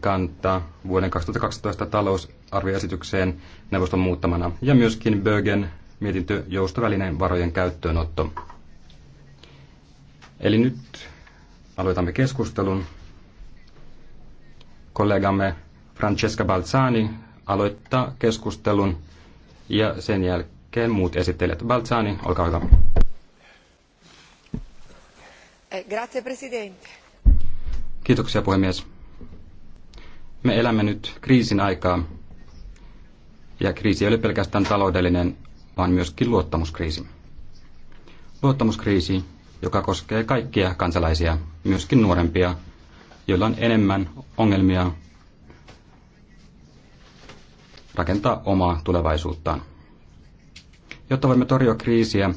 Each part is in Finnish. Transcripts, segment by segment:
kantaa vuoden 2012 talousarvioesitykseen neuvoston muuttamana ja myöskin Bögen mietintö joustovälineen varojen käyttöönotto. Eli nyt aloitamme keskustelun. Kollegamme Francesca Balzani aloittaa keskustelun ja sen jälkeen muut esittelijät. Balzani, olkaa hyvä. Grazie, Presidente. Kiitoksia, puhemies. Me elämme nyt kriisin aikaa, ja kriisi ei ole pelkästään taloudellinen, vaan myöskin luottamuskriisi. Luottamuskriisi, joka koskee kaikkia kansalaisia, myöskin nuorempia, joilla on enemmän ongelmia rakentaa omaa tulevaisuuttaan. Jotta voimme torjua kriisiä,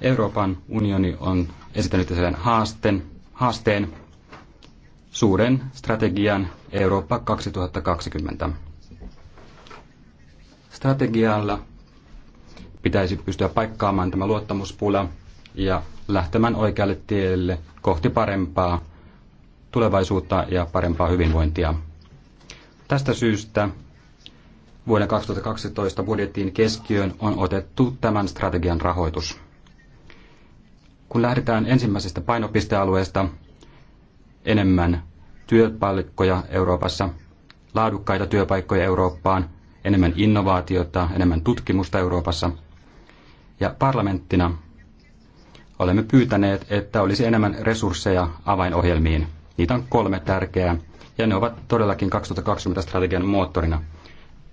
Euroopan unioni on esittänyt sen haasteen, haasteen suuren strategian Eurooppa 2020. Strategialla pitäisi pystyä paikkaamaan tämä luottamuspula ja lähtemään oikealle tielle kohti parempaa tulevaisuutta ja parempaa hyvinvointia. Tästä syystä vuoden 2012 budjettiin keskiöön on otettu tämän strategian rahoitus. Kun lähdetään ensimmäisestä painopistealueesta, enemmän työpaikkoja Euroopassa, laadukkaita työpaikkoja Eurooppaan, enemmän innovaatiota, enemmän tutkimusta Euroopassa. Ja parlamenttina olemme pyytäneet, että olisi enemmän resursseja avainohjelmiin. Niitä on kolme tärkeää, ja ne ovat todellakin 2020-strategian moottorina.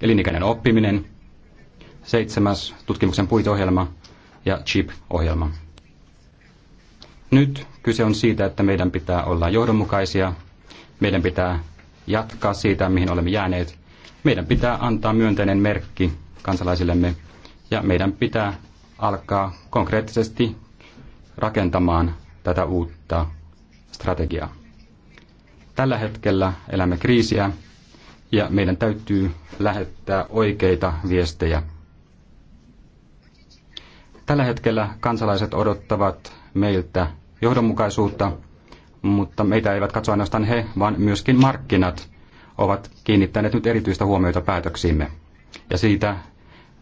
Elinikäinen oppiminen, seitsemäs tutkimuksen puiteohjelma ja CHIP-ohjelma. Nyt kyse on siitä, että meidän pitää olla johdonmukaisia meidän pitää jatkaa siitä, mihin olemme jääneet. Meidän pitää antaa myönteinen merkki kansalaisillemme ja meidän pitää alkaa konkreettisesti rakentamaan tätä uutta strategiaa. Tällä hetkellä elämme kriisiä ja meidän täytyy lähettää oikeita viestejä. Tällä hetkellä kansalaiset odottavat meiltä johdonmukaisuutta mutta meitä eivät katso ainoastaan he, vaan myöskin markkinat ovat kiinnittäneet nyt erityistä huomiota päätöksiimme ja siitä,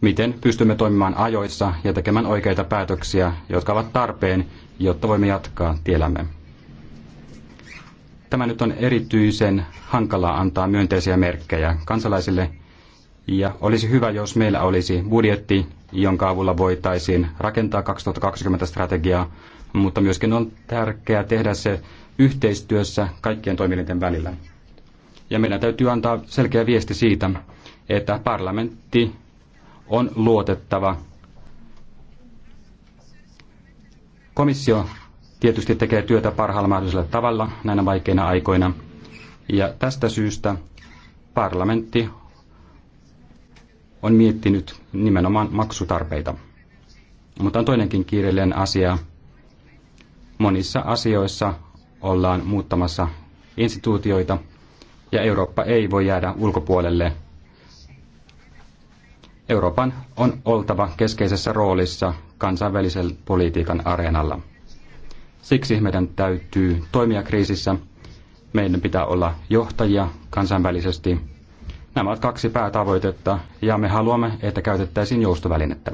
miten pystymme toimimaan ajoissa ja tekemään oikeita päätöksiä, jotka ovat tarpeen, jotta voimme jatkaa tiellämme. Tämä nyt on erityisen hankalaa antaa myönteisiä merkkejä kansalaisille, ja olisi hyvä, jos meillä olisi budjetti, jonka avulla voitaisiin rakentaa 2020 strategiaa, mutta myöskin on tärkeää tehdä se yhteistyössä kaikkien toimielinten välillä. Ja meidän täytyy antaa selkeä viesti siitä, että parlamentti on luotettava. Komissio tietysti tekee työtä parhaalla mahdollisella tavalla näinä vaikeina aikoina. Ja tästä syystä parlamentti on miettinyt nimenomaan maksutarpeita. Mutta on toinenkin kiireellinen asia. Monissa asioissa ollaan muuttamassa instituutioita ja Eurooppa ei voi jäädä ulkopuolelle. Euroopan on oltava keskeisessä roolissa kansainvälisen politiikan areenalla. Siksi meidän täytyy toimia kriisissä. Meidän pitää olla johtajia kansainvälisesti. Nämä ovat kaksi päätavoitetta ja me haluamme, että käytettäisiin joustovälinettä.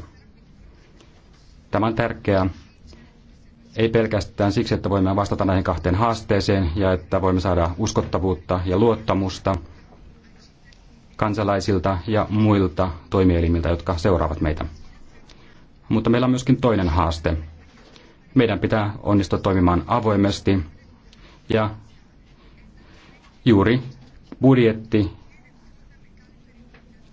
Tämä on tärkeää, ei pelkästään siksi, että voimme vastata näihin kahteen haasteeseen ja että voimme saada uskottavuutta ja luottamusta kansalaisilta ja muilta toimielimiltä, jotka seuraavat meitä. Mutta meillä on myöskin toinen haaste. Meidän pitää onnistua toimimaan avoimesti ja juuri budjetti,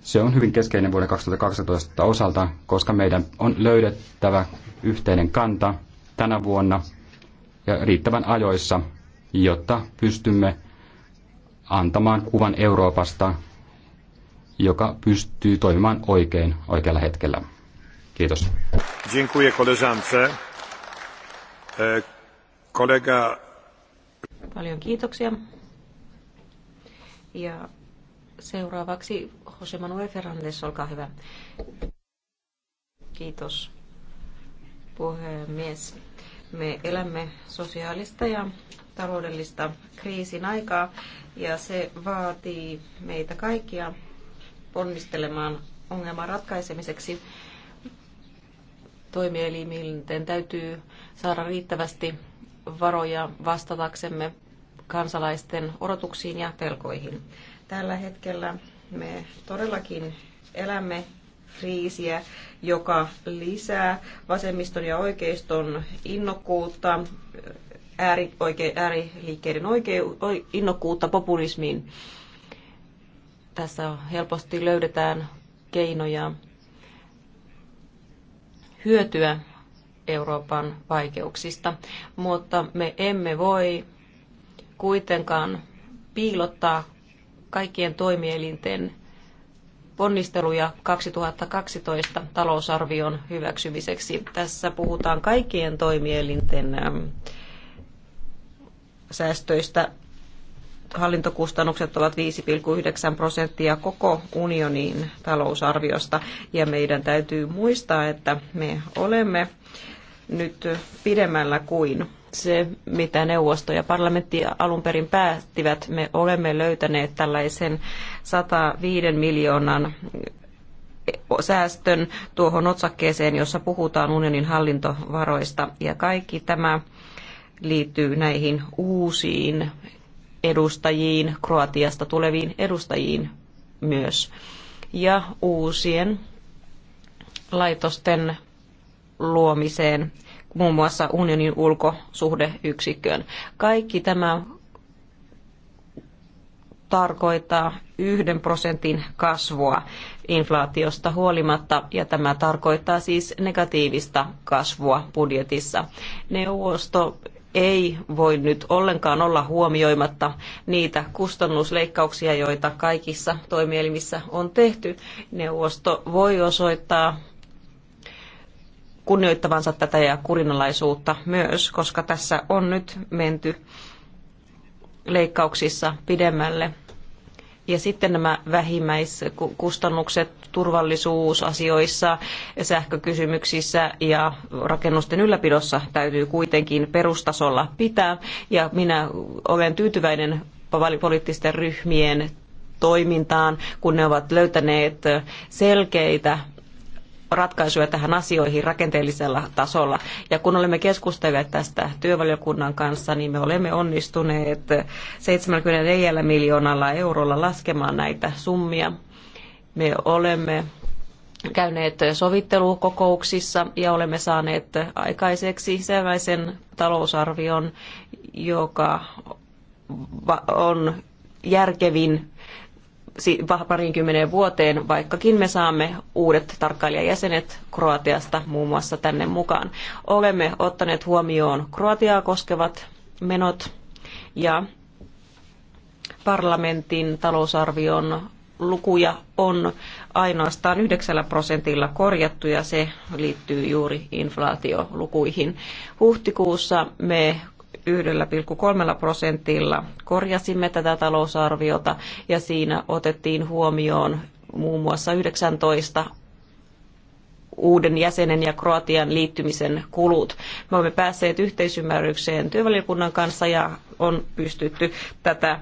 se on hyvin keskeinen vuoden 2012 osalta, koska meidän on löydettävä yhteinen kanta – tänä vuonna ja riittävän ajoissa, jotta pystymme antamaan kuvan Euroopasta, joka pystyy toimimaan oikein oikealla hetkellä. Kiitos. Dziękuję koleżance. E, Kollega... Paljon kiitoksia. Ja seuraavaksi Jose Manuel Fernandez, olkaa hyvä. Kiitos puhemies. Me elämme sosiaalista ja taloudellista kriisin aikaa ja se vaatii meitä kaikkia ponnistelemaan ongelman ratkaisemiseksi. Toimielimien täytyy saada riittävästi varoja vastataksemme kansalaisten odotuksiin ja pelkoihin. Tällä hetkellä me todellakin elämme kriisiä joka lisää vasemmiston ja oikeiston innokkuutta, ääri, oike, ääriliikkeiden oike, innokkuutta populismiin. Tässä helposti löydetään keinoja hyötyä Euroopan vaikeuksista, mutta me emme voi kuitenkaan piilottaa kaikkien toimielinten ponnisteluja 2012 talousarvion hyväksymiseksi. Tässä puhutaan kaikkien toimielinten ähm, säästöistä. Hallintokustannukset ovat 5,9 prosenttia koko unionin talousarviosta ja meidän täytyy muistaa, että me olemme nyt pidemmällä kuin se, mitä neuvosto ja parlamentti alun perin päättivät. Me olemme löytäneet tällaisen 105 miljoonan säästön tuohon otsakkeeseen, jossa puhutaan unionin hallintovaroista. Ja kaikki tämä liittyy näihin uusiin edustajiin, Kroatiasta tuleviin edustajiin myös. Ja uusien laitosten luomiseen muun muassa unionin ulkosuhdeyksikköön. Kaikki tämä tarkoittaa yhden prosentin kasvua inflaatiosta huolimatta, ja tämä tarkoittaa siis negatiivista kasvua budjetissa. Neuvosto ei voi nyt ollenkaan olla huomioimatta niitä kustannusleikkauksia, joita kaikissa toimielimissä on tehty. Neuvosto voi osoittaa kunnioittavansa tätä ja kurinalaisuutta myös, koska tässä on nyt menty leikkauksissa pidemmälle. Ja sitten nämä vähimmäiskustannukset turvallisuusasioissa, sähkökysymyksissä ja rakennusten ylläpidossa täytyy kuitenkin perustasolla pitää. Ja minä olen tyytyväinen poliittisten ryhmien toimintaan, kun ne ovat löytäneet selkeitä ratkaisuja tähän asioihin rakenteellisella tasolla. Ja kun olemme keskustelleet tästä työvaliokunnan kanssa, niin me olemme onnistuneet 74 miljoonalla eurolla laskemaan näitä summia. Me olemme käyneet sovittelukokouksissa ja olemme saaneet aikaiseksi sellaisen talousarvion, joka on järkevin parinkymmeneen vuoteen, vaikkakin me saamme uudet tarkkailijajäsenet Kroatiasta muun muassa tänne mukaan. Olemme ottaneet huomioon Kroatiaa koskevat menot ja parlamentin talousarvion lukuja on ainoastaan 9 prosentilla korjattu ja se liittyy juuri inflaatiolukuihin. Huhtikuussa me 1,3 prosentilla. Korjasimme tätä talousarviota ja siinä otettiin huomioon muun muassa 19 uuden jäsenen ja Kroatian liittymisen kulut. Me olemme päässeet yhteisymmärrykseen työvaliokunnan kanssa ja on pystytty tätä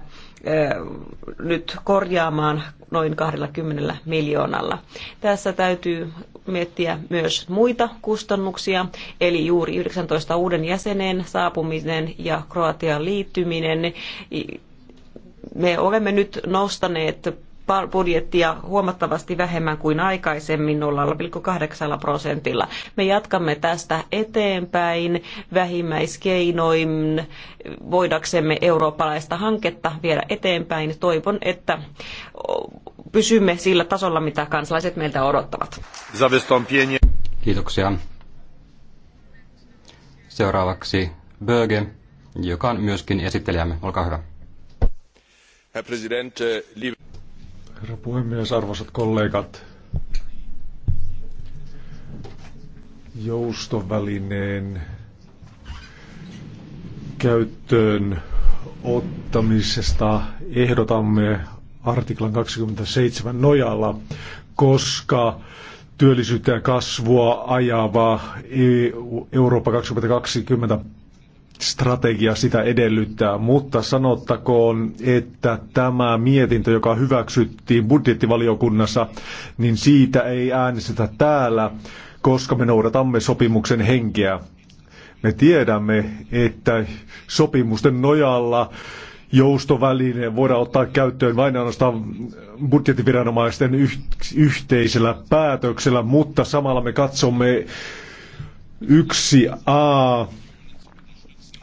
nyt korjaamaan noin 20 miljoonalla. Tässä täytyy miettiä myös muita kustannuksia, eli juuri 19 uuden jäsenen saapuminen ja Kroatian liittyminen. Me olemme nyt nostaneet budjettia huomattavasti vähemmän kuin aikaisemmin 0,8 prosentilla. Me jatkamme tästä eteenpäin vähimmäiskeinoin voidaksemme eurooppalaista hanketta viedä eteenpäin. Toivon, että pysymme sillä tasolla, mitä kansalaiset meiltä odottavat. Kiitoksia. Seuraavaksi Böge, joka on myöskin esittelijämme. Olkaa hyvä. Herr Präsident, äh, liebe Herra puhemies, arvoisat kollegat. Joustovälineen käyttöön ottamisesta ehdotamme artiklan 27 nojalla, koska työllisyyttä ja kasvua ajava e Eurooppa 2020 strategia sitä edellyttää, mutta sanottakoon, että tämä mietintö, joka hyväksyttiin budjettivaliokunnassa, niin siitä ei äänestetä täällä, koska me noudatamme sopimuksen henkeä. Me tiedämme, että sopimusten nojalla joustoväline voidaan ottaa käyttöön vain ainoastaan budjettiviranomaisten yhteisellä päätöksellä, mutta samalla me katsomme yksi a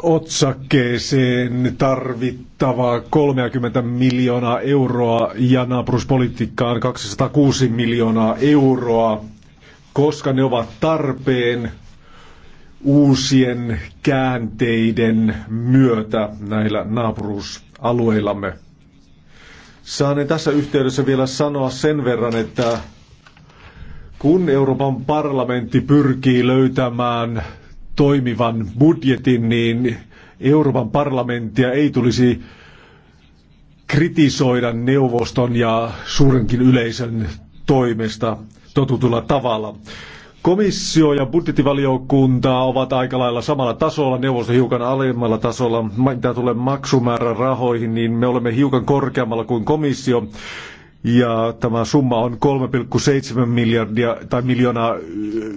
otsakkeeseen tarvittavaa 30 miljoonaa euroa ja naapuruspolitiikkaan 206 miljoonaa euroa, koska ne ovat tarpeen uusien käänteiden myötä näillä naapuruusalueillamme. Saan tässä yhteydessä vielä sanoa sen verran, että kun Euroopan parlamentti pyrkii löytämään toimivan budjetin, niin Euroopan parlamenttia ei tulisi kritisoida neuvoston ja suurenkin yleisön toimesta totutulla tavalla. Komissio ja budjettivaliokunta ovat aika lailla samalla tasolla, neuvosto hiukan alemmalla tasolla. Mitä tulee maksumäärärahoihin, niin me olemme hiukan korkeammalla kuin komissio ja tämä summa on 3,7 miljardia tai miljoonaa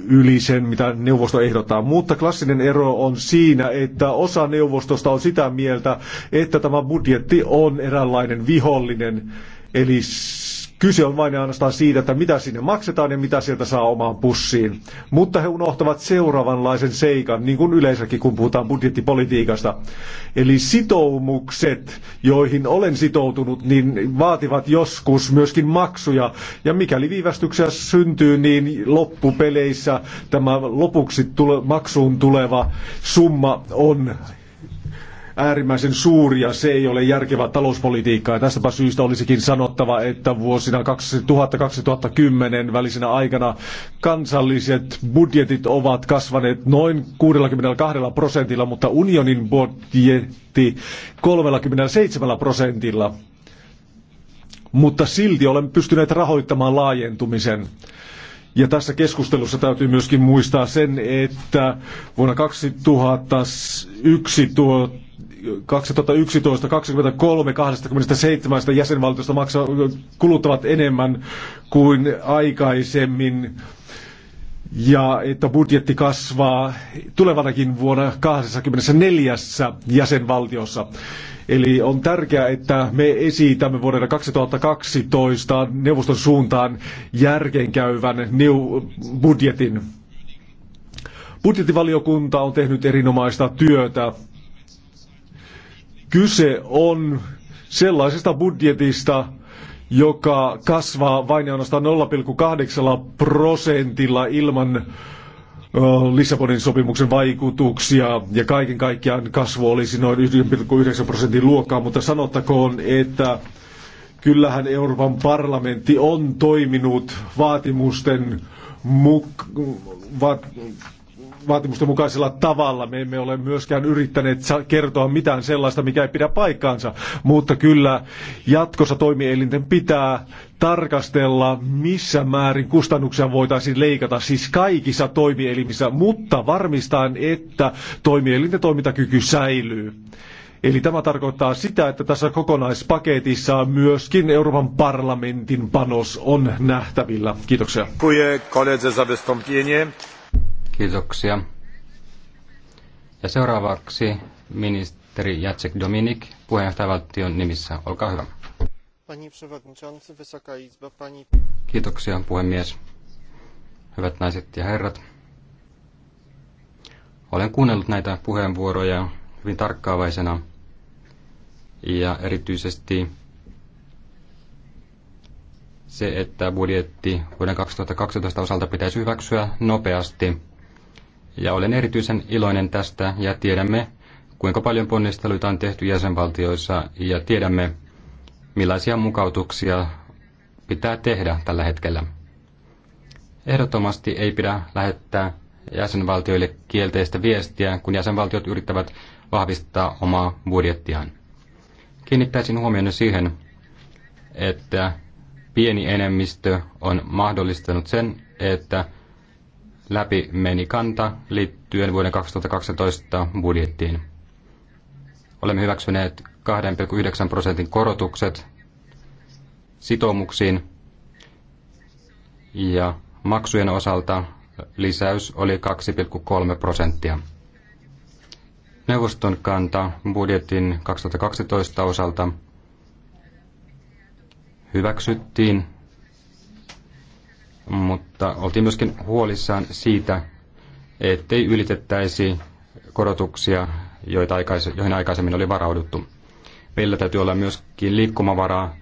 yli sen, mitä neuvosto ehdottaa. Mutta klassinen ero on siinä, että osa neuvostosta on sitä mieltä, että tämä budjetti on eräänlainen vihollinen, eli Kyse on vain ja ainoastaan siitä, että mitä sinne maksetaan ja mitä sieltä saa omaan pussiin. Mutta he unohtavat seuraavanlaisen seikan, niin kuin yleensäkin kun puhutaan budjettipolitiikasta. Eli sitoumukset, joihin olen sitoutunut, niin vaativat joskus myöskin maksuja. Ja mikäli viivästyksiä syntyy, niin loppupeleissä tämä lopuksi tule, maksuun tuleva summa on äärimmäisen suuri ja se ei ole järkevää talouspolitiikkaa. Ja tästäpä syystä olisikin sanottava, että vuosina 2000-2010 välisenä aikana kansalliset budjetit ovat kasvaneet noin 62 prosentilla, mutta unionin budjetti 37 prosentilla. Mutta silti olemme pystyneet rahoittamaan laajentumisen. Ja tässä keskustelussa täytyy myöskin muistaa sen, että vuonna 2001 tuo 2011 23 27 jäsenvaltiosta maksaa, kuluttavat enemmän kuin aikaisemmin ja että budjetti kasvaa tulevanakin vuonna 24 jäsenvaltiossa. Eli on tärkeää, että me esitämme vuodelle 2012 neuvoston suuntaan järkenkäyvän budjetin. Budjettivaliokunta on tehnyt erinomaista työtä Kyse on sellaisesta budjetista, joka kasvaa vain ja ainoastaan 0,8 prosentilla ilman Lissabonin sopimuksen vaikutuksia ja kaiken kaikkiaan kasvu olisi noin 1,9 prosentin luokkaa, mutta sanottakoon, että kyllähän Euroopan parlamentti on toiminut vaatimusten muk- va- vaatimusten mukaisella tavalla. Me emme ole myöskään yrittäneet kertoa mitään sellaista, mikä ei pidä paikkaansa, mutta kyllä jatkossa toimielinten pitää tarkastella, missä määrin kustannuksia voitaisiin leikata, siis kaikissa toimielimissä, mutta varmistaan, että toimielinten toimintakyky säilyy. Eli tämä tarkoittaa sitä, että tässä kokonaispaketissa myöskin Euroopan parlamentin panos on nähtävillä. Kiitoksia. Kiitoksia Kiitoksia. Ja seuraavaksi ministeri Jacek Dominik puheenjohtajavaltion nimissä. Olkaa hyvä. Kiitoksia puhemies. Hyvät naiset ja herrat. Olen kuunnellut näitä puheenvuoroja hyvin tarkkaavaisena ja erityisesti se, että budjetti vuoden 2012 osalta pitäisi hyväksyä nopeasti ja olen erityisen iloinen tästä ja tiedämme, kuinka paljon ponnisteluita on tehty jäsenvaltioissa ja tiedämme, millaisia mukautuksia pitää tehdä tällä hetkellä. Ehdottomasti ei pidä lähettää jäsenvaltioille kielteistä viestiä, kun jäsenvaltiot yrittävät vahvistaa omaa budjettiaan. Kiinnittäisin huomioon siihen, että pieni enemmistö on mahdollistanut sen, että läpi meni kanta liittyen vuoden 2012 budjettiin. Olemme hyväksyneet 2,9 prosentin korotukset sitoumuksiin ja maksujen osalta lisäys oli 2,3 prosenttia. Neuvoston kanta budjetin 2012 osalta hyväksyttiin mutta oltiin myöskin huolissaan siitä, ettei ylitettäisi korotuksia, joita aikais- joihin aikaisemmin oli varauduttu. Meillä täytyy olla myöskin liikkumavaraa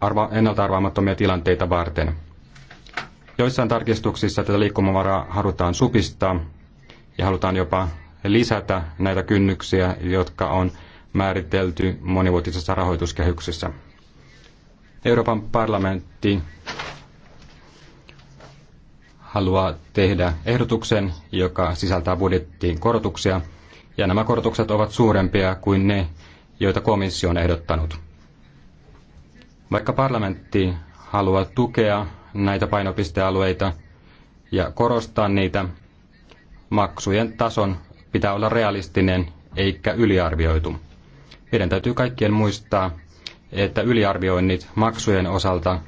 arva- ennalta arvaamattomia tilanteita varten. Joissain tarkistuksissa tätä liikkumavaraa halutaan supistaa ja halutaan jopa lisätä näitä kynnyksiä, jotka on määritelty monivuotisessa rahoituskehyksessä. Euroopan parlamentti haluaa tehdä ehdotuksen, joka sisältää budjettiin korotuksia, ja nämä korotukset ovat suurempia kuin ne, joita komissio on ehdottanut. Vaikka parlamentti haluaa tukea näitä painopistealueita ja korostaa niitä, maksujen tason pitää olla realistinen eikä yliarvioitu. Meidän täytyy kaikkien muistaa, että yliarvioinnit maksujen osalta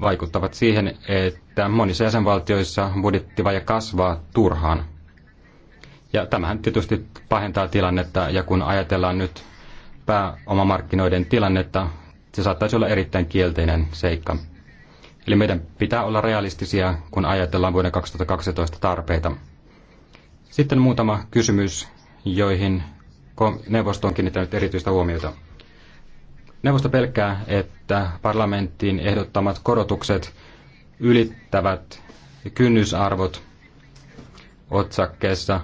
vaikuttavat siihen, että että monissa jäsenvaltioissa budjettivaje kasvaa turhaan. Ja tämähän tietysti pahentaa tilannetta, ja kun ajatellaan nyt pääomamarkkinoiden tilannetta, se saattaisi olla erittäin kielteinen seikka. Eli meidän pitää olla realistisia, kun ajatellaan vuoden 2012 tarpeita. Sitten muutama kysymys, joihin neuvosto on kiinnittänyt erityistä huomiota. Neuvosto pelkää, että parlamentin ehdottamat korotukset ylittävät kynnysarvot otsakkeessa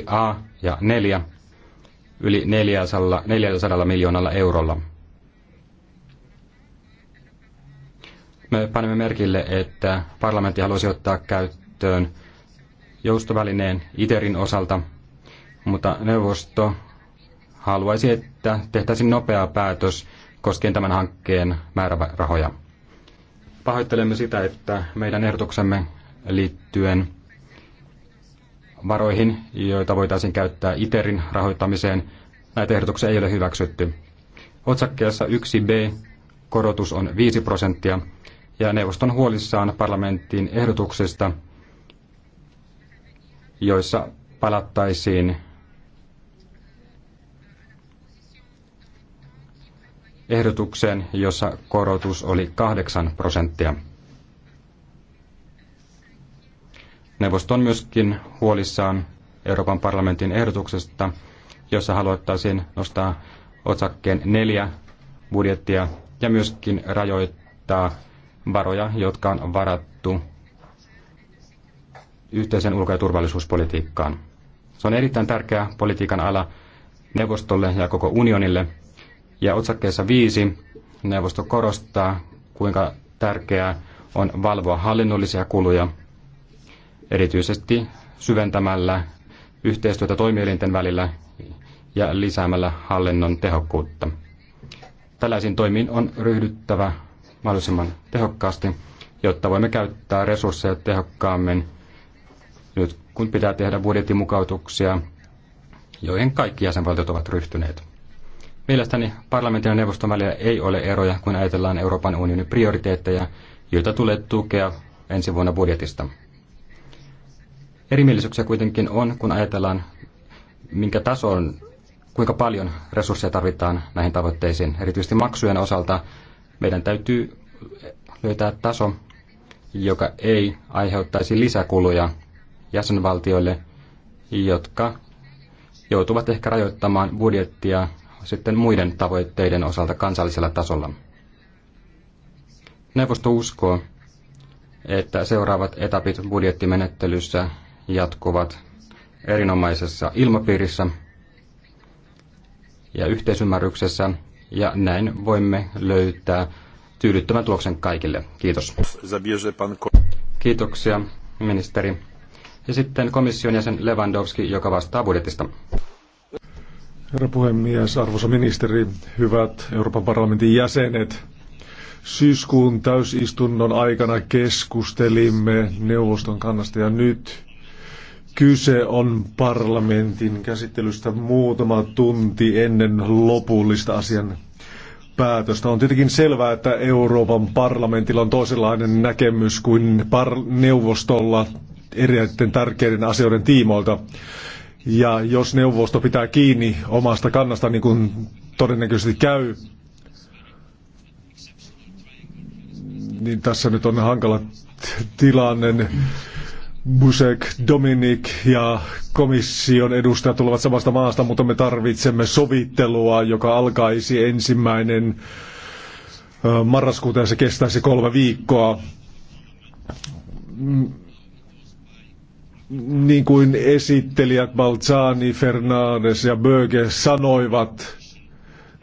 1a ja 4 yli 400, 400 miljoonalla eurolla. Me panemme merkille, että parlamentti halusi ottaa käyttöön joustovälineen ITERin osalta, mutta neuvosto haluaisi, että tehtäisiin nopea päätös koskien tämän hankkeen määrärahoja pahoittelemme sitä, että meidän ehdotuksemme liittyen varoihin, joita voitaisiin käyttää ITERin rahoittamiseen, näitä ehdotuksia ei ole hyväksytty. Otsakkeessa 1b korotus on 5 prosenttia ja neuvoston huolissaan parlamenttiin ehdotuksesta, joissa palattaisiin ehdotukseen, jossa korotus oli 8 prosenttia. Neuvosto on myöskin huolissaan Euroopan parlamentin ehdotuksesta, jossa haluttaisiin nostaa otsakkeen neljä budjettia ja myöskin rajoittaa varoja, jotka on varattu yhteisen ulko- ja turvallisuuspolitiikkaan. Se on erittäin tärkeä politiikan ala neuvostolle ja koko unionille, ja otsakkeessa viisi neuvosto korostaa, kuinka tärkeää on valvoa hallinnollisia kuluja, erityisesti syventämällä yhteistyötä toimielinten välillä ja lisäämällä hallinnon tehokkuutta. Tällaisiin toimiin on ryhdyttävä mahdollisimman tehokkaasti, jotta voimme käyttää resursseja tehokkaammin nyt kun pitää tehdä budjettimukautuksia, joihin kaikki jäsenvaltiot ovat ryhtyneet. Mielestäni parlamentin ja neuvoston välillä ei ole eroja, kun ajatellaan Euroopan unionin prioriteetteja, joita tulee tukea ensi vuonna budjetista. Erimielisyyksiä kuitenkin on, kun ajatellaan, minkä tason, kuinka paljon resursseja tarvitaan näihin tavoitteisiin. Erityisesti maksujen osalta meidän täytyy löytää taso, joka ei aiheuttaisi lisäkuluja jäsenvaltioille, jotka joutuvat ehkä rajoittamaan budjettia sitten muiden tavoitteiden osalta kansallisella tasolla. Neuvosto uskoo, että seuraavat etapit budjettimenettelyssä jatkuvat erinomaisessa ilmapiirissä ja yhteisymmärryksessä, ja näin voimme löytää tyydyttävän tuloksen kaikille. Kiitos. Kiitoksia, ministeri. Ja sitten komission jäsen Lewandowski, joka vastaa budjetista. Herra puhemies, arvoisa ministeri, hyvät Euroopan parlamentin jäsenet. Syyskuun täysistunnon aikana keskustelimme neuvoston kannasta ja nyt kyse on parlamentin käsittelystä muutama tunti ennen lopullista asian päätöstä. On tietenkin selvää, että Euroopan parlamentilla on toisenlainen näkemys kuin neuvostolla erilaisten tärkeiden asioiden tiimoilta. Ja jos neuvosto pitää kiinni omasta kannasta, niin kuin todennäköisesti käy, niin tässä nyt on hankala tilanne. Busek, Dominik ja komission edustajat tulevat samasta maasta, mutta me tarvitsemme sovittelua, joka alkaisi ensimmäinen marraskuuta ja se kestäisi kolme viikkoa mm, niin kuin esittelijät Balzani, Fernandes ja Böge sanoivat,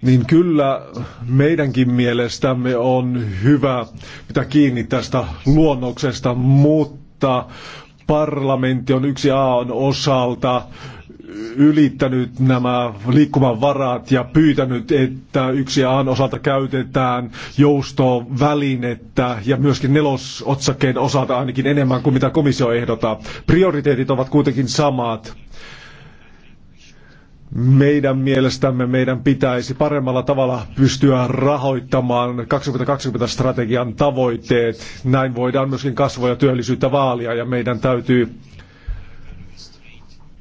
niin kyllä meidänkin mielestämme on hyvä pitää kiinni tästä luonnoksesta, mutta parlamentti on yksi A on osalta ylittänyt nämä liikkuvan varat ja pyytänyt, että yksi Aan osalta käytetään joustovälinettä ja myöskin nelosotsakkeen osalta ainakin enemmän kuin mitä komissio ehdottaa. Prioriteetit ovat kuitenkin samat. Meidän mielestämme meidän pitäisi paremmalla tavalla pystyä rahoittamaan 2020-strategian tavoitteet. Näin voidaan myöskin kasvua ja työllisyyttä vaalia ja meidän täytyy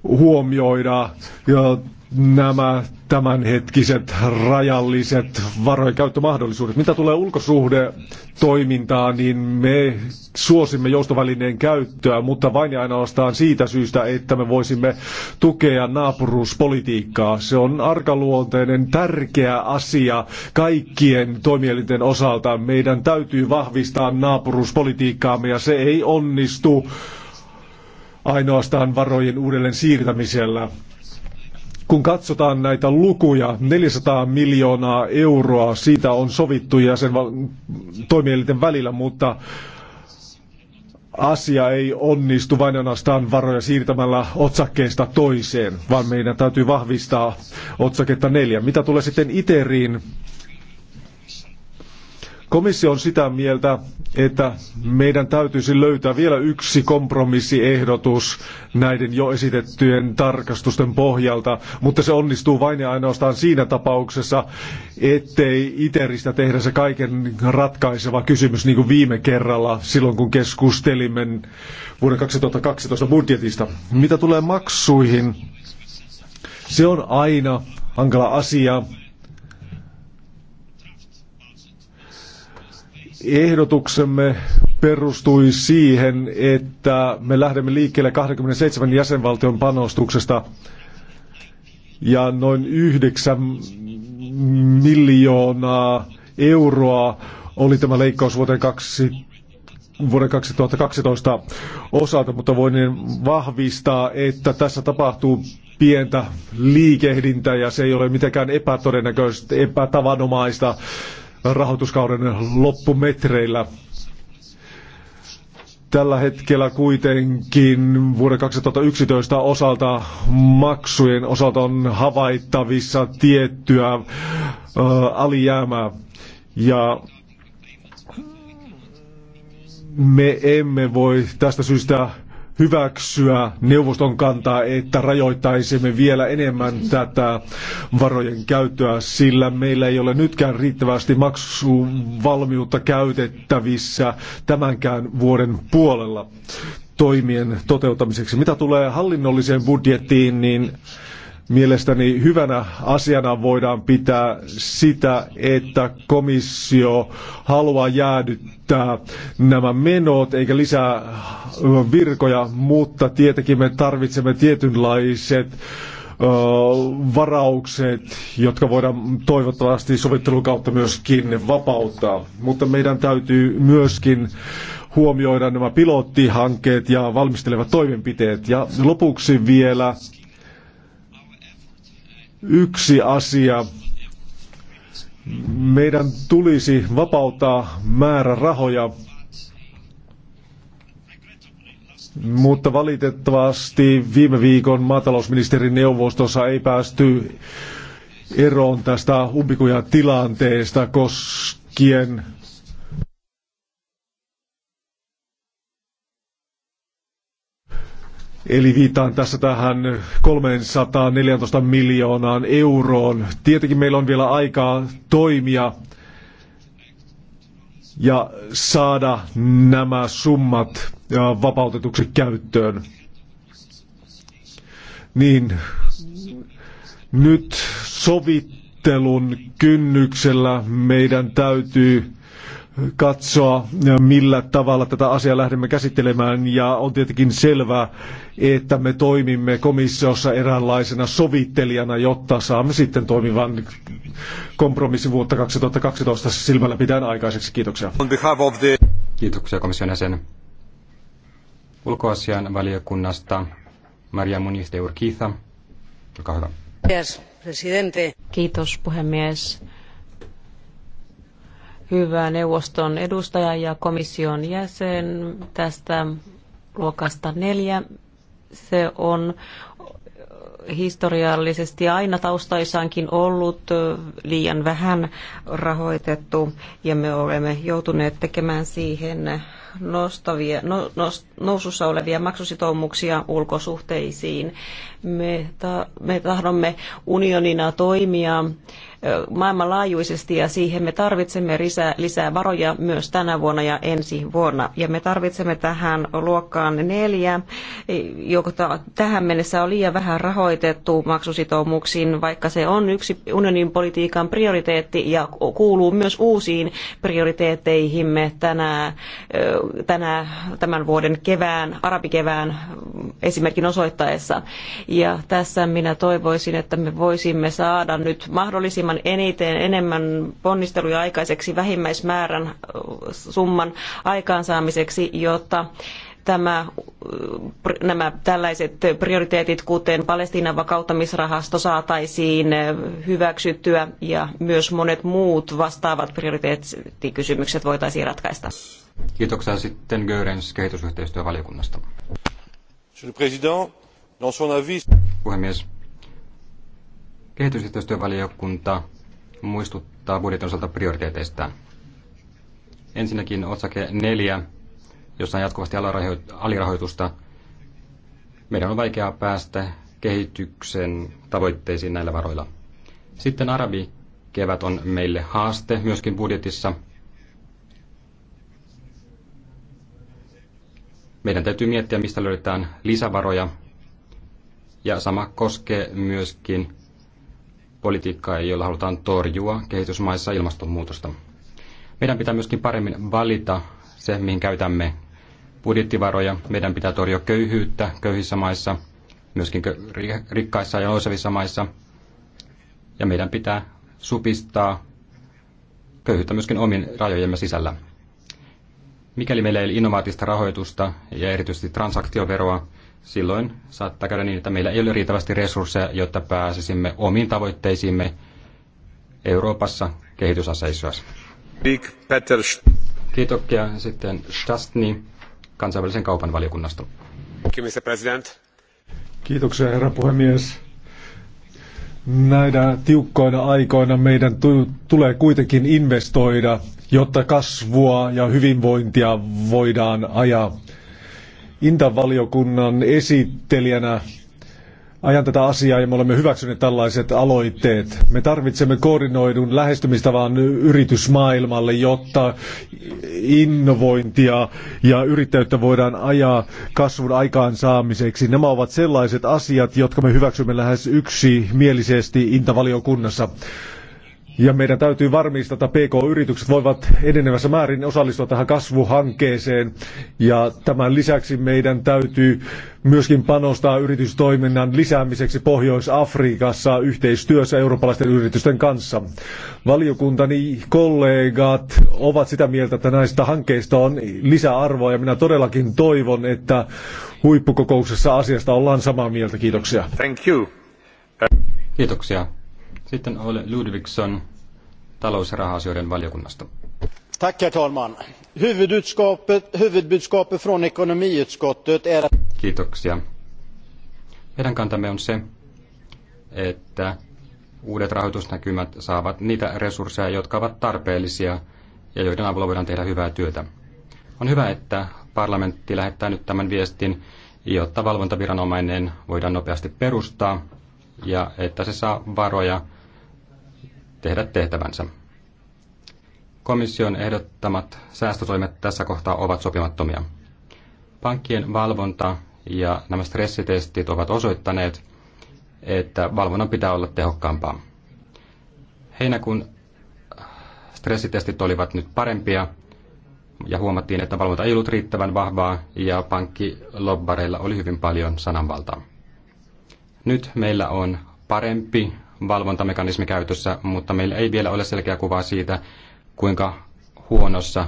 huomioida ja nämä tämänhetkiset rajalliset varojenkäyttömahdollisuudet. Mitä tulee ulkosuhde toimintaan, niin me suosimme joustovälineen käyttöä, mutta vain ja ainoastaan siitä syystä, että me voisimme tukea naapuruuspolitiikkaa. Se on arkaluonteinen, tärkeä asia kaikkien toimielinten osalta. Meidän täytyy vahvistaa naapuruuspolitiikkaamme ja se ei onnistu ainoastaan varojen uudelleen siirtämisellä. Kun katsotaan näitä lukuja, 400 miljoonaa euroa siitä on sovittu sen toimielinten välillä, mutta asia ei onnistu vain ainoastaan varoja siirtämällä otsakkeesta toiseen, vaan meidän täytyy vahvistaa otsaketta neljä. Mitä tulee sitten ITERiin, Komissio on sitä mieltä, että meidän täytyisi löytää vielä yksi kompromissiehdotus näiden jo esitettyjen tarkastusten pohjalta, mutta se onnistuu vain ja ainoastaan siinä tapauksessa, ettei ITERistä tehdä se kaiken ratkaiseva kysymys niin kuin viime kerralla silloin, kun keskustelimme vuoden 2012 budjetista. Mitä tulee maksuihin, se on aina hankala asia Ehdotuksemme perustui siihen, että me lähdemme liikkeelle 27 jäsenvaltion panostuksesta ja noin 9 miljoonaa euroa oli tämä leikkaus vuoden, 2020 vuoden 2012 osalta, mutta voin vahvistaa, että tässä tapahtuu pientä liikehdintää ja se ei ole mitenkään epätodennäköistä, epätavanomaista rahoituskauden loppumetreillä. Tällä hetkellä kuitenkin vuoden 2011 osalta maksujen osalta on havaittavissa tiettyä ö, alijäämää. Ja me emme voi tästä syystä hyväksyä neuvoston kantaa, että rajoittaisimme vielä enemmän tätä varojen käyttöä, sillä meillä ei ole nytkään riittävästi maksuvalmiutta käytettävissä tämänkään vuoden puolella toimien toteuttamiseksi. Mitä tulee hallinnolliseen budjettiin, niin Mielestäni hyvänä asiana voidaan pitää sitä, että komissio haluaa jäädyttää nämä menot eikä lisää virkoja, mutta tietenkin me tarvitsemme tietynlaiset varaukset, jotka voidaan toivottavasti sovittelun kautta myöskin vapauttaa. Mutta meidän täytyy myöskin huomioida nämä pilottihankkeet ja valmistelevat toimenpiteet. Ja lopuksi vielä yksi asia. Meidän tulisi vapauttaa määrärahoja, mutta valitettavasti viime viikon maatalousministerin neuvostossa ei päästy eroon tästä umpikuja tilanteesta koskien Eli viitaan tässä tähän 314 miljoonaan euroon. Tietenkin meillä on vielä aikaa toimia ja saada nämä summat vapautetuksi käyttöön. Niin nyt sovittelun kynnyksellä meidän täytyy katsoa, millä tavalla tätä asiaa lähdemme käsittelemään. Ja on tietenkin selvää, että me toimimme komissiossa eräänlaisena sovittelijana, jotta saamme sitten toimivan kompromissin vuotta 2012 silmällä pitäen aikaiseksi. Kiitoksia. Kiitoksia komission jäsen. Ulkoasian valiokunnasta Maria Muniz de Urquiza. Olkaa hyvä. Kiitos puhemies hyvä neuvoston edustaja ja komission jäsen tästä luokasta neljä. Se on historiallisesti aina taustaisaankin ollut liian vähän rahoitettu ja me olemme joutuneet tekemään siihen nostavia, no, nos, nousussa olevia maksusitoumuksia ulkosuhteisiin. Me, ta, me tahdomme unionina toimia äh, maailmanlaajuisesti ja siihen me tarvitsemme lisää, lisää varoja myös tänä vuonna ja ensi vuonna. Ja me tarvitsemme tähän luokkaan neljä, e, joka tähän mennessä on liian vähän rahoitettu maksusitoumuksiin, vaikka se on yksi unionin politiikan prioriteetti ja kuuluu myös uusiin prioriteetteihimme tänä, tänä, tämän vuoden kevään, arabikevään esimerkin osoittaessa. Ja tässä minä toivoisin, että me voisimme saada nyt mahdollisimman hieman eniten, enemmän ponnisteluja aikaiseksi vähimmäismäärän summan aikaansaamiseksi, jotta tämä, nämä tällaiset prioriteetit, kuten Palestiinan vakauttamisrahasto, saataisiin hyväksyttyä ja myös monet muut vastaavat prioriteettikysymykset voitaisiin ratkaista. Kiitoksia sitten Görens kehitysyhteistyövaliokunnasta. Monsieur le Président, dans son avis... Puhemies, Kehitysyhteistyövaliokunta muistuttaa budjetin osalta prioriteeteistaan. Ensinnäkin otsake 4, jossa on jatkuvasti alirahoitusta. Meidän on vaikeaa päästä kehityksen tavoitteisiin näillä varoilla. Sitten arabi kevät on meille haaste myöskin budjetissa. Meidän täytyy miettiä, mistä löydetään lisävaroja. Ja sama koskee myöskin politiikkaa, jolla halutaan torjua kehitysmaissa ilmastonmuutosta. Meidän pitää myöskin paremmin valita se, mihin käytämme budjettivaroja. Meidän pitää torjua köyhyyttä köyhissä maissa, myöskin rikkaissa ja nousevissa maissa. Ja meidän pitää supistaa köyhyyttä myöskin omien rajojemme sisällä. Mikäli meillä ei ole innovaatista rahoitusta ja erityisesti transaktioveroa, silloin saattaa käydä niin, että meillä ei ole riittävästi resursseja, jotta pääsisimme omiin tavoitteisiimme Euroopassa kehitysaseissuassa. Big Peter. Kiitoksia sitten Stastni kansainvälisen kaupan valiokunnasta. Kiitoksia herra puhemies. Näinä tiukkoina aikoina meidän tulee kuitenkin investoida, jotta kasvua ja hyvinvointia voidaan ajaa Intavaliokunnan esittelijänä ajan tätä asiaa ja me olemme hyväksyneet tällaiset aloitteet. Me tarvitsemme koordinoidun lähestymistavan yritysmaailmalle, jotta innovointia ja yrittäjyyttä voidaan ajaa kasvun aikaansaamiseksi. Nämä ovat sellaiset asiat, jotka me hyväksymme lähes yksimielisesti Intavaliokunnassa. Ja meidän täytyy varmistaa, että PK-yritykset voivat enenevässä määrin osallistua tähän kasvuhankkeeseen. Ja tämän lisäksi meidän täytyy myöskin panostaa yritystoiminnan lisäämiseksi Pohjois-Afrikassa yhteistyössä eurooppalaisten yritysten kanssa. Valiokuntani kollegat ovat sitä mieltä, että näistä hankkeista on lisäarvoa ja minä todellakin toivon, että huippukokouksessa asiasta ollaan samaa mieltä. Kiitoksia. Thank you. Kiitoksia. Sitten Ole Ludvigsson talous- ja raha-asioiden valiokunnasta. Tack, herr talman. Huvudbudskapet från ekonomiutskottet är... Kiitoksia. Meidän kantamme on se, että uudet rahoitusnäkymät saavat niitä resursseja, jotka ovat tarpeellisia ja joiden avulla voidaan tehdä hyvää työtä. On hyvä, että parlamentti lähettää nyt tämän viestin, jotta valvontaviranomainen voidaan nopeasti perustaa ja että se saa varoja tehdä tehtävänsä. Komission ehdottamat säästötoimet tässä kohtaa ovat sopimattomia. Pankkien valvonta ja nämä stressitestit ovat osoittaneet, että valvonnan pitää olla tehokkaampaa. Heinäkuun stressitestit olivat nyt parempia ja huomattiin, että valvonta ei ollut riittävän vahvaa ja pankkilobbareilla oli hyvin paljon sananvaltaa. Nyt meillä on parempi valvontamekanismi käytössä, mutta meillä ei vielä ole selkeää kuvaa siitä, kuinka huonossa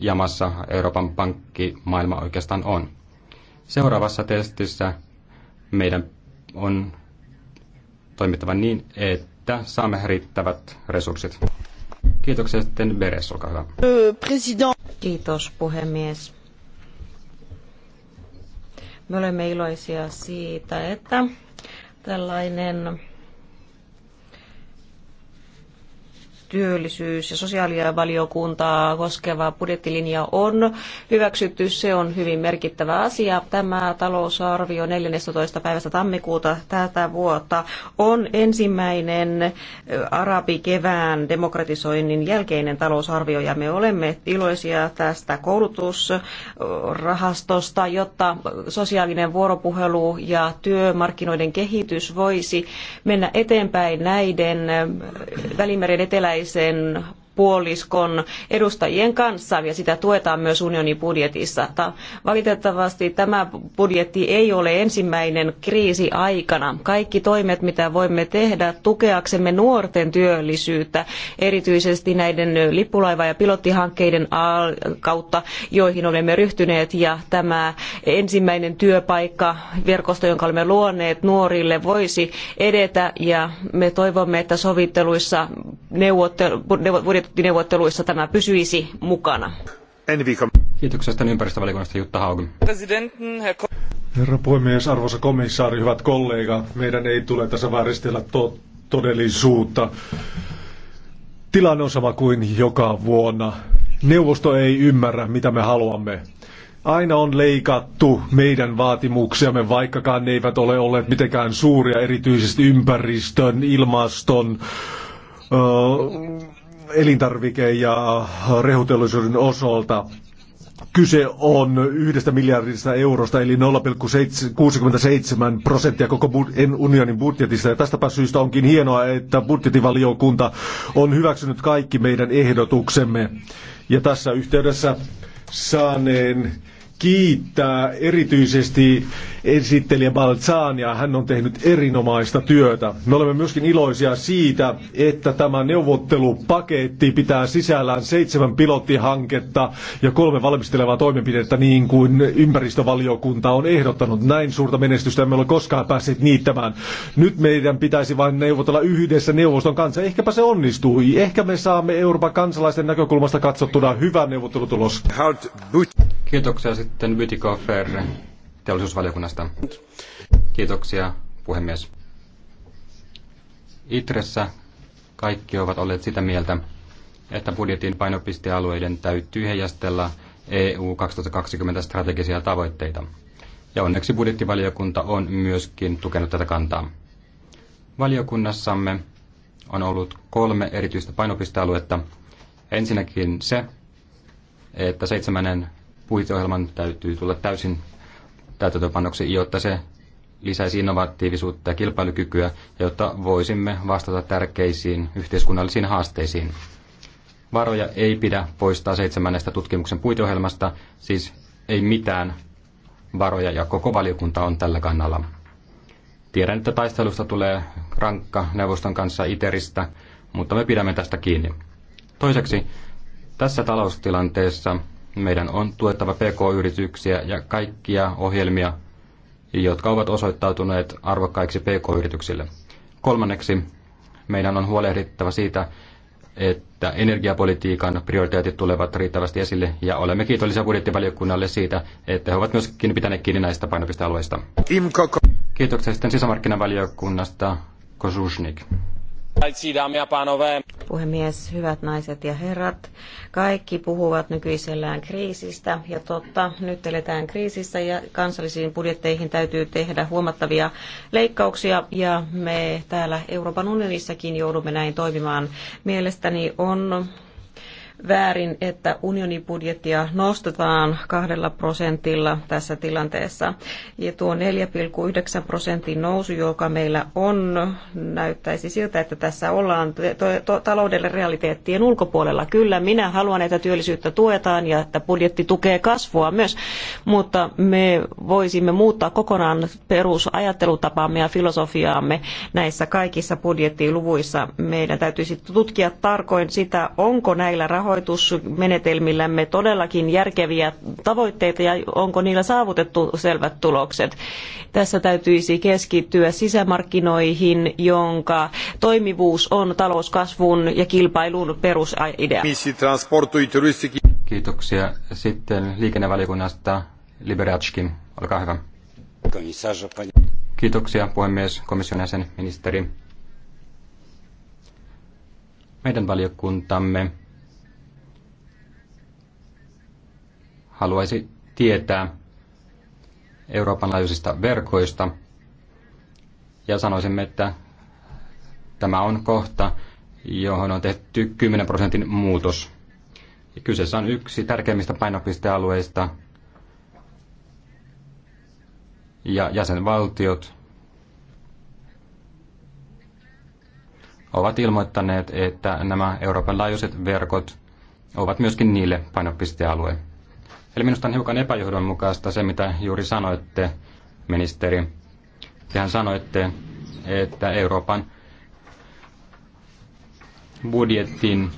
jamassa Euroopan pankkimaailma oikeastaan on. Seuraavassa testissä meidän on toimittava niin, että saamme riittävät resurssit. Kiitoksia sitten Beres, olkaa hyvä. Kiitos puhemies. Me olemme iloisia siitä, että tällainen työllisyys- ja sosiaalivaliokuntaa koskeva budjettilinja on hyväksytty. Se on hyvin merkittävä asia. Tämä talousarvio 14. päivästä tammikuuta tätä vuotta on ensimmäinen arabikevään demokratisoinnin jälkeinen talousarvio ja me olemme iloisia tästä koulutusrahastosta, jotta sosiaalinen vuoropuhelu ja työmarkkinoiden kehitys voisi mennä eteenpäin näiden Välimeren eteläisyyden sen puoliskon edustajien kanssa ja sitä tuetaan myös unionin budjetissa. Valitettavasti tämä budjetti ei ole ensimmäinen kriisi aikana. Kaikki toimet, mitä voimme tehdä tukeaksemme nuorten työllisyyttä, erityisesti näiden lippulaiva- ja pilottihankkeiden kautta, joihin olemme ryhtyneet ja tämä ensimmäinen työpaikka verkosto, jonka olemme luoneet nuorille, voisi edetä ja me toivomme, että sovitteluissa neuvottelu, budjetin budjettineuvotteluissa tämä pysyisi mukana. Kiitoksia tämän ympäristövaliokunnasta Jutta Haugen. Herra puhemies, arvoisa komissaari, hyvät kollegat, meidän ei tule tässä vääristellä to- todellisuutta. Tilanne on sama kuin joka vuonna. Neuvosto ei ymmärrä, mitä me haluamme. Aina on leikattu meidän vaatimuksiamme, vaikkakaan ne eivät ole olleet mitenkään suuria, erityisesti ympäristön, ilmaston, öö, elintarvike- ja rehuteollisuuden osalta. Kyse on yhdestä miljardista eurosta, eli 0,67 prosenttia koko unionin budjetista. Ja tästäpä syystä onkin hienoa, että budjettivaliokunta on hyväksynyt kaikki meidän ehdotuksemme. Ja tässä yhteydessä saaneen kiittää erityisesti esittelijä Balzania. Hän on tehnyt erinomaista työtä. Me olemme myöskin iloisia siitä, että tämä neuvottelupaketti pitää sisällään seitsemän pilottihanketta ja kolme valmistelevaa toimenpidettä niin kuin ympäristövaliokunta on ehdottanut. Näin suurta menestystä emme ole koskaan päässeet niittämään. Nyt meidän pitäisi vain neuvotella yhdessä neuvoston kanssa. Ehkäpä se onnistuu. Ehkä me saamme Euroopan kansalaisten näkökulmasta katsottuna hyvän neuvottelutulos. Kiitoksia sitten Vytiko Ferre teollisuusvaliokunnasta. Kiitoksia puhemies. Itressä kaikki ovat olleet sitä mieltä, että budjetin painopistealueiden täytyy heijastella EU 2020 strategisia tavoitteita. Ja onneksi budjettivaliokunta on myöskin tukenut tätä kantaa. Valiokunnassamme on ollut kolme erityistä painopistealuetta. Ensinnäkin se, että seitsemännen puiteohjelman täytyy tulla täysin täytäntöpannoksi, jotta se lisäisi innovatiivisuutta ja kilpailukykyä, jotta voisimme vastata tärkeisiin yhteiskunnallisiin haasteisiin. Varoja ei pidä poistaa seitsemännestä tutkimuksen puiteohjelmasta, siis ei mitään varoja ja koko valiokunta on tällä kannalla. Tiedän, että taistelusta tulee rankka neuvoston kanssa ITERistä, mutta me pidämme tästä kiinni. Toiseksi, tässä taloustilanteessa meidän on tuettava PK-yrityksiä ja kaikkia ohjelmia, jotka ovat osoittautuneet arvokkaiksi PK-yrityksille. Kolmanneksi, meidän on huolehdittava siitä, että energiapolitiikan prioriteetit tulevat riittävästi esille ja olemme kiitollisia budjettivaliokunnalle siitä, että he ovat myöskin pitäneet kiinni näistä painopistealueista. Kiitoksia sitten sisämarkkinavaliokunnasta. Kozusnik. Puhemies, hyvät naiset ja herrat, kaikki puhuvat nykyisellään kriisistä ja totta, nyt eletään kriisissä ja kansallisiin budjetteihin täytyy tehdä huomattavia leikkauksia ja me täällä Euroopan unionissakin joudumme näin toimimaan. Mielestäni on väärin, että unionin budjettia nostetaan kahdella prosentilla tässä tilanteessa. Ja tuo 4,9 prosentin nousu, joka meillä on, näyttäisi siltä, että tässä ollaan taloudelle realiteettien ulkopuolella. Kyllä, minä haluan, että työllisyyttä tuetaan ja että budjetti tukee kasvua myös, mutta me voisimme muuttaa kokonaan perusajattelutapaamme ja filosofiaamme näissä kaikissa budjettiluvuissa. Meidän täytyisi tutkia tarkoin sitä, onko näillä rahoilla rahoitusmenetelmillämme todellakin järkeviä tavoitteita ja onko niillä saavutettu selvät tulokset. Tässä täytyisi keskittyä sisämarkkinoihin, jonka toimivuus on talouskasvun ja kilpailun perusidea. Kiitoksia. Sitten liikennevaliokunnasta Liberatskin, olkaa hyvä. Kiitoksia puhemies, komission jäsen, ministeri. Meidän valiokuntamme haluaisi tietää Euroopan laajuisista verkoista. Ja sanoisimme, että tämä on kohta, johon on tehty 10 prosentin muutos. Ja kyseessä on yksi tärkeimmistä painopistealueista. Ja jäsenvaltiot ovat ilmoittaneet, että nämä Euroopan laajuiset verkot ovat myöskin niille painopistealue. Eli minusta on hiukan epäjohdonmukaista se, mitä juuri sanoitte, ministeri. Tehän sanoitte, että Euroopan budjetin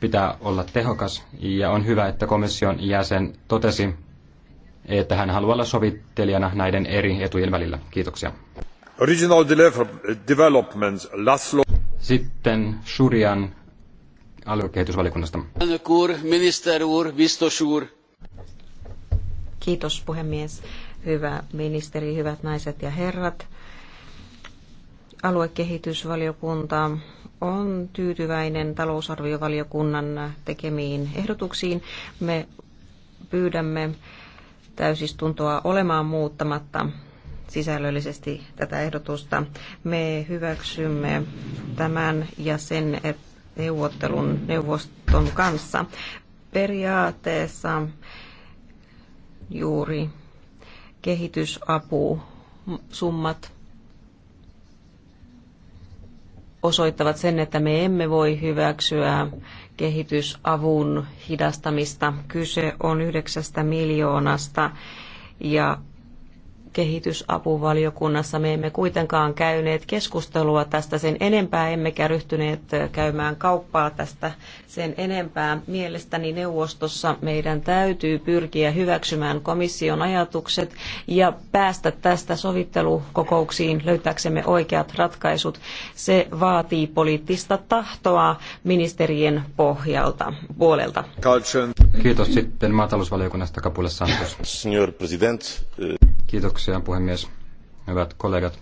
pitää olla tehokas ja on hyvä, että komission jäsen totesi, että hän haluaa olla sovittelijana näiden eri etujen välillä. Kiitoksia. Original Development, Laszlo. Sitten Shurian aluekehitysvaliokunnasta. Kiitos puhemies. Hyvä ministeri, hyvät naiset ja herrat. Aluekehitysvaliokunta on tyytyväinen talousarviovaliokunnan tekemiin ehdotuksiin. Me pyydämme täysistuntoa olemaan muuttamatta sisällöllisesti tätä ehdotusta. Me hyväksymme tämän ja sen, että neuvottelun neuvoston kanssa. Periaatteessa juuri kehitysapu summat osoittavat sen, että me emme voi hyväksyä kehitysavun hidastamista. Kyse on yhdeksästä miljoonasta ja kehitysapuvaliokunnassa me emme kuitenkaan käyneet keskustelua tästä sen enempää, emmekä ryhtyneet käymään kauppaa tästä sen enempää. Mielestäni neuvostossa meidän täytyy pyrkiä hyväksymään komission ajatukset ja päästä tästä sovittelukokouksiin löytääksemme oikeat ratkaisut. Se vaatii poliittista tahtoa ministerien pohjalta puolelta. Kiitos sitten maatalousvaliokunnasta Kapula Santos. Signor President, eh, Kiitoksia puhemies. Hyvät kollegat,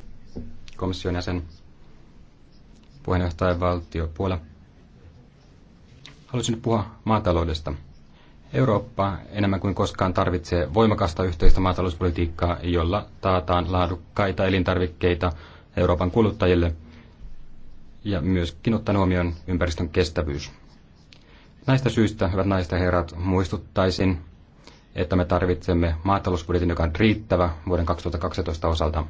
komission jäsen, puheenjohtaja valtiopuolella. Haluaisin nyt puhua maataloudesta. Eurooppa enemmän kuin koskaan tarvitsee voimakasta yhteistä maatalouspolitiikkaa, jolla taataan laadukkaita elintarvikkeita Euroopan kuluttajille ja myöskin ottaen huomioon ympäristön kestävyys. Näistä syistä, hyvät naiset ja herrat, muistuttaisin että me tarvitsemme maatalousbudjetin, joka on riittävä vuoden 2012 osalta.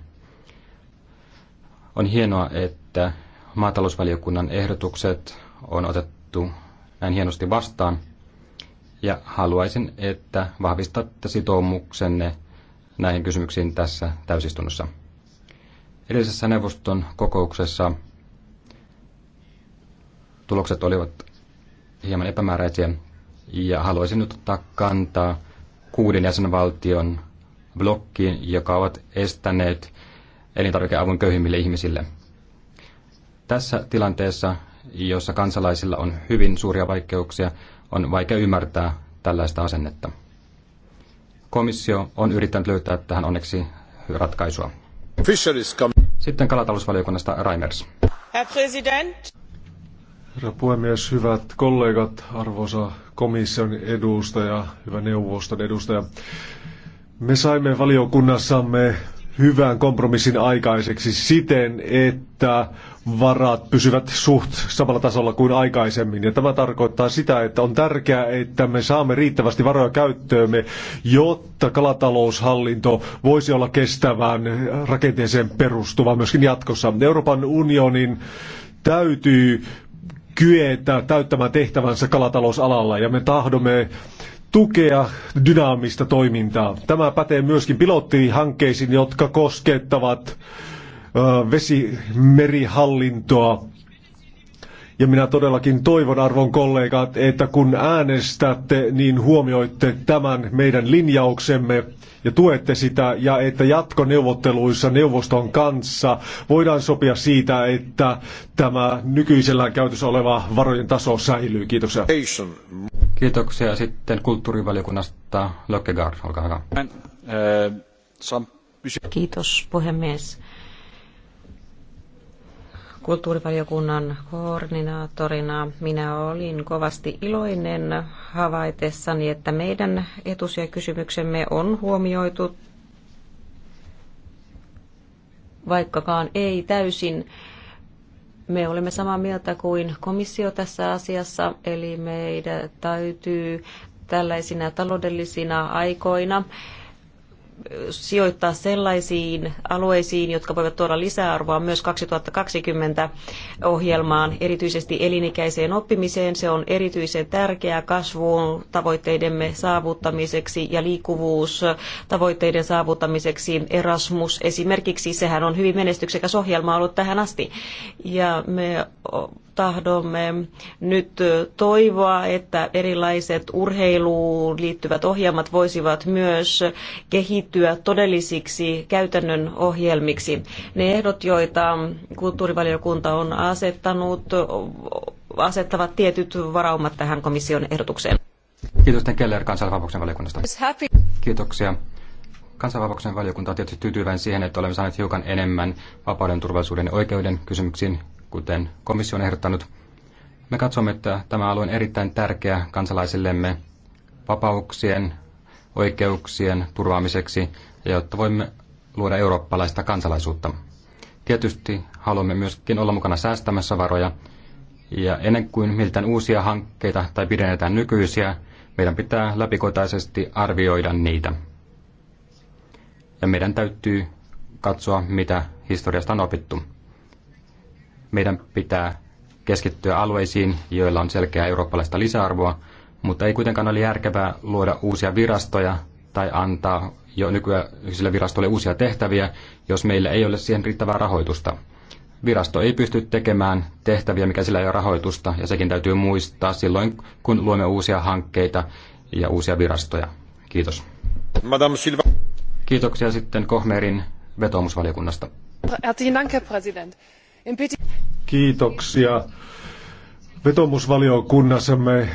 On hienoa, että maatalousvaliokunnan ehdotukset on otettu näin hienosti vastaan. Ja haluaisin, että vahvistatte sitoumuksenne näihin kysymyksiin tässä täysistunnossa. Edellisessä neuvoston kokouksessa tulokset olivat hieman epämääräisiä ja haluaisin nyt ottaa kantaa kuuden jäsenvaltion blokkiin, joka ovat estäneet elintarvikeavun köyhimmille ihmisille. Tässä tilanteessa, jossa kansalaisilla on hyvin suuria vaikeuksia, on vaikea ymmärtää tällaista asennetta. Komissio on yrittänyt löytää tähän onneksi ratkaisua. Sitten kalatalousvaliokunnasta Raimers. Herr President. Herra puhemies, hyvät kollegat, arvoisa komission edustaja, hyvä neuvoston edustaja. Me saimme valiokunnassamme hyvän kompromissin aikaiseksi siten, että varat pysyvät suht samalla tasolla kuin aikaisemmin. Ja tämä tarkoittaa sitä, että on tärkeää, että me saamme riittävästi varoja käyttöömme, jotta kalataloushallinto voisi olla kestävään rakenteeseen perustuva myöskin jatkossa. Euroopan unionin täytyy kyetä täyttämään tehtävänsä kalatalousalalla ja me tahdomme tukea dynaamista toimintaa. Tämä pätee myöskin pilottihankkeisiin, jotka koskettavat vesimerihallintoa ja minä todellakin toivon, arvon kollegat, että kun äänestätte, niin huomioitte tämän meidän linjauksemme ja tuette sitä, ja että jatkoneuvotteluissa neuvoston kanssa voidaan sopia siitä, että tämä nykyisellään käytössä oleva varojen taso säilyy. Kiitoksia. Kiitoksia. Sitten kulttuurivaliokunnasta Lökkegaard, olkaa hyvä. Kiitos puhemies. Kulttuurivaliokunnan koordinaattorina minä olin kovasti iloinen havaitessani, että meidän etusijakysymyksemme on huomioitu, vaikkakaan ei täysin. Me olemme samaa mieltä kuin komissio tässä asiassa, eli meidän täytyy tällaisina taloudellisina aikoina sijoittaa sellaisiin alueisiin, jotka voivat tuoda lisäarvoa myös 2020 ohjelmaan, erityisesti elinikäiseen oppimiseen. Se on erityisen tärkeää kasvuun tavoitteidemme saavuttamiseksi ja liikkuvuus tavoitteiden saavuttamiseksi. Erasmus esimerkiksi, sehän on hyvin menestyksekäs ohjelma ollut tähän asti. Ja me tahdomme nyt toivoa, että erilaiset urheiluun liittyvät ohjelmat voisivat myös kehittyä todellisiksi käytännön ohjelmiksi. Ne ehdot, joita kulttuurivaliokunta on asettanut, asettavat tietyt varaumat tähän komission ehdotukseen. Kiitos Sten Keller kansanvapauksen valiokunnasta. Kiitoksia. Kansanvapauksen valiokunta on tietysti tyytyväinen siihen, että olemme saaneet hiukan enemmän vapauden, turvallisuuden ja oikeuden kysymyksiin kuten komissio on ehdottanut. Me katsomme, että tämä alue on erittäin tärkeä kansalaisillemme vapauksien, oikeuksien turvaamiseksi ja jotta voimme luoda eurooppalaista kansalaisuutta. Tietysti haluamme myöskin olla mukana säästämässä varoja, ja ennen kuin miltään uusia hankkeita tai pidennetään nykyisiä, meidän pitää läpikotaisesti arvioida niitä. Ja meidän täytyy katsoa, mitä historiasta on opittu. Meidän pitää keskittyä alueisiin, joilla on selkeää eurooppalaista lisäarvoa, mutta ei kuitenkaan ole järkevää luoda uusia virastoja tai antaa jo nykyisille virastolle uusia tehtäviä, jos meillä ei ole siihen riittävää rahoitusta. Virasto ei pysty tekemään tehtäviä, mikä sillä ei ole rahoitusta, ja sekin täytyy muistaa silloin, kun luomme uusia hankkeita ja uusia virastoja. Kiitos. Madame Silva. Kiitoksia sitten Kohmerin vetoomusvaliokunnasta. Herzlichen Dank, Herr Präsident. Kiitoksia. Vetomusvaliokunnassamme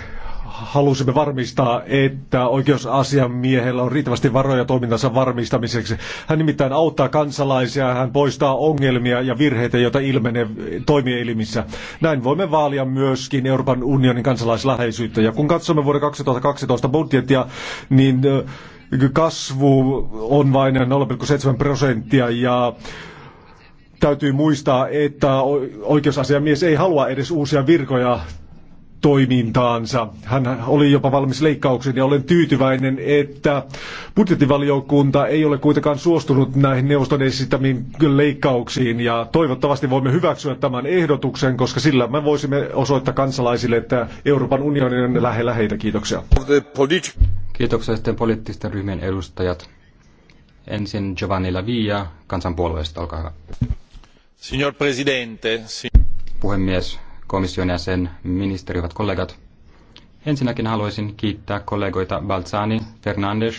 halusimme varmistaa, että oikeusasiamiehellä on riittävästi varoja toimintansa varmistamiseksi. Hän nimittäin auttaa kansalaisia, hän poistaa ongelmia ja virheitä, joita ilmenee toimielimissä. Näin voimme vaalia myöskin Euroopan unionin kansalaisläheisyyttä. Ja kun katsomme vuoden 2012 budjettia, niin kasvu on vain 0,7 prosenttia ja Täytyy muistaa, että oikeusasiamies ei halua edes uusia virkoja toimintaansa. Hän oli jopa valmis leikkauksiin ja olen tyytyväinen, että budjettivaliokunta ei ole kuitenkaan suostunut näihin neuvoston esittämiin leikkauksiin ja toivottavasti voimme hyväksyä tämän ehdotuksen, koska sillä me voisimme osoittaa kansalaisille, että Euroopan unioni on lähellä heitä. Kiitoksia. Kiitoksia sitten poliittisten ryhmien edustajat. Ensin Giovanni Lavia kansanpuolueesta, olkaa hyvä. Signor Presidente. Puhemies, komission jäsen, ministeri, hyvät kollegat. Ensinnäkin haluaisin kiittää kollegoita Balzani, Fernandes,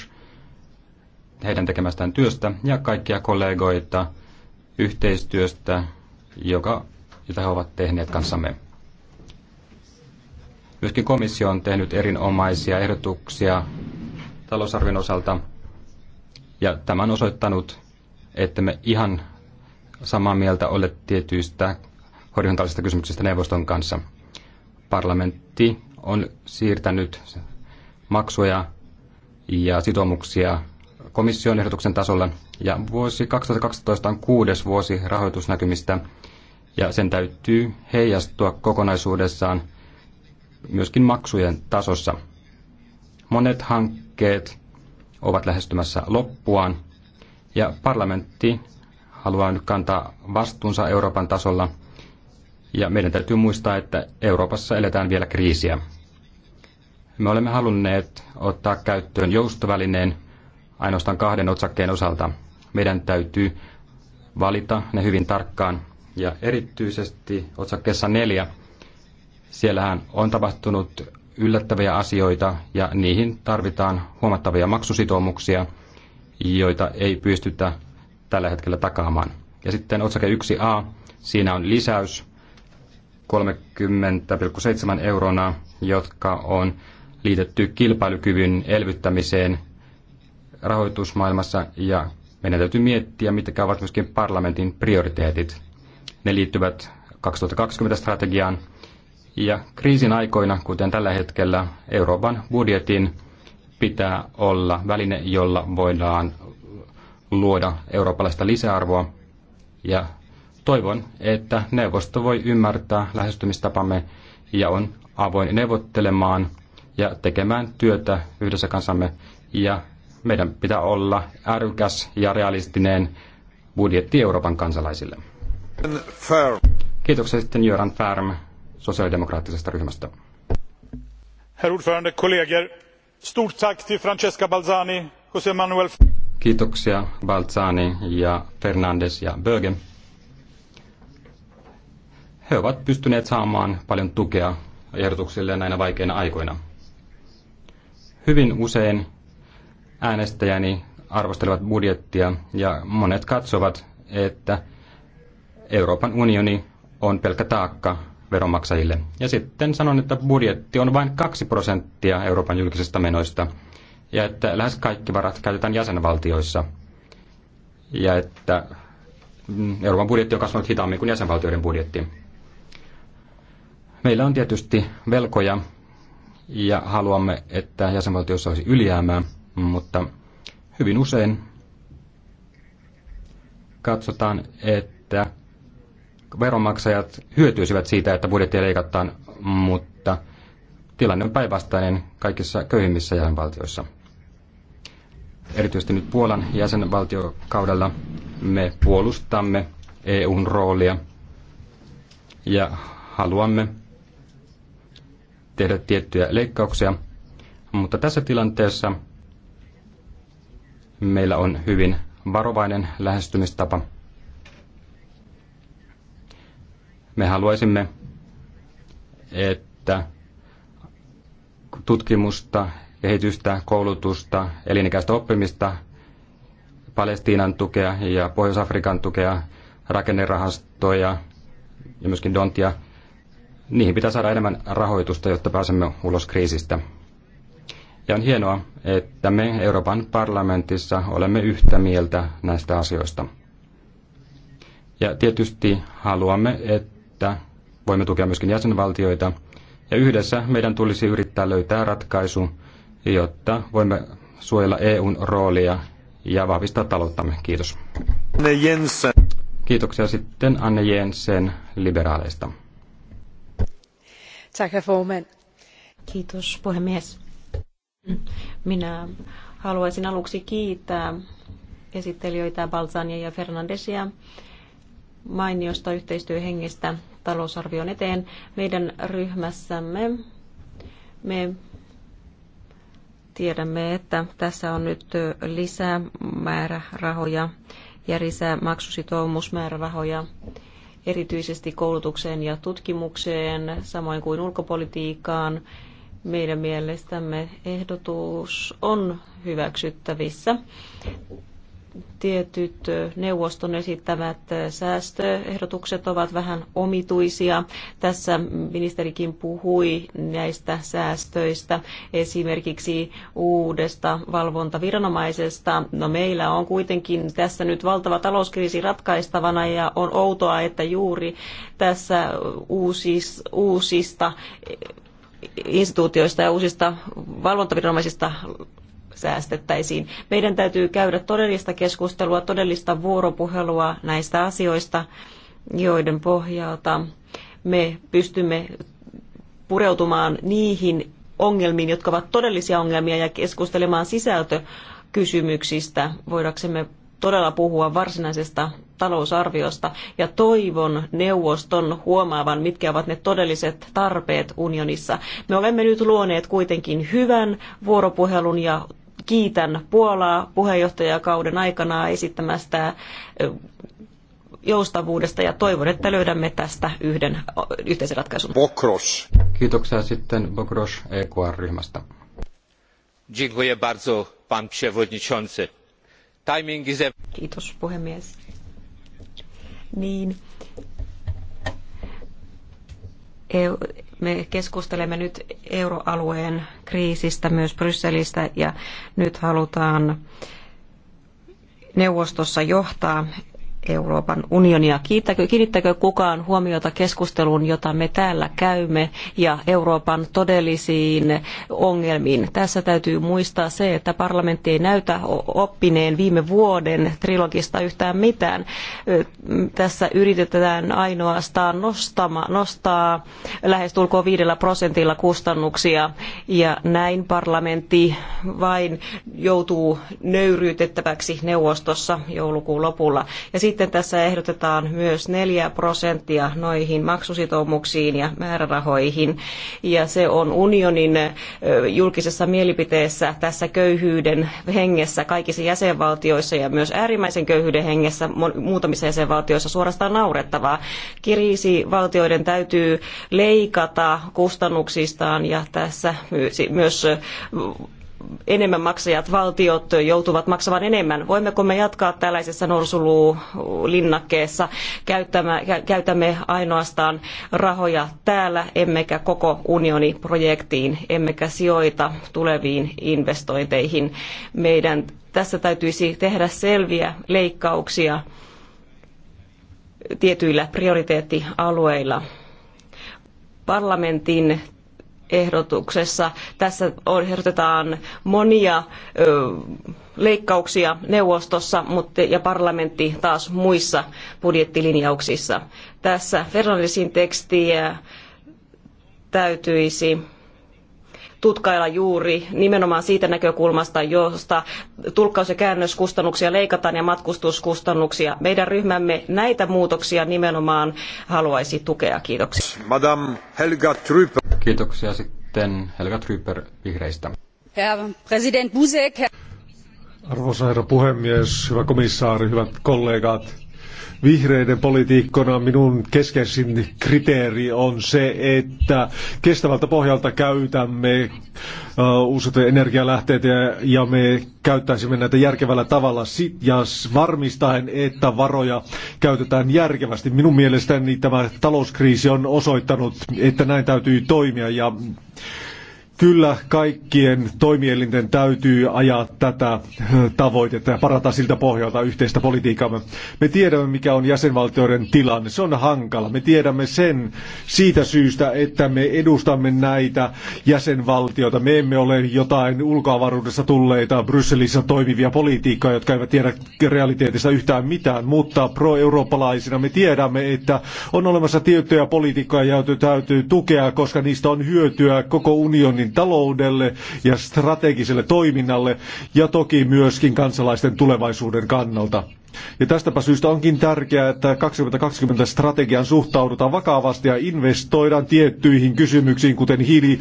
heidän tekemästään työstä ja kaikkia kollegoita yhteistyöstä, joka, jota he ovat tehneet kanssamme. Myöskin komissio on tehnyt erinomaisia ehdotuksia talousarvion osalta, ja tämä on osoittanut, että me ihan samaa mieltä ole tietyistä horisontaalisista kysymyksistä neuvoston kanssa. Parlamentti on siirtänyt maksuja ja sitoumuksia komission ehdotuksen tasolla. Ja vuosi 2012 on kuudes vuosi rahoitusnäkymistä ja sen täytyy heijastua kokonaisuudessaan myöskin maksujen tasossa. Monet hankkeet ovat lähestymässä loppuaan ja parlamentti haluaa nyt kantaa vastuunsa Euroopan tasolla. Ja meidän täytyy muistaa, että Euroopassa eletään vielä kriisiä. Me olemme halunneet ottaa käyttöön joustovälineen ainoastaan kahden otsakkeen osalta. Meidän täytyy valita ne hyvin tarkkaan. Ja erityisesti otsakkeessa neljä, siellähän on tapahtunut yllättäviä asioita ja niihin tarvitaan huomattavia maksusitoumuksia, joita ei pystytä tällä hetkellä takaamaan. Ja sitten otsake 1a, siinä on lisäys 30,7 eurona, jotka on liitetty kilpailukyvyn elvyttämiseen rahoitusmaailmassa ja meidän täytyy miettiä, mitkä ovat myöskin parlamentin prioriteetit. Ne liittyvät 2020-strategiaan ja kriisin aikoina, kuten tällä hetkellä, Euroopan budjetin pitää olla väline, jolla voidaan luoda eurooppalaista lisäarvoa ja toivon, että neuvosto voi ymmärtää lähestymistapamme ja on avoin neuvottelemaan ja tekemään työtä yhdessä kanssamme ja meidän pitää olla älykäs ja realistinen budjetti Euroopan kansalaisille. Kiitoksia sitten Jöran Färm sosiaalidemokraattisesta ryhmästä. Herr ordförande, kolleger. Stort tack till Francesca Balzani, José Manuel... Kiitoksia Balzani ja Fernandes ja Böge. He ovat pystyneet saamaan paljon tukea ehdotuksille näinä vaikeina aikoina. Hyvin usein äänestäjäni arvostelevat budjettia ja monet katsovat, että Euroopan unioni on pelkkä taakka veronmaksajille. Ja sitten sanon, että budjetti on vain 2 prosenttia Euroopan julkisista menoista – ja että lähes kaikki varat käytetään jäsenvaltioissa ja että mm, Euroopan budjetti on kasvanut hitaammin kuin jäsenvaltioiden budjetti. Meillä on tietysti velkoja ja haluamme, että jäsenvaltiossa olisi ylijäämää, mutta hyvin usein katsotaan, että veronmaksajat hyötyisivät siitä, että budjettia leikataan, mutta tilanne on päinvastainen kaikissa köyhimmissä jäsenvaltioissa erityisesti nyt Puolan jäsenvaltiokaudella me puolustamme EUn roolia ja haluamme tehdä tiettyjä leikkauksia, mutta tässä tilanteessa meillä on hyvin varovainen lähestymistapa. Me haluaisimme, että tutkimusta kehitystä, koulutusta, elinikäistä oppimista, Palestiinan tukea ja Pohjois-Afrikan tukea, rakennerahastoja ja myöskin Dontia. Niihin pitää saada enemmän rahoitusta, jotta pääsemme ulos kriisistä. Ja on hienoa, että me Euroopan parlamentissa olemme yhtä mieltä näistä asioista. Ja tietysti haluamme, että voimme tukea myöskin jäsenvaltioita. Ja yhdessä meidän tulisi yrittää löytää ratkaisu, jotta voimme suojella EUn roolia ja vahvistaa talouttamme. Kiitos. Anne Jensen. Kiitoksia sitten Anne Jensen liberaaleista. Kiitos puhemies. Minä haluaisin aluksi kiittää esittelijöitä Balzania ja Fernandesia mainiosta yhteistyöhengestä talousarvion eteen. Meidän ryhmässämme me Tiedämme, että tässä on nyt lisää määrärahoja ja lisää maksusitoumusmäärärahoja erityisesti koulutukseen ja tutkimukseen, samoin kuin ulkopolitiikkaan. Meidän mielestämme ehdotus on hyväksyttävissä tietyt neuvoston esittämät säästöehdotukset ovat vähän omituisia. Tässä ministerikin puhui näistä säästöistä, esimerkiksi uudesta valvontaviranomaisesta. No meillä on kuitenkin tässä nyt valtava talouskriisi ratkaistavana ja on outoa, että juuri tässä uusis, uusista e, instituutioista ja uusista valvontaviranomaisista säästettäisiin. Meidän täytyy käydä todellista keskustelua, todellista vuoropuhelua näistä asioista, joiden pohjalta me pystymme pureutumaan niihin ongelmiin, jotka ovat todellisia ongelmia ja keskustelemaan sisältökysymyksistä, voidaksemme todella puhua varsinaisesta talousarviosta ja toivon neuvoston huomaavan, mitkä ovat ne todelliset tarpeet unionissa. Me olemme nyt luoneet kuitenkin hyvän vuoropuhelun ja kiitän Puolaa puheenjohtajakauden aikana esittämästä joustavuudesta ja toivon, että löydämme tästä yhden yhteisen ratkaisun. Bokros. Kiitoksia sitten Bokros EKR-ryhmästä. Dziękuję bardzo, pan przewodniczący. Timing is Kiitos puhemies. Niin. E- me keskustelemme nyt euroalueen kriisistä myös Brysselistä ja nyt halutaan neuvostossa johtaa Euroopan unionia. Kiittäkö, kiinnittäkö kukaan huomiota keskusteluun, jota me täällä käymme, ja Euroopan todellisiin ongelmiin? Tässä täytyy muistaa se, että parlamentti ei näytä oppineen viime vuoden trilogista yhtään mitään. Tässä yritetään ainoastaan nostama, nostaa lähestulkoon viidellä prosentilla kustannuksia, ja näin parlamentti vain joutuu nöyryytettäväksi neuvostossa joulukuun lopulla. Ja sitten tässä ehdotetaan myös 4 prosenttia noihin maksusitoumuksiin ja määrärahoihin. Ja se on unionin julkisessa mielipiteessä tässä köyhyyden hengessä kaikissa jäsenvaltioissa ja myös äärimmäisen köyhyyden hengessä muutamissa jäsenvaltioissa suorastaan naurettavaa. Kriisivaltioiden täytyy leikata kustannuksistaan ja tässä myös enemmän maksajat valtiot joutuvat maksamaan enemmän. Voimmeko me jatkaa tällaisessa norsululinnakkeessa? Käytämme ainoastaan rahoja täällä, emmekä koko unioniprojektiin, emmekä sijoita tuleviin investointeihin. Meidän tässä täytyisi tehdä selviä leikkauksia tietyillä prioriteettialueilla parlamentin ehdotuksessa. Tässä ehdotetaan monia leikkauksia neuvostossa mutta, ja parlamentti taas muissa budjettilinjauksissa. Tässä Fernandesin tekstiä täytyisi tutkailla juuri nimenomaan siitä näkökulmasta, josta tulkkaus- ja käännöskustannuksia leikataan ja matkustuskustannuksia. Meidän ryhmämme näitä muutoksia nimenomaan haluaisi tukea. Kiitoksia. Madame Helga Kiitoksia sitten Helga Trypper vihreistä. Herr President Buzek, Arvoisa herra puhemies, hyvä komissaari, hyvät kollegat. Vihreiden politiikkona minun keskeisin kriteeri on se, että kestävältä pohjalta käytämme äh, uusiutuvia energialähteitä ja me käyttäisimme näitä järkevällä tavalla ja varmistaen, että varoja käytetään järkevästi. Minun mielestäni tämä talouskriisi on osoittanut, että näin täytyy toimia ja Kyllä kaikkien toimielinten täytyy ajaa tätä tavoitetta ja parata siltä pohjalta yhteistä politiikkaa. Me tiedämme, mikä on jäsenvaltioiden tilanne. Se on hankala. Me tiedämme sen siitä syystä, että me edustamme näitä jäsenvaltioita. Me emme ole jotain ulkoavaruudessa tulleita Brysselissä toimivia poliitikkoja, jotka eivät tiedä realiteetista yhtään mitään, mutta pro-eurooppalaisina me tiedämme, että on olemassa tiettyjä politiikkoja, joita täytyy tukea, koska niistä on hyötyä koko unionin taloudelle ja strategiselle toiminnalle ja toki myöskin kansalaisten tulevaisuuden kannalta. Ja tästäpä syystä onkin tärkeää, että 2020 strategian suhtaudutaan vakavasti ja investoidaan tiettyihin kysymyksiin, kuten hiili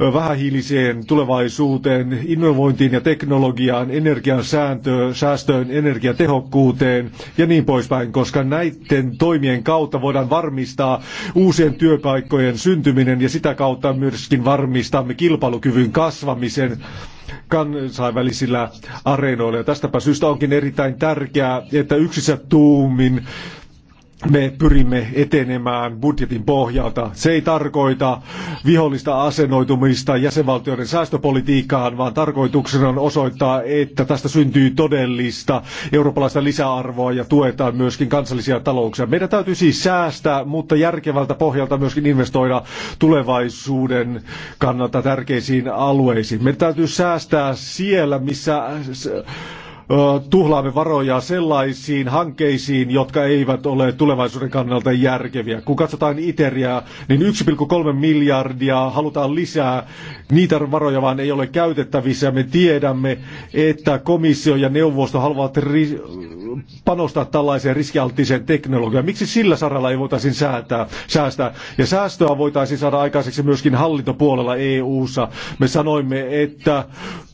vähähiiliseen tulevaisuuteen, innovointiin ja teknologiaan, energian sääntöön, säästöön, energiatehokkuuteen ja niin poispäin, koska näiden toimien kautta voidaan varmistaa uusien työpaikkojen syntyminen ja sitä kautta myöskin varmistamme kilpailukyvyn kasvamisen kansainvälisillä areenoilla. Ja tästäpä syystä onkin erittäin tärkeää, että yksissä tuumin me pyrimme etenemään budjetin pohjalta. Se ei tarkoita vihollista asennoitumista jäsenvaltioiden säästöpolitiikkaan, vaan tarkoituksena on osoittaa, että tästä syntyy todellista eurooppalaista lisäarvoa ja tuetaan myöskin kansallisia talouksia. Meidän täytyy siis säästää, mutta järkevältä pohjalta myöskin investoida tulevaisuuden kannalta tärkeisiin alueisiin. Meidän täytyy säästää siellä, missä tuhlaamme varoja sellaisiin hankkeisiin, jotka eivät ole tulevaisuuden kannalta järkeviä. Kun katsotaan Iteriä, niin 1,3 miljardia halutaan lisää. Niitä varoja vaan ei ole käytettävissä. Me tiedämme, että komissio ja neuvosto haluavat panostaa tällaiseen riskialttiseen teknologiaan. Miksi sillä saralla ei voitaisiin säätää, säästää? Ja säästöä voitaisiin saada aikaiseksi myöskin hallintopuolella EU-ssa. Me sanoimme, että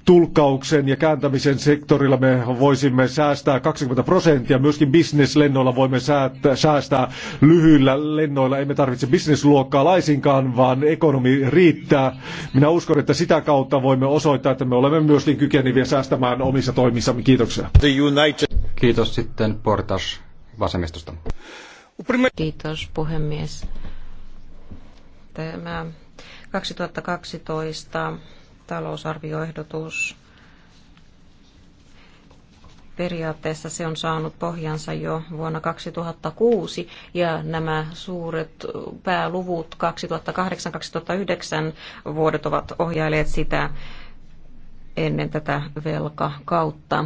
tulkkauksen ja kääntämisen sektorilla me voisimme säästää 20 prosenttia. Myöskin bisneslennoilla voimme säästää, säästää lyhyillä lennoilla. Emme tarvitse bisnesluokkaa laisinkaan, vaan ekonomi riittää. Minä uskon, että sitä kautta voimme osoittaa, että me olemme myöskin kykeneviä säästämään omissa toimissamme. Kiitoksia. Kiitos sitten Portas vasemmistosta. Kiitos puhemies. Tämä 2012 talousarvioehdotus. Periaatteessa se on saanut pohjansa jo vuonna 2006 ja nämä suuret pääluvut 2008-2009 vuodet ovat ohjailleet sitä ennen tätä velkakautta. kautta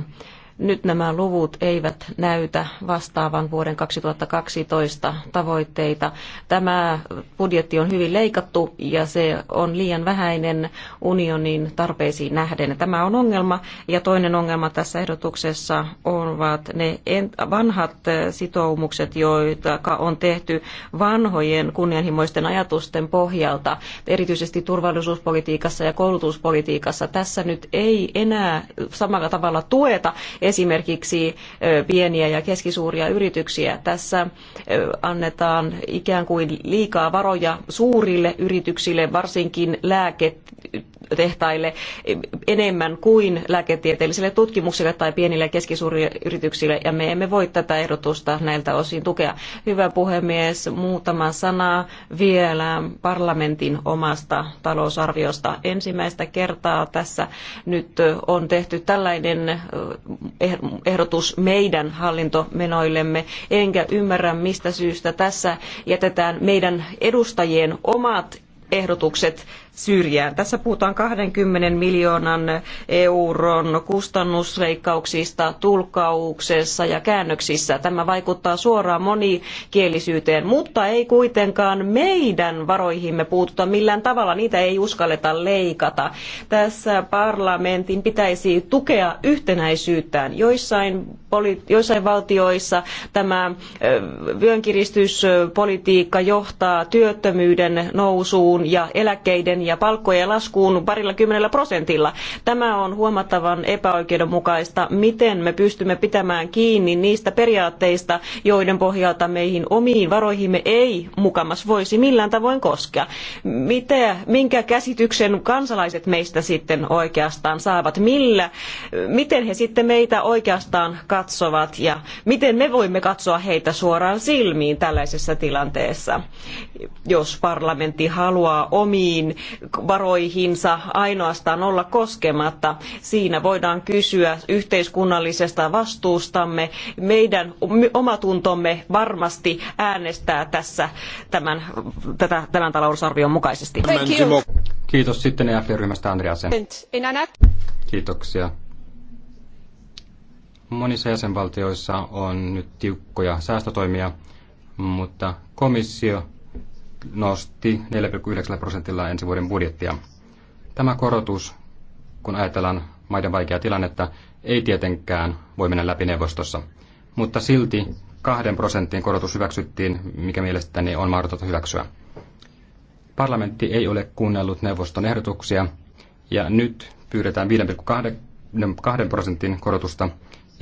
nyt nämä luvut eivät näytä vastaavan vuoden 2012 tavoitteita. Tämä budjetti on hyvin leikattu ja se on liian vähäinen unionin tarpeisiin nähden. Tämä on ongelma ja toinen ongelma tässä ehdotuksessa ovat ne vanhat sitoumukset, joita on tehty vanhojen kunnianhimoisten ajatusten pohjalta, erityisesti turvallisuuspolitiikassa ja koulutuspolitiikassa. Tässä nyt ei enää samalla tavalla tueta esimerkiksi pieniä ja keskisuuria yrityksiä. Tässä annetaan ikään kuin liikaa varoja suurille yrityksille, varsinkin lääket tehtaille enemmän kuin lääketieteelliselle tutkimukselle tai pienille ja keskisuurille yrityksille, ja me emme voi tätä ehdotusta näiltä osin tukea. Hyvä puhemies, muutama sana vielä parlamentin omasta talousarviosta. Ensimmäistä kertaa tässä nyt on tehty tällainen eh, ehdotus meidän hallintomenoillemme, enkä ymmärrä mistä syystä tässä jätetään meidän edustajien omat ehdotukset syrjään. Tässä puhutaan 20 miljoonan euron kustannusleikkauksista tulkkauksessa ja käännöksissä. Tämä vaikuttaa suoraan monikielisyyteen, mutta ei kuitenkaan meidän varoihimme puututa millään tavalla. Niitä ei uskalleta leikata. Tässä parlamentin pitäisi tukea yhtenäisyyttään. Joissain joissain valtioissa tämä vyönkiristyspolitiikka johtaa työttömyyden nousuun ja eläkkeiden ja palkkojen laskuun parilla kymmenellä prosentilla. Tämä on huomattavan epäoikeudenmukaista, miten me pystymme pitämään kiinni niistä periaatteista, joiden pohjalta meihin omiin varoihimme ei mukamas voisi millään tavoin koskea. Mitä, minkä käsityksen kansalaiset meistä sitten oikeastaan saavat? Millä, miten he sitten meitä oikeastaan katsovat? katsovat ja miten me voimme katsoa heitä suoraan silmiin tällaisessa tilanteessa. Jos parlamentti haluaa omiin varoihinsa ainoastaan olla koskematta, siinä voidaan kysyä yhteiskunnallisesta vastuustamme. Meidän omatuntomme varmasti äänestää tässä tämän, tätä, tämän talousarvion mukaisesti. Kiitos sitten EFI-ryhmästä Andreasen. Kiitoksia Monissa jäsenvaltioissa on nyt tiukkoja säästötoimia, mutta komissio nosti 4,9 prosentilla ensi vuoden budjettia. Tämä korotus, kun ajatellaan maiden vaikeaa tilannetta, ei tietenkään voi mennä läpi neuvostossa. Mutta silti kahden prosentin korotus hyväksyttiin, mikä mielestäni on mahdotonta hyväksyä. Parlamentti ei ole kuunnellut neuvoston ehdotuksia, ja nyt pyydetään 5,2 prosentin korotusta,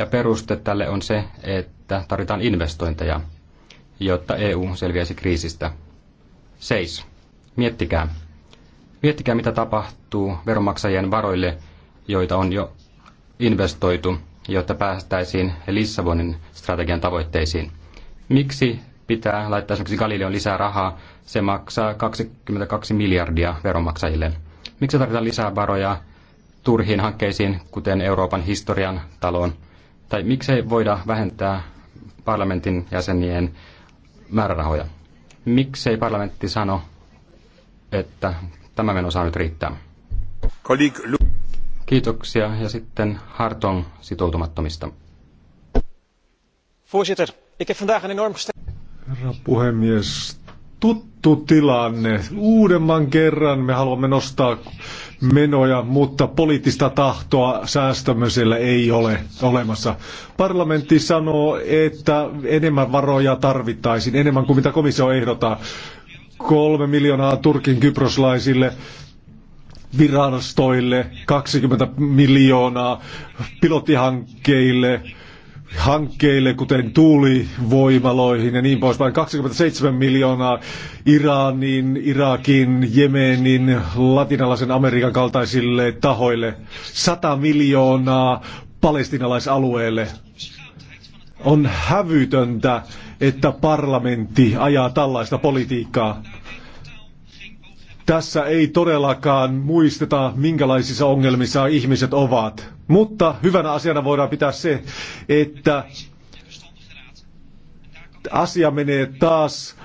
ja peruste tälle on se, että tarvitaan investointeja, jotta EU selviäisi kriisistä. Seis. Miettikää. Miettikää, mitä tapahtuu veronmaksajien varoille, joita on jo investoitu, jotta päästäisiin Lissabonin strategian tavoitteisiin. Miksi pitää laittaa esimerkiksi Galileon lisää rahaa? Se maksaa 22 miljardia veronmaksajille. Miksi tarvitaan lisää varoja turhiin hankkeisiin, kuten Euroopan historian taloon? tai miksei voida vähentää parlamentin jäsenien määrärahoja? Miksei parlamentti sano, että tämä meno saa nyt riittää? Kiitoksia ja sitten Hartong sitoutumattomista. Herra puhemies, tuttu tilanne. Uudemman kerran me haluamme nostaa menoja, mutta poliittista tahtoa säästämiselle ei ole olemassa. Parlamentti sanoo, että enemmän varoja tarvittaisiin, enemmän kuin mitä komissio ehdottaa. Kolme miljoonaa Turkin kyproslaisille, virastoille, 20 miljoonaa pilottihankkeille, hankkeille, kuten tuulivoimaloihin ja niin poispäin. 27 miljoonaa Iranin, Irakin, Jemenin, latinalaisen Amerikan kaltaisille tahoille. 100 miljoonaa palestinalaisalueelle. On hävytöntä, että parlamentti ajaa tällaista politiikkaa. Tässä ei todellakaan muisteta, minkälaisissa ongelmissa ihmiset ovat. Mutta hyvänä asiana voidaan pitää se, että asia menee taas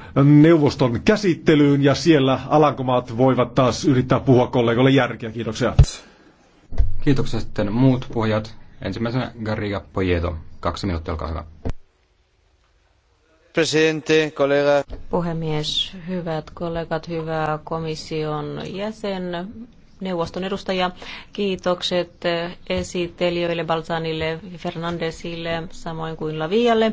neuvoston käsittelyyn ja siellä Alankomaat voivat taas yrittää puhua kollegoille järkeä. Kiitoksia. Kiitoksia sitten muut puhujat. Ensimmäisenä Garriga Pojeto. Kaksi minuuttia, olkaa hyvä. Puhemies, hyvät kollegat, hyvä komission jäsen, neuvoston edustaja. Kiitokset esittelijöille Balzanille, Fernandesille, samoin kuin Lavialle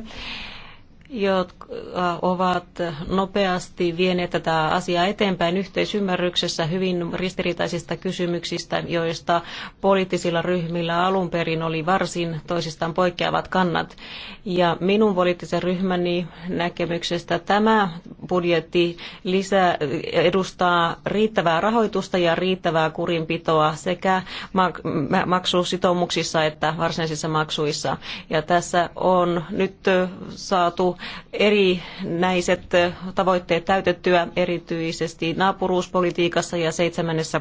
jotka äh, ovat nopeasti vieneet tätä asiaa eteenpäin yhteisymmärryksessä hyvin ristiriitaisista kysymyksistä, joista poliittisilla ryhmillä alun perin oli varsin toisistaan poikkeavat kannat. Ja minun poliittisen ryhmäni näkemyksestä tämä budjetti lisää, edustaa riittävää rahoitusta ja riittävää kurinpitoa sekä maksusitoumuksissa että varsinaisissa maksuissa. Ja tässä on nyt äh, saatu Eri erinäiset tavoitteet täytettyä erityisesti naapuruuspolitiikassa ja seitsemännessä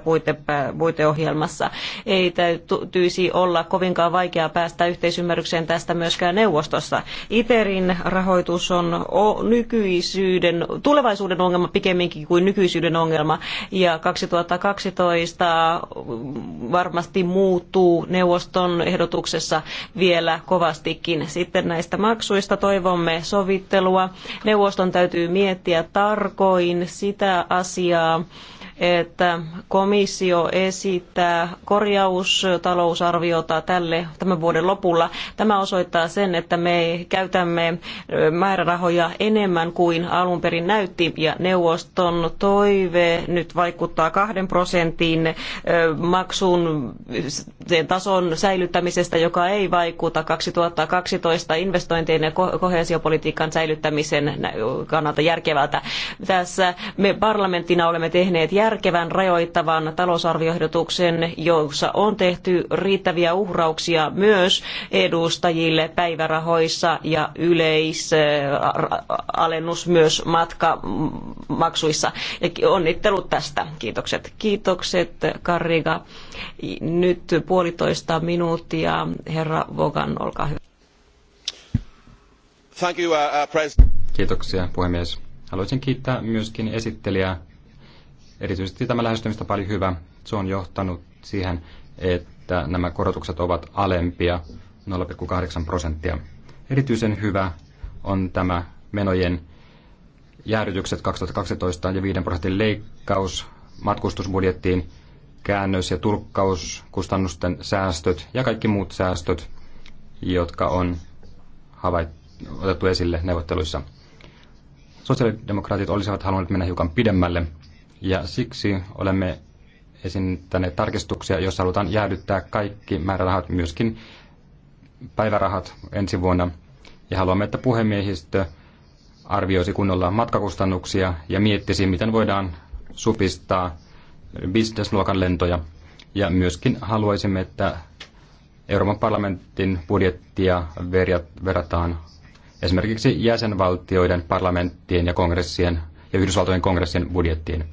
puiteohjelmassa. Ei täytyisi olla kovinkaan vaikeaa päästä yhteisymmärrykseen tästä myöskään neuvostossa. ITERin rahoitus on nykyisyyden, tulevaisuuden ongelma pikemminkin kuin nykyisyyden ongelma ja 2012 varmasti muuttuu neuvoston ehdotuksessa vielä kovastikin. Sitten näistä maksuista toivomme sovittelua sovittelua. Neuvoston täytyy miettiä tarkoin sitä asiaa, että komissio esittää korjaustalousarviota tälle tämän vuoden lopulla. Tämä osoittaa sen, että me käytämme määrärahoja enemmän kuin alun perin näytti ja neuvoston toive nyt vaikuttaa kahden prosentin maksun tason säilyttämisestä, joka ei vaikuta 2012 investointien ja koheesiopolitiikan säilyttämisen kannalta järkevältä. Tässä me parlamenttina olemme tehneet järkevän rajoittavan talousarvioehdotuksen, jossa on tehty riittäviä uhrauksia myös edustajille päivärahoissa ja yleisalennus myös matkamaksuissa. Ja onnittelut tästä. Kiitokset. Kiitokset, Karriga. Nyt puolitoista minuuttia. Herra Vogan, olkaa hyvä. Thank you, uh, uh Kiitoksia, puhemies. Haluaisin kiittää myöskin esittelijää Erityisesti tämä lähestymistapa oli hyvä. Se on johtanut siihen, että nämä korotukset ovat alempia 0,8 prosenttia. Erityisen hyvä on tämä menojen jäädytykset 2012 ja 5 prosentin leikkaus matkustusbudjettiin, käännös- ja tulkkauskustannusten säästöt ja kaikki muut säästöt, jotka on havaittu otettu esille neuvotteluissa. Sosiaalidemokraatit olisivat halunneet mennä hiukan pidemmälle, ja siksi olemme esittäneet tarkistuksia, jos halutaan jäädyttää kaikki määrärahat, myöskin päivärahat ensi vuonna. Ja haluamme, että puhemiehistö arvioisi kunnolla matkakustannuksia ja miettisi, miten voidaan supistaa bisnesluokan lentoja. Ja myöskin haluaisimme, että Euroopan parlamentin budjettia verrataan esimerkiksi jäsenvaltioiden parlamenttien ja kongressien ja Yhdysvaltojen kongressien budjettiin.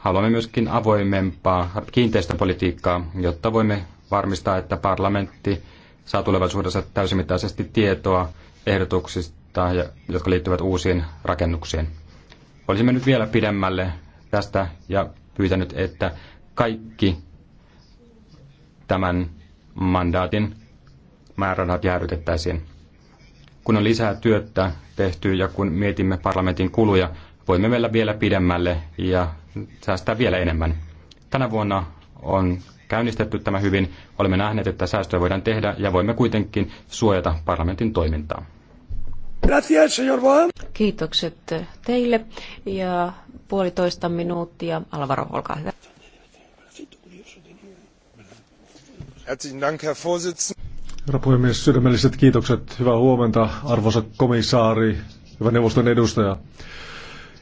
Haluamme myöskin avoimempaa kiinteistöpolitiikkaa, jotta voimme varmistaa, että parlamentti saa tulevaisuudessa täysimittaisesti tietoa ehdotuksista, jotka liittyvät uusiin rakennuksiin. Olisimme nyt vielä pidemmälle tästä ja pyytänyt, että kaikki tämän mandaatin määrärahat jäädytettäisiin. Kun on lisää työtä tehty ja kun mietimme parlamentin kuluja, voimme vielä vielä pidemmälle ja säästää vielä enemmän. Tänä vuonna on käynnistetty tämä hyvin. Olemme nähneet, että säästöjä voidaan tehdä ja voimme kuitenkin suojata parlamentin toimintaa. Kiitokset teille ja puolitoista minuuttia. Alvaro, olkaa hyvä. Herra puhemies, sydämelliset kiitokset. Hyvää huomenta, arvoisa komissaari, hyvä neuvoston edustaja.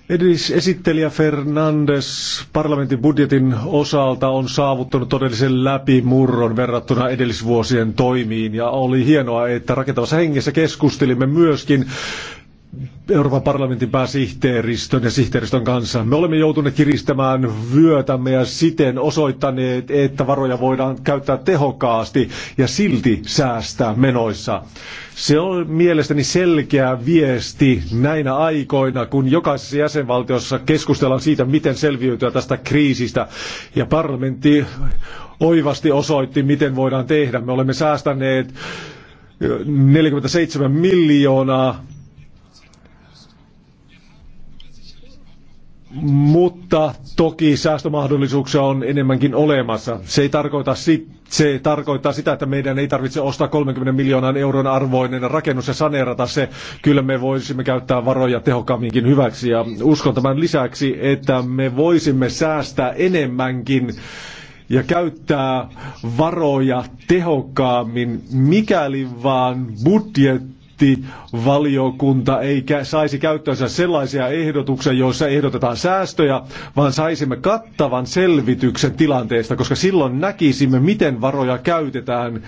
Edis esittelijä Fernandes parlamentin budjetin osalta on saavuttanut todellisen läpimurron verrattuna edellisvuosien toimiin ja oli hienoa, että rakentavassa hengessä keskustelimme myöskin Euroopan parlamentin pääsihteeristön ja sihteeristön kanssa. Me olemme joutuneet kiristämään vyötämme ja siten osoittaneet, että varoja voidaan käyttää tehokkaasti ja silti säästää menoissa. Se on mielestäni selkeä viesti näinä aikoina, kun jokaisessa jäsenvaltiossa keskustellaan siitä, miten selviytyä tästä kriisistä. Ja parlamentti oivasti osoitti, miten voidaan tehdä. Me olemme säästäneet 47 miljoonaa mutta toki säästömahdollisuuksia on enemmänkin olemassa. Se, ei tarkoita sit, se tarkoittaa sitä, että meidän ei tarvitse ostaa 30 miljoonan euron arvoinen rakennus ja saneerata se. Kyllä me voisimme käyttää varoja tehokkaamminkin hyväksi ja uskon tämän lisäksi, että me voisimme säästää enemmänkin ja käyttää varoja tehokkaammin, mikäli vaan budjetti budjettivaliokunta ei saisi käyttöönsä sellaisia ehdotuksia, joissa ehdotetaan säästöjä, vaan saisimme kattavan selvityksen tilanteesta, koska silloin näkisimme, miten varoja käytetään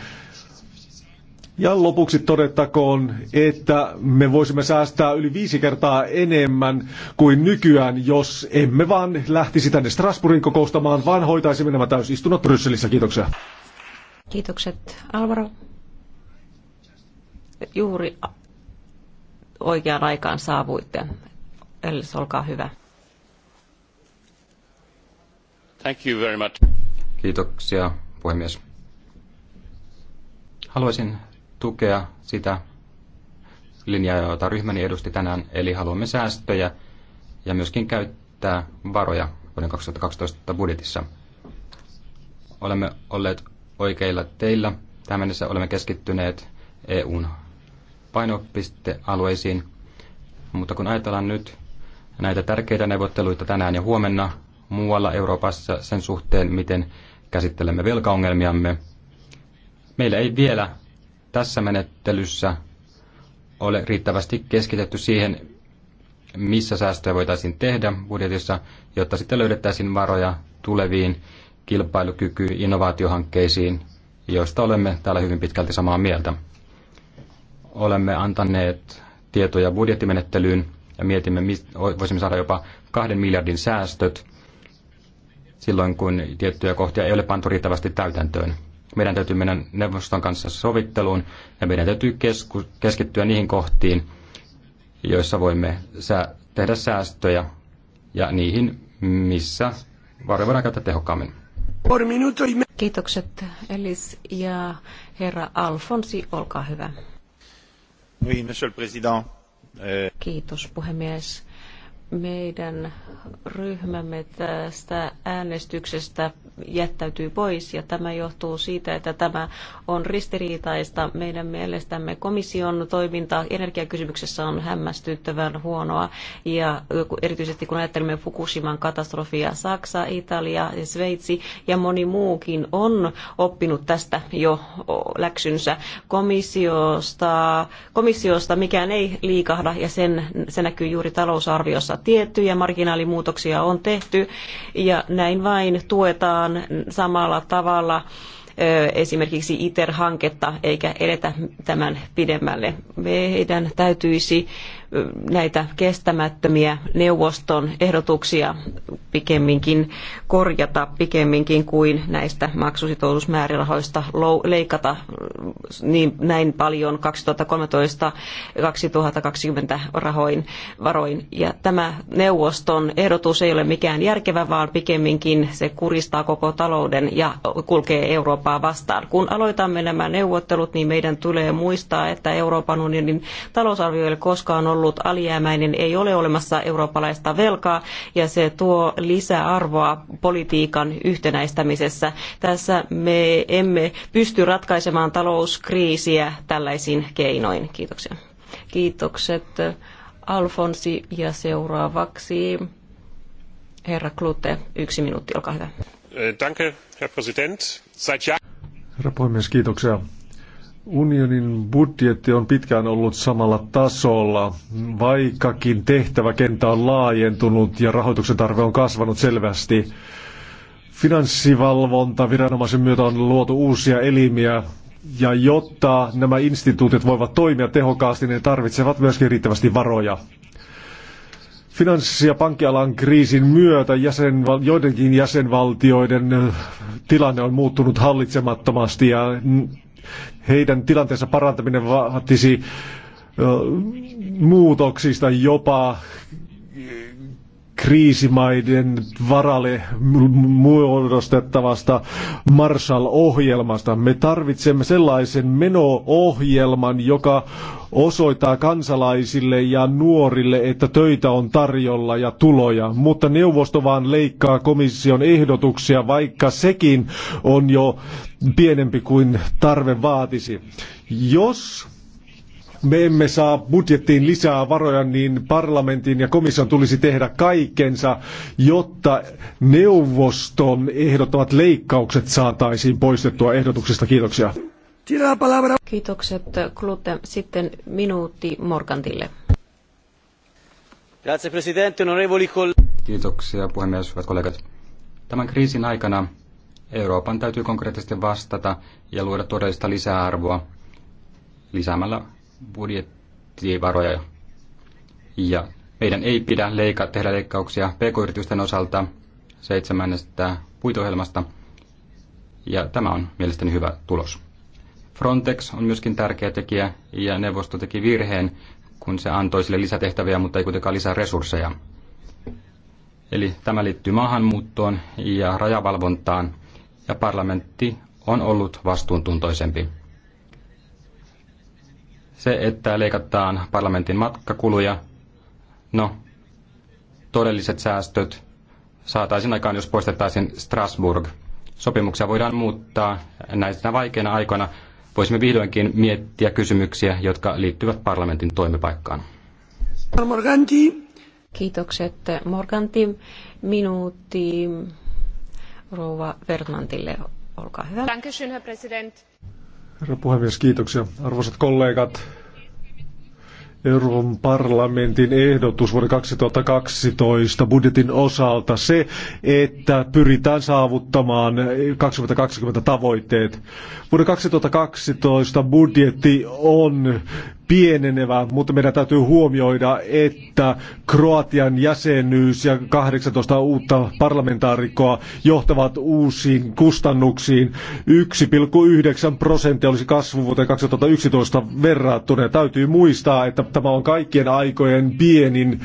ja lopuksi todettakoon, että me voisimme säästää yli viisi kertaa enemmän kuin nykyään, jos emme vaan lähtisi tänne Strasbourgin kokoustamaan, vaan hoitaisimme nämä täysistunnot Brysselissä. Kiitoksia. Kiitokset Alvaro juuri oikeaan aikaan saavuitte. Ellis, olkaa hyvä. Thank you very much. Kiitoksia, puhemies. Haluaisin tukea sitä linjaa, jota ryhmäni edusti tänään, eli haluamme säästöjä ja myöskin käyttää varoja vuoden 2012 budjetissa. Olemme olleet oikeilla teillä. Tähän mennessä olemme keskittyneet EUn painopistealueisiin. Mutta kun ajatellaan nyt näitä tärkeitä neuvotteluita tänään ja huomenna muualla Euroopassa sen suhteen, miten käsittelemme velkaongelmiamme, meillä ei vielä tässä menettelyssä ole riittävästi keskitetty siihen, missä säästöjä voitaisiin tehdä budjetissa, jotta sitten löydettäisiin varoja tuleviin kilpailukyky- innovaatiohankkeisiin, joista olemme täällä hyvin pitkälti samaa mieltä olemme antaneet tietoja budjettimenettelyyn ja mietimme, voisimme saada jopa kahden miljardin säästöt silloin, kun tiettyjä kohtia ei ole pantu riittävästi täytäntöön. Meidän täytyy mennä neuvoston kanssa sovitteluun ja meidän täytyy kesku- keskittyä niihin kohtiin, joissa voimme sä- tehdä säästöjä ja niihin, missä varoja voidaan käyttää tehokkaammin. Kiitokset Elis ja herra Alfonsi, olkaa hyvä. Euh, Kiitos puhemies meidän ryhmämme tästä äänestyksestä jättäytyy pois ja tämä johtuu siitä, että tämä on ristiriitaista. Meidän mielestämme komission toiminta energiakysymyksessä on hämmästyttävän huonoa ja erityisesti kun ajattelemme Fukushiman katastrofia, Saksa, Italia, Sveitsi ja moni muukin on oppinut tästä jo läksynsä komissiosta, komissiosta mikään ei liikahda ja sen, se näkyy juuri talousarviossa tiettyjä marginaalimuutoksia on tehty ja näin vain tuetaan samalla tavalla esimerkiksi ITER-hanketta eikä edetä tämän pidemmälle. Meidän täytyisi näitä kestämättömiä neuvoston ehdotuksia pikemminkin korjata pikemminkin kuin näistä maksusitoumusmäärärahoista leikata niin, näin paljon 2013-2020 rahoin varoin. Ja tämä neuvoston ehdotus ei ole mikään järkevä, vaan pikemminkin se kuristaa koko talouden ja kulkee Eurooppaa vastaan. Kun aloitamme nämä neuvottelut, niin meidän tulee muistaa, että Euroopan unionin talousarvio ei ole koskaan ollut ollut alijäämäinen, ei ole olemassa eurooppalaista velkaa ja se tuo lisäarvoa politiikan yhtenäistämisessä. Tässä me emme pysty ratkaisemaan talouskriisiä tällaisin keinoin. Kiitoksia. Kiitokset Alfonsi ja seuraavaksi herra Klute. Yksi minuutti, olkaa hyvä. Äh, danke, herr Präsident. Seit Herra puhemies, kiitoksia. Unionin budjetti on pitkään ollut samalla tasolla, vaikkakin tehtäväkenttä on laajentunut ja rahoituksen tarve on kasvanut selvästi. Finanssivalvonta viranomaisen myötä on luotu uusia elimiä, ja jotta nämä instituutit voivat toimia tehokkaasti, ne tarvitsevat myöskin riittävästi varoja. Finanssi- ja pankkialan kriisin myötä jäsenval- joidenkin jäsenvaltioiden eh, tilanne on muuttunut hallitsemattomasti ja heidän tilanteensa parantaminen vaatisi muutoksista jopa kriisimaiden varalle muodostettavasta Marshall-ohjelmasta. Me tarvitsemme sellaisen meno-ohjelman, joka osoittaa kansalaisille ja nuorille, että töitä on tarjolla ja tuloja, mutta neuvosto vaan leikkaa komission ehdotuksia, vaikka sekin on jo pienempi kuin tarve vaatisi. Jos me emme saa budjettiin lisää varoja, niin parlamentin ja komission tulisi tehdä kaikkensa, jotta neuvoston ehdottamat leikkaukset saataisiin poistettua ehdotuksesta. Kiitoksia. Kiitokset Klute. Sitten minuutti Morgantille. Kiitoksia puhemies, hyvät kollegat. Tämän kriisin aikana Euroopan täytyy konkreettisesti vastata ja luoda todellista lisäarvoa lisäämällä budjettivaroja ja meidän ei pidä leika, tehdä leikkauksia pk-yritysten osalta seitsemännestä puitohjelmasta ja tämä on mielestäni hyvä tulos. Frontex on myöskin tärkeä tekijä ja neuvosto teki virheen, kun se antoi sille lisätehtäviä, mutta ei kuitenkaan lisää resursseja. Eli tämä liittyy maahanmuuttoon ja rajavalvontaan ja parlamentti on ollut vastuuntuntoisempi. Se, että leikataan parlamentin matkakuluja, no, todelliset säästöt saataisiin aikaan, jos poistettaisiin Strasbourg. Sopimuksia voidaan muuttaa näinä vaikeina aikoina. Voisimme vihdoinkin miettiä kysymyksiä, jotka liittyvät parlamentin toimipaikkaan. Morganti. Kiitokset Morganti. Minuutti rouva Vermantille. Olkaa hyvä. Dankeschön, herr Herra puhemies, kiitoksia. Arvoisat kollegat, Euroopan parlamentin ehdotus vuoden 2012 budjetin osalta se, että pyritään saavuttamaan 2020 tavoitteet. Vuoden 2012 budjetti on pienenevä, mutta meidän täytyy huomioida, että Kroatian jäsenyys ja 18 uutta parlamentaarikkoa johtavat uusiin kustannuksiin. 1,9 prosenttia olisi kasvu vuoteen 2011 verrattuna. Täytyy muistaa, että tämä on kaikkien aikojen pienin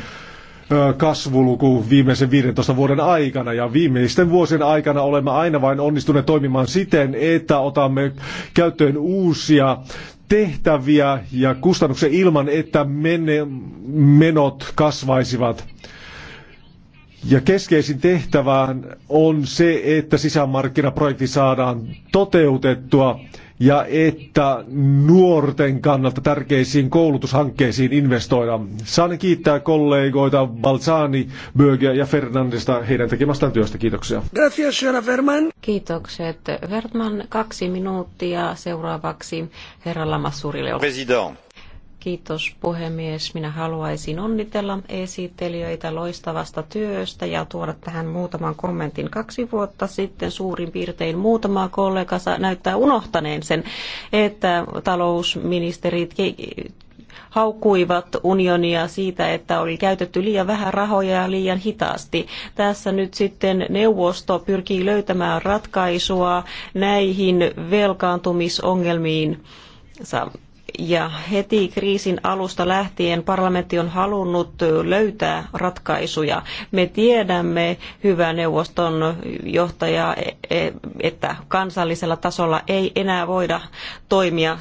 kasvuluku viimeisen 15 vuoden aikana ja viimeisten vuosien aikana olemme aina vain onnistuneet toimimaan siten, että otamme käyttöön uusia tehtäviä ja kustannuksia ilman, että menot kasvaisivat. Ja keskeisin tehtävään on se, että sisämarkkinaprojekti saadaan toteutettua ja että nuorten kannalta tärkeisiin koulutushankkeisiin investoidaan. Saan kiittää kollegoita Balzani, Böge ja Fernandesta heidän tekemästään työstä. Kiitoksia. Gracias, Verman. Kiitokset. Verman kaksi minuuttia seuraavaksi herra Lamassurille. President. Kiitos puhemies. Minä haluaisin onnitella esittelijöitä loistavasta työstä ja tuoda tähän muutaman kommentin. Kaksi vuotta sitten suurin piirtein muutama kollega näyttää unohtaneen sen, että talousministerit haukkuivat unionia siitä, että oli käytetty liian vähän rahoja ja liian hitaasti. Tässä nyt sitten neuvosto pyrkii löytämään ratkaisua näihin velkaantumisongelmiin ja heti kriisin alusta lähtien parlamentti on halunnut löytää ratkaisuja. Me tiedämme, hyvä neuvoston johtaja, e- e- että kansallisella tasolla ei enää voida toimia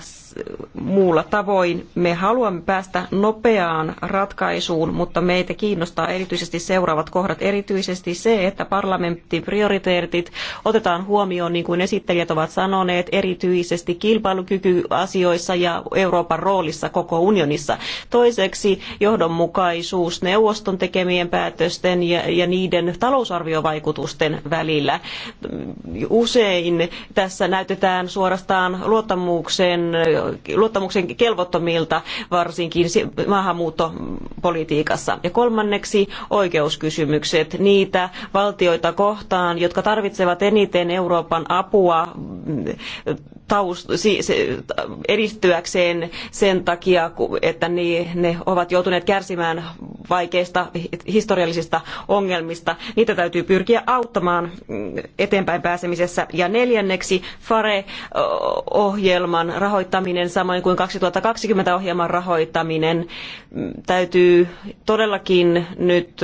muulla tavoin. Me haluamme päästä nopeaan ratkaisuun, mutta meitä kiinnostaa erityisesti seuraavat kohdat. Erityisesti se, että parlamentin prioriteetit otetaan huomioon, niin kuin esittelijät ovat sanoneet, erityisesti kilpailukykyasioissa ja Euroopan roolissa koko unionissa. Toiseksi johdonmukaisuus neuvoston tekemien päätösten ja, ja niiden talousarviovaikutusten välillä. Usein tässä näytetään suorastaan luottamuksen luottamuksen kelvottomilta, varsinkin maahanmuuttopolitiikassa. Ja kolmanneksi oikeuskysymykset niitä valtioita kohtaan, jotka tarvitsevat eniten Euroopan apua mm, taust, edistyäkseen sen takia, että ne ovat joutuneet kärsimään vaikeista historiallisista ongelmista. Niitä täytyy pyrkiä auttamaan mm, eteenpäin pääsemisessä. Ja neljänneksi FARE-ohjelman rahoittaminen rahoittaminen samoin kuin 2020 ohjelman rahoittaminen. Täytyy todellakin nyt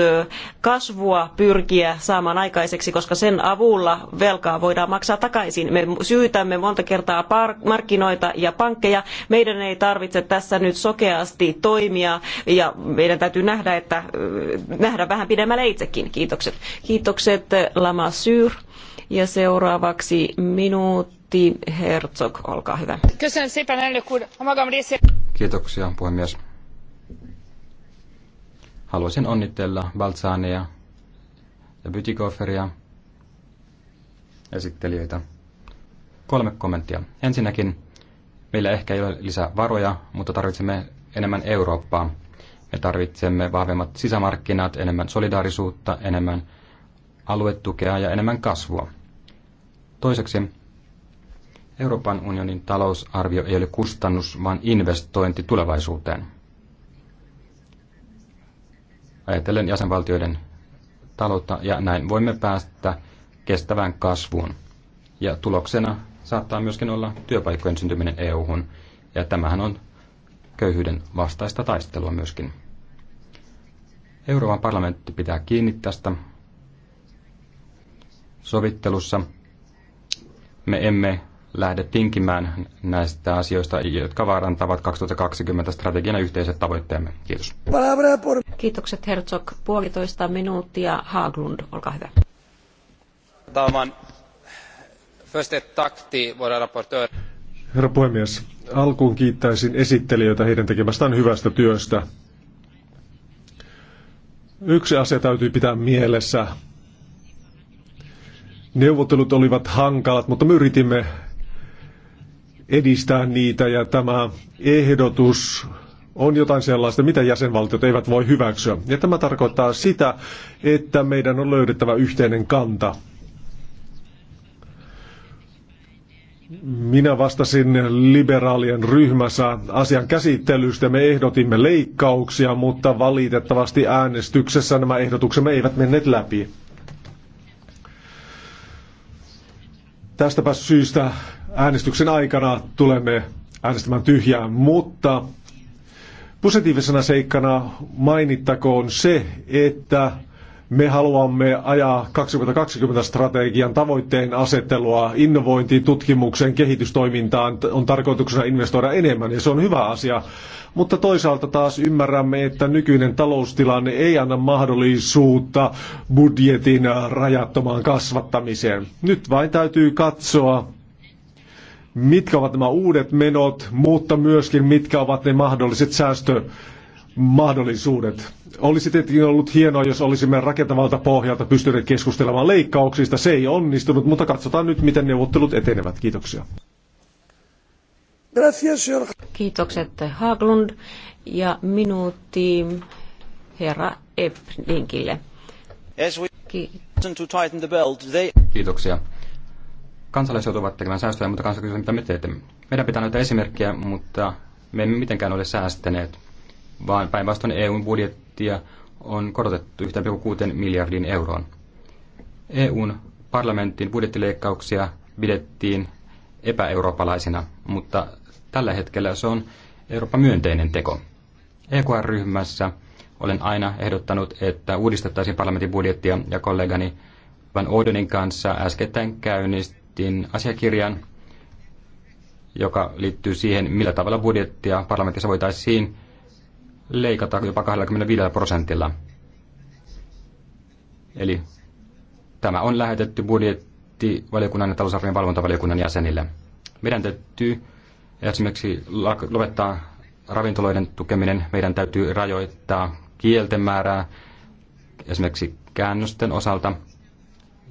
kasvua pyrkiä saamaan aikaiseksi, koska sen avulla velkaa voidaan maksaa takaisin. Me syytämme monta kertaa markkinoita ja pankkeja. Meidän ei tarvitse tässä nyt sokeasti toimia ja meidän täytyy nähdä, että, nähdä vähän pidemmälle itsekin. Kiitokset. Kiitokset Lama Syr. Ja seuraavaksi minuutti minuutti. Herzog, olkaa hyvä. Kiitoksia, puhemies. Haluaisin onnitella Balzania ja Bytikofferia esittelijöitä. Kolme kommenttia. Ensinnäkin, meillä ehkä ei ole lisää varoja, mutta tarvitsemme enemmän Eurooppaa. Me tarvitsemme vahvemmat sisämarkkinat, enemmän solidaarisuutta, enemmän aluetukea ja enemmän kasvua. Toiseksi Euroopan unionin talousarvio ei ole kustannus, vaan investointi tulevaisuuteen. Ajatellen jäsenvaltioiden taloutta ja näin voimme päästä kestävään kasvuun. Ja tuloksena saattaa myöskin olla työpaikkojen syntyminen EU-hun. Ja tämähän on köyhyyden vastaista taistelua myöskin. Euroopan parlamentti pitää kiinni tästä sovittelussa. Me emme lähde tinkimään näistä asioista, jotka vaarantavat 2020 strategian ja yhteiset tavoitteemme. Kiitos. Kiitokset Herzog. Puolitoista minuuttia. Haaglund, olkaa hyvä. Talman. Först ett tack till våra Herra puhemies, alkuun kiittäisin esittelijöitä heidän tekemästään hyvästä työstä. Yksi asia täytyy pitää mielessä. Neuvottelut olivat hankalat, mutta me yritimme edistää niitä ja tämä ehdotus on jotain sellaista, mitä jäsenvaltiot eivät voi hyväksyä. Ja tämä tarkoittaa sitä, että meidän on löydettävä yhteinen kanta. Minä vastasin liberaalien ryhmässä asian käsittelystä. Me ehdotimme leikkauksia, mutta valitettavasti äänestyksessä nämä ehdotuksemme eivät menneet läpi. Tästäpä syystä Äänestyksen aikana tulemme äänestämään tyhjää, mutta positiivisena seikkana mainittakoon se, että me haluamme ajaa 2020-strategian tavoitteen asettelua innovointiin, tutkimukseen, kehitystoimintaan. On tarkoituksena investoida enemmän ja se on hyvä asia. Mutta toisaalta taas ymmärrämme, että nykyinen taloustilanne ei anna mahdollisuutta budjetin rajattomaan kasvattamiseen. Nyt vain täytyy katsoa, mitkä ovat nämä uudet menot, mutta myöskin mitkä ovat ne mahdolliset säästömahdollisuudet. Olisi tietenkin ollut hienoa, jos olisimme rakentavalta pohjalta pystyneet keskustelemaan leikkauksista. Se ei onnistunut, mutta katsotaan nyt, miten neuvottelut etenevät. Kiitoksia. Kiitokset Haglund ja minuutti herra Epninkille. Kiitoksia kansalaiset joutuvat tekemään säästöjä, mutta kansalaiset kysyvät, mitä me teemme. Meidän pitää näyttää esimerkkejä, mutta me emme mitenkään ole säästäneet, vaan päinvastoin EUn budjettia on korotettu 1,6 miljardin euroon. EUn parlamentin budjettileikkauksia pidettiin epäeurooppalaisina, mutta tällä hetkellä se on Eurooppa-myönteinen teko. EKR-ryhmässä olen aina ehdottanut, että uudistettaisiin parlamentin budjettia ja kollegani Van Oudenin kanssa äskettäin käynnistä budjetin asiakirjan, joka liittyy siihen, millä tavalla budjettia parlamentissa voitaisiin leikata jopa 25 prosentilla. Eli tämä on lähetetty budjettivaliokunnan ja talousarvion valvontavaliokunnan jäsenille. Meidän täytyy esimerkiksi lopettaa ravintoloiden tukeminen. Meidän täytyy rajoittaa kielten määrää esimerkiksi käännösten osalta –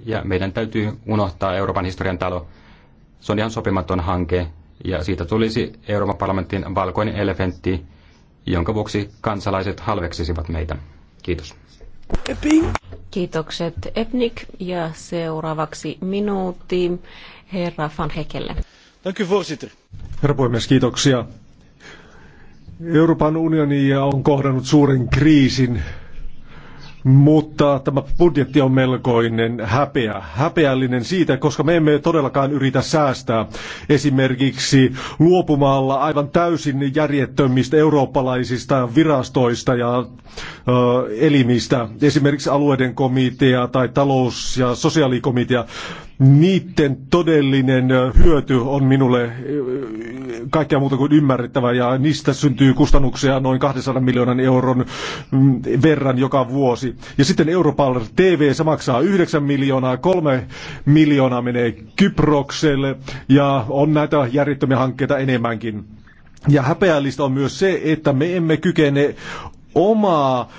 ja meidän täytyy unohtaa Euroopan historian talo. Se on ihan sopimaton hanke ja siitä tulisi Euroopan parlamentin valkoinen elefantti, jonka vuoksi kansalaiset halveksisivat meitä. Kiitos. Kiitokset Epnik ja seuraavaksi minuutti herra Van Hekelle. Herra puhemies, kiitoksia. Euroopan unioni on kohdannut suuren kriisin mutta tämä budjetti on melkoinen häpeä. Häpeällinen siitä, koska me emme todellakaan yritä säästää esimerkiksi luopumalla aivan täysin järjettömistä eurooppalaisista virastoista ja ö, elimistä, esimerkiksi alueiden komitea tai talous- ja sosiaalikomitea niiden todellinen hyöty on minulle kaikkea muuta kuin ymmärrettävä ja niistä syntyy kustannuksia noin 200 miljoonan euron mm, verran joka vuosi. Ja sitten Europal TV, se maksaa 9 miljoonaa, 3 miljoonaa menee Kyprokselle ja on näitä järjettömiä hankkeita enemmänkin. Ja häpeällistä on myös se, että me emme kykene omaa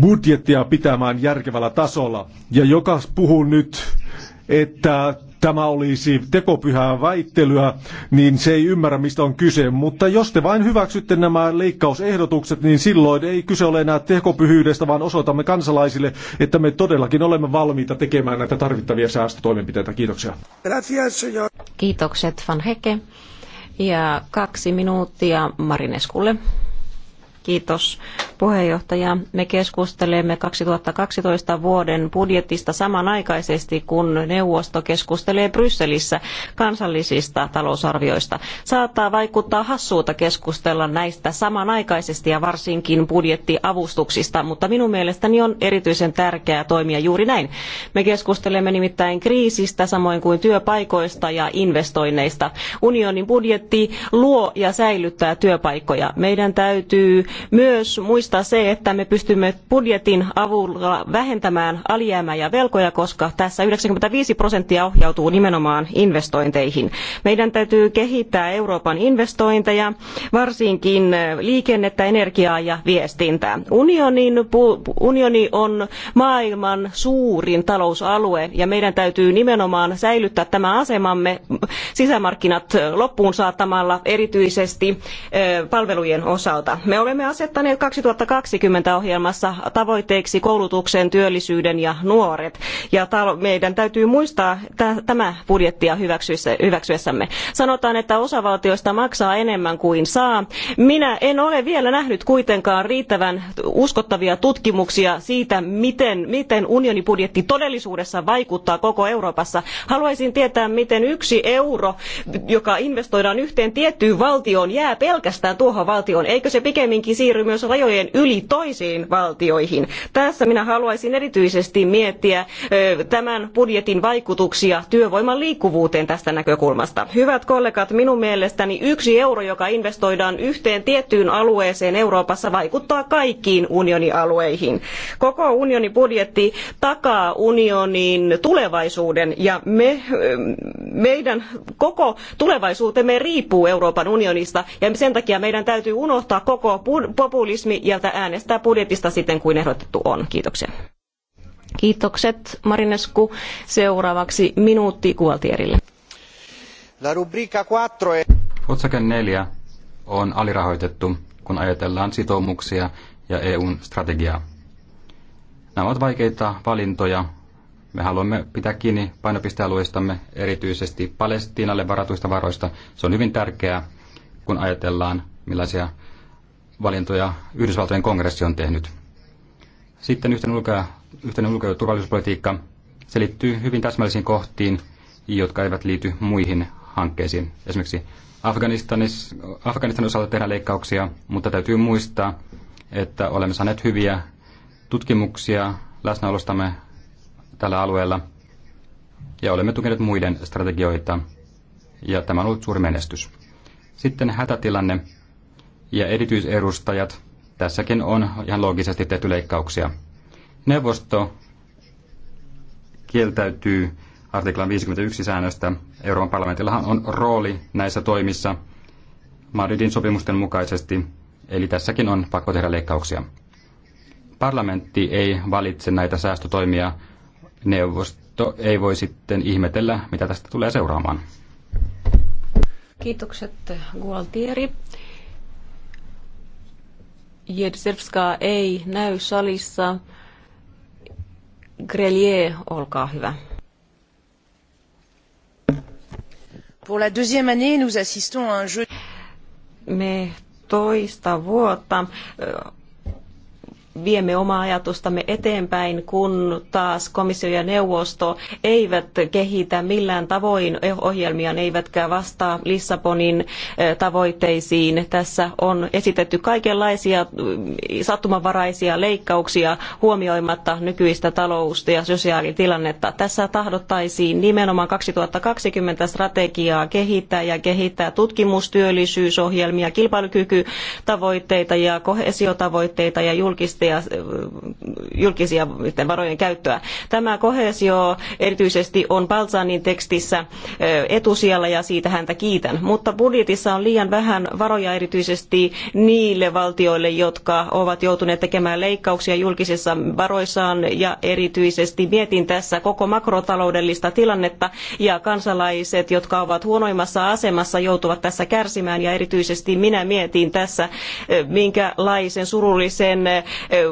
budjettia pitämään järkevällä tasolla. Ja joka puhuu nyt että tämä olisi tekopyhää väittelyä, niin se ei ymmärrä, mistä on kyse. Mutta jos te vain hyväksytte nämä leikkausehdotukset, niin silloin ei kyse ole enää tekopyhyydestä, vaan osoitamme kansalaisille, että me todellakin olemme valmiita tekemään näitä tarvittavia säästötoimenpiteitä. Kiitoksia. Kiitokset, Van Heke. Ja kaksi minuuttia Marineskulle. Kiitos puheenjohtaja. Me keskustelemme 2012 vuoden budjetista samanaikaisesti, kun neuvosto keskustelee Brysselissä kansallisista talousarvioista. Saattaa vaikuttaa hassuuta keskustella näistä samanaikaisesti ja varsinkin budjettiavustuksista, mutta minun mielestäni on erityisen tärkeää toimia juuri näin. Me keskustelemme nimittäin kriisistä samoin kuin työpaikoista ja investoinneista. Unionin budjetti luo ja säilyttää työpaikkoja. Meidän täytyy myös muistaa se, että me pystymme budjetin avulla vähentämään alijäämää ja velkoja, koska tässä yhdeksänkymmentäviisi prosenttia ohjautuu nimenomaan investointeihin. Meidän täytyy kehittää Euroopan investointeja, varsinkin liikennettä, energiaa ja viestintää. Unionin, unioni on maailman suurin talousalue ja meidän täytyy nimenomaan säilyttää tämä asemamme sisämarkkinat loppuun saattamalla erityisesti palvelujen osalta. Me olemme olemme asettaneet 2020 ohjelmassa tavoitteeksi koulutuksen, työllisyyden ja nuoret. Ja meidän täytyy muistaa tämä budjettia hyväksyessämme. Sanotaan, että osa valtioista maksaa enemmän kuin saa. Minä en ole vielä nähnyt kuitenkaan riittävän uskottavia tutkimuksia siitä, miten, miten unionin budjetti todellisuudessa vaikuttaa koko Euroopassa. Haluaisin tietää, miten yksi euro, joka investoidaan yhteen tiettyyn valtioon, jää pelkästään tuohon valtioon. Eikö se pikemminkin kuitenkin siirry myös rajojen yli toisiin valtioihin. Tässä minä haluaisin erityisesti miettiä tämän budjetin vaikutuksia työvoiman liikkuvuuteen tästä näkökulmasta. Hyvät kollegat, minun mielestäni yksi euro, joka investoidaan yhteen tiettyyn alueeseen Euroopassa, vaikuttaa kaikkiin unionialueihin. Koko unionin budjetti takaa unionin tulevaisuuden ja me, meidän koko tulevaisuutemme riippuu Euroopan unionista ja sen takia meidän täytyy unohtaa koko budjetti populismi ja äänestää budjetista sitten kuin ehdotettu on. Kiitoksia. Kiitokset Marinesku. Seuraavaksi minuutti Kualtierille. La rubrica 4 Otsake 4 on alirahoitettu, kun ajatellaan sitoumuksia ja EUn strategiaa. Nämä ovat vaikeita valintoja. Me haluamme pitää kiinni painopistealueistamme, erityisesti Palestiinalle varatuista varoista. Se on hyvin tärkeää, kun ajatellaan millaisia valintoja Yhdysvaltojen kongressi on tehnyt. Sitten yhteinen ulko- ja, yhteinen ulko- ja turvallisuuspolitiikka se liittyy hyvin täsmällisiin kohtiin, jotka eivät liity muihin hankkeisiin. Esimerkiksi Afganistanin osalta tehdään leikkauksia, mutta täytyy muistaa, että olemme saaneet hyviä tutkimuksia läsnäolostamme tällä alueella ja olemme tukeneet muiden strategioita ja tämä on ollut suuri menestys. Sitten hätätilanne ja erityisedustajat. Tässäkin on ihan loogisesti tehty leikkauksia. Neuvosto kieltäytyy artiklan 51 säännöstä. Euroopan parlamentillahan on rooli näissä toimissa Madridin sopimusten mukaisesti, eli tässäkin on pakko tehdä leikkauksia. Parlamentti ei valitse näitä säästötoimia. Neuvosto ei voi sitten ihmetellä, mitä tästä tulee seuraamaan. Kiitokset Gualtieri. Jedrzewska ei näy salissa. Grelier, olkaa hyvä. Pour la deuxième année, nous assistons à un jeu... Me toista vuotta viemme omaa ajatustamme eteenpäin, kun taas komissio ja neuvosto eivät kehitä millään tavoin ohjelmia, ne eivätkä vastaa Lissabonin tavoitteisiin. Tässä on esitetty kaikenlaisia sattumanvaraisia leikkauksia huomioimatta nykyistä talousta ja sosiaalitilannetta. Tässä tahdottaisiin nimenomaan 2020 strategiaa kehittää ja kehittää tutkimustyöllisyysohjelmia, kilpailukykytavoitteita ja kohesiotavoitteita ja julkista julkisia, julkisia varojen käyttöä. Tämä kohesio erityisesti on Balzanin tekstissä eh, etusijalla ja siitä häntä kiitän. Mutta budjetissa on liian vähän varoja erityisesti niille valtioille, jotka ovat joutuneet tekemään leikkauksia julkisissa varoissaan ja erityisesti mietin tässä koko makrotaloudellista tilannetta ja kansalaiset, jotka ovat huonoimmassa asemassa, joutuvat tässä kärsimään ja erityisesti minä mietin tässä, eh, minkälaisen surullisen eh, Eh,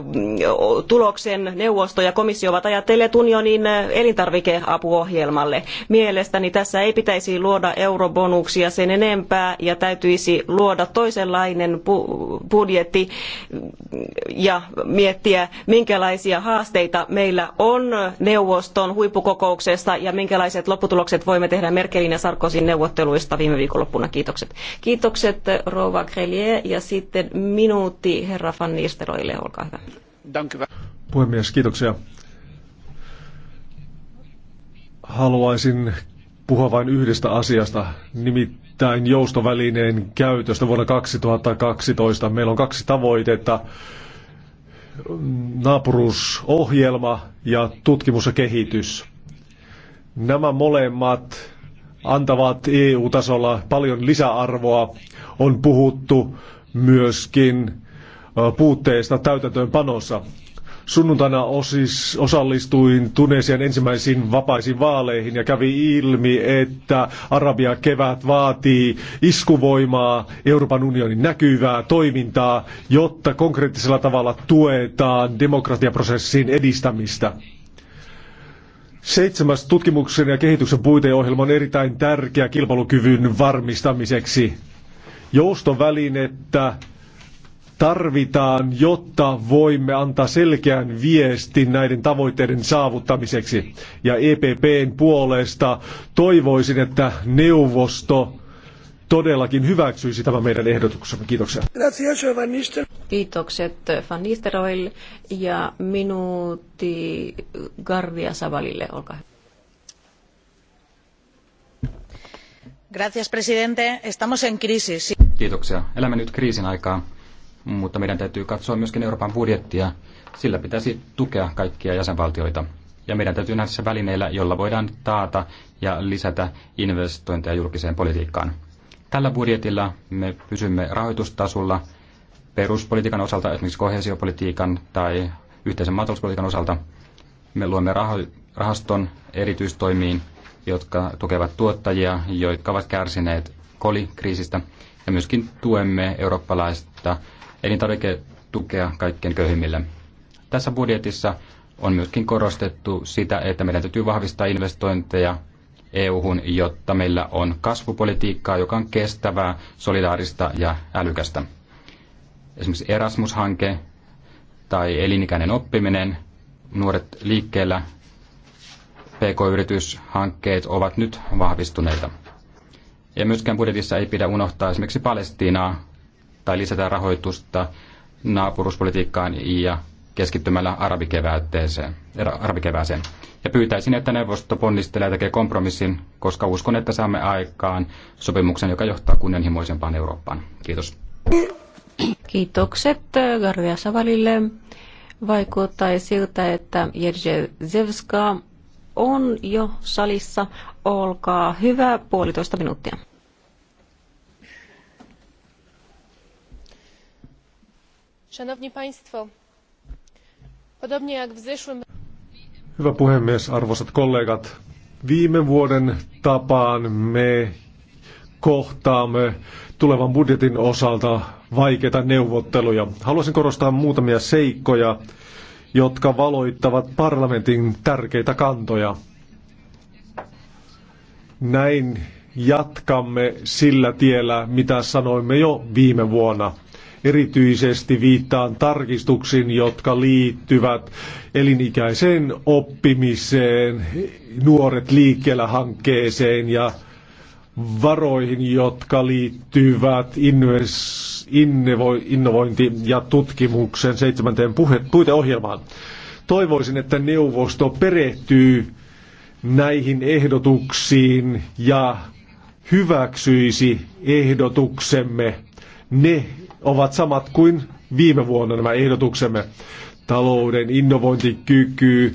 tuloksen neuvosto ja komissio ovat ajatelleet unionin eh, elintarvikeapuohjelmalle. Mielestäni tässä ei pitäisi luoda eurobonuksia sen enempää ja täytyisi luoda toisenlainen budjetti ja miettiä, minkälaisia haasteita meillä on neuvoston huippukokouksessa ja minkälaiset lopputulokset voimme tehdä Merkelin ja Sarkozyn neuvotteluista viime viikonloppuna. Kiitokset. Kiitokset eh, Rova Grelier ja sitten minuutti herra Van Nistelrooylle, olkaa hyvä hyvä. Puhemies, kiitoksia. Haluaisin puhua vain yhdestä asiasta, nimittäin joustovälineen käytöstä vuonna 2012. Meillä on kaksi tavoitetta, naapuruusohjelma ja tutkimus ja kehitys. Nämä molemmat antavat EU-tasolla paljon lisäarvoa. On puhuttu myöskin puutteista täytäntöönpanossa. Sunnuntaina osis, osallistuin Tunesian ensimmäisiin vapaisiin vaaleihin ja kävi ilmi, että Arabia kevät vaatii iskuvoimaa, Euroopan unionin näkyvää toimintaa, jotta konkreettisella tavalla tuetaan demokratiaprosessin edistämistä. Seitsemäs tutkimuksen ja kehityksen puiteohjelma on erittäin tärkeä kilpailukyvyn varmistamiseksi. Joustovälinettä tarvitaan, jotta voimme antaa selkeän viestin näiden tavoitteiden saavuttamiseksi. Ja EPPn puolesta toivoisin, että neuvosto todellakin hyväksyisi tämän meidän ehdotuksemme. Kiitoksia. Kiitokset Van Nistelrooyl ja minuutti Gardia Savalille. Olkaa hyvä. Gracias, presidente. Estamos en crisis. Kiitoksia. Elämme nyt kriisin aikaa mutta meidän täytyy katsoa myöskin Euroopan budjettia. Sillä pitäisi tukea kaikkia jäsenvaltioita. Ja meidän täytyy nähdä se välineillä, jolla voidaan taata ja lisätä investointeja julkiseen politiikkaan. Tällä budjetilla me pysymme rahoitustasolla peruspolitiikan osalta, esimerkiksi kohesiopolitiikan tai yhteisen maatalouspolitiikan osalta. Me luomme raho- rahaston erityistoimiin, jotka tukevat tuottajia, jotka ovat kärsineet kolikriisistä, ja myöskin tuemme eurooppalaista elintarviketukea kaikkein köyhimmille. Tässä budjetissa on myöskin korostettu sitä, että meidän täytyy vahvistaa investointeja EU-hun, jotta meillä on kasvupolitiikkaa, joka on kestävää, solidaarista ja älykästä. Esimerkiksi Erasmus-hanke tai elinikäinen oppiminen, nuoret liikkeellä, PK-yrityshankkeet ovat nyt vahvistuneita. Ja myöskään budjetissa ei pidä unohtaa esimerkiksi Palestiinaa, tai lisätä rahoitusta naapuruspolitiikkaan ja keskittymällä arabikevääseen. arabikevääseen. Ja pyytäisin, että neuvosto ponnistelee ja tekee kompromissin, koska uskon, että saamme aikaan sopimuksen, joka johtaa kunnianhimoisempaan Eurooppaan. Kiitos. Kiitokset äh, Garvia Savalille. Vaikuttaa siltä, että Jerzy Zevska on jo salissa. Olkaa hyvä, puolitoista minuuttia. Hyvä puhemies, arvoisat kollegat. Viime vuoden tapaan me kohtaamme tulevan budjetin osalta vaikeita neuvotteluja. Haluaisin korostaa muutamia seikkoja, jotka valoittavat parlamentin tärkeitä kantoja. Näin jatkamme sillä tiellä, mitä sanoimme jo viime vuonna – Erityisesti viittaan tarkistuksiin, jotka liittyvät elinikäiseen oppimiseen, nuoret liikkeellä hankkeeseen ja varoihin, jotka liittyvät innovointi- ja tutkimuksen seitsemänteen puiteohjelmaan. Toivoisin, että neuvosto perehtyy näihin ehdotuksiin ja hyväksyisi ehdotuksemme. Ne ovat samat kuin viime vuonna nämä ehdotuksemme. Talouden innovointikyky,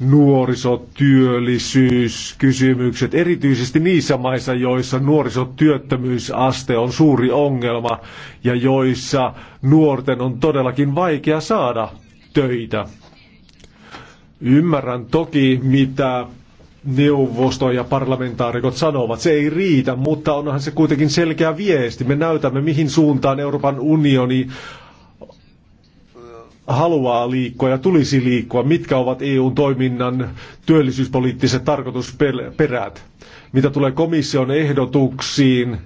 nuorisotyöllisyys kysymykset erityisesti niissä maissa, joissa nuorisotyöttömyysaste on suuri ongelma ja joissa nuorten on todellakin vaikea saada töitä. Ymmärrän toki, mitä neuvosto ja parlamentaarikot sanovat. Se ei riitä, mutta onhan se kuitenkin selkeä viesti. Me näytämme, mihin suuntaan Euroopan unioni äh, haluaa liikkua ja tulisi liikkua, mitkä ovat EUn toiminnan työllisyyspoliittiset tarkoitusperät. Mitä tulee komission ehdotuksiin,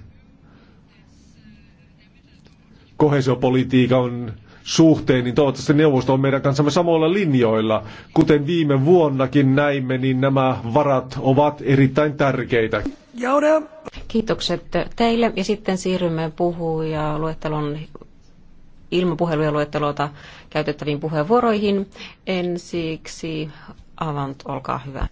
kohesiopolitiikan suhteen, niin toivottavasti neuvosto on meidän kanssamme samoilla linjoilla. Kuten viime vuonnakin näimme, niin nämä varat ovat erittäin tärkeitä. Kiitokset teille ja sitten siirrymme puhuja luettelon ilmapuhelujen luettelota käytettäviin puheenvuoroihin. Ensiksi Avant, olkaa hyvä.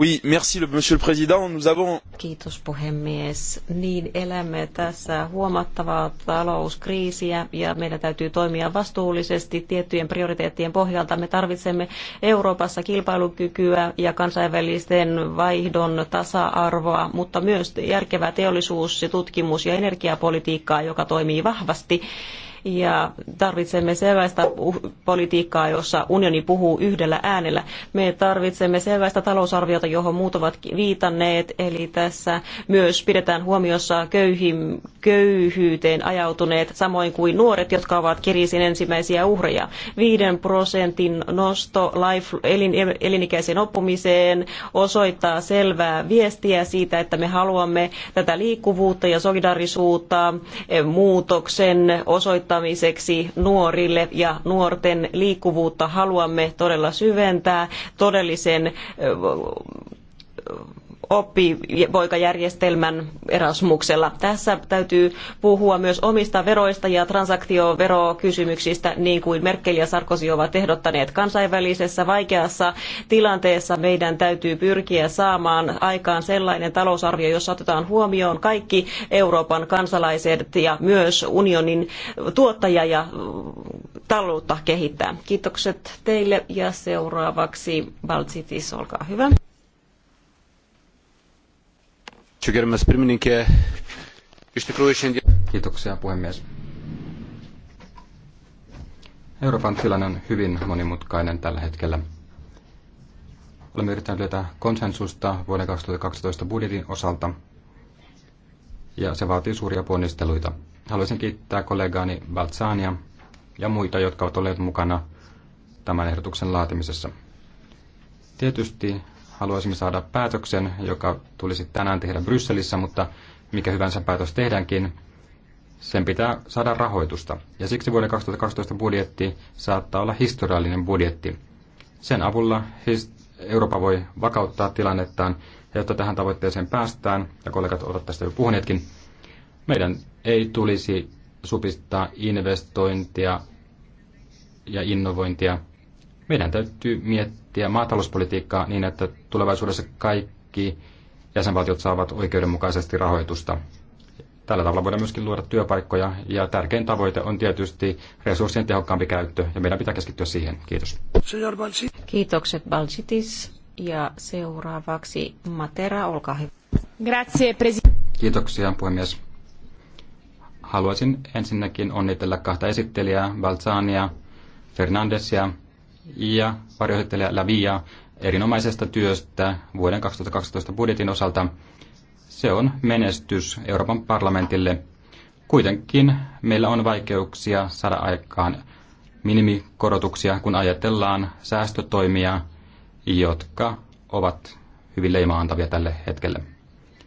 Oui, merci, monsieur le président. Nous avons... Kiitos puhemies. Niin elämme tässä huomattavaa talouskriisiä ja meidän täytyy toimia vastuullisesti tiettyjen prioriteettien pohjalta. Me tarvitsemme Euroopassa kilpailukykyä ja kansainvälisten vaihdon tasa-arvoa, mutta myös järkevää teollisuus, tutkimus ja energiapolitiikkaa, joka toimii vahvasti ja tarvitsemme sellaista politiikkaa, jossa unioni puhuu yhdellä äänellä. Me tarvitsemme sellaista talousarviota, johon muut ovat viitanneet, eli tässä myös pidetään huomiossa köyhim, köyhyyteen ajautuneet, samoin kuin nuoret, jotka ovat kriisin ensimmäisiä uhreja. Viiden prosentin nosto life, elin, elinikäiseen oppimiseen osoittaa selvää viestiä siitä, että me haluamme tätä liikkuvuutta ja solidarisuutta muutoksen osoittaa toteuttamiseksi nuorille ja nuorten liikkuvuutta haluamme todella syventää todellisen oppipoikajärjestelmän Erasmuksella. Tässä täytyy puhua myös omista veroista ja transaktioverokysymyksistä, niin kuin Merkel ja Sarkozy ovat ehdottaneet kansainvälisessä vaikeassa tilanteessa. Meidän täytyy pyrkiä saamaan aikaan sellainen talousarvio, jossa otetaan huomioon kaikki Euroopan kansalaiset ja myös unionin tuottaja ja taloutta kehittää. Kiitokset teille ja seuraavaksi Baltsitis, olkaa hyvä arvoisa puhemies. Euroopan tilanne on hyvin monimutkainen tällä hetkellä. Olemme yrittäneet löytää konsensusta vuoden 2012 budjetin osalta, ja se vaatii suuria ponnisteluita. Haluaisin kiittää kollegaani Balzania ja muita, jotka ovat olleet mukana tämän ehdotuksen laatimisessa. Tietysti haluaisimme saada päätöksen, joka tulisi tänään tehdä Brysselissä, mutta mikä hyvänsä päätös tehdäänkin, sen pitää saada rahoitusta. Ja siksi vuoden 2012 budjetti saattaa olla historiallinen budjetti. Sen avulla Eurooppa voi vakauttaa tilannettaan, ja jotta tähän tavoitteeseen päästään, ja kollegat ovat tästä jo puhuneetkin, meidän ei tulisi supistaa investointia ja innovointia, meidän täytyy miettiä maatalouspolitiikkaa niin, että tulevaisuudessa kaikki jäsenvaltiot saavat oikeudenmukaisesti rahoitusta. Tällä tavalla voidaan myöskin luoda työpaikkoja ja tärkein tavoite on tietysti resurssien tehokkaampi käyttö ja meidän pitää keskittyä siihen. Kiitos. Kiitokset Balsitis ja seuraavaksi Matera, olkaa hyvä. Grazie, presi- Kiitoksia puhemies. Haluaisin ensinnäkin onnitella kahta esittelijää, Balzania, Fernandesia ja varjoesittelijä Lavia erinomaisesta työstä vuoden 2012 budjetin osalta. Se on menestys Euroopan parlamentille. Kuitenkin meillä on vaikeuksia saada aikaan minimikorotuksia, kun ajatellaan säästötoimia, jotka ovat hyvin leimaantavia tälle hetkelle.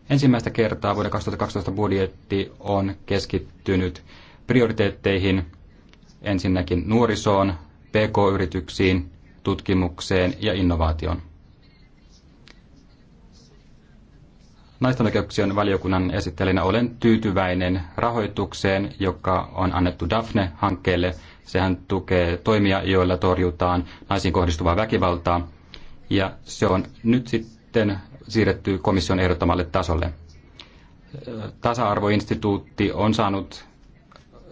Ensimmäistä kertaa vuoden 2012 budjetti on keskittynyt prioriteetteihin, ensinnäkin nuorisoon, PK-yrityksiin, tutkimukseen ja innovaatioon. Naisten oikeuksien valiokunnan esittelijänä olen tyytyväinen rahoitukseen, joka on annettu DAFNE-hankkeelle. Sehän tukee toimia, joilla torjutaan naisiin kohdistuvaa väkivaltaa. Ja se on nyt sitten siirretty komission ehdottamalle tasolle. Tasa-arvoinstituutti on saanut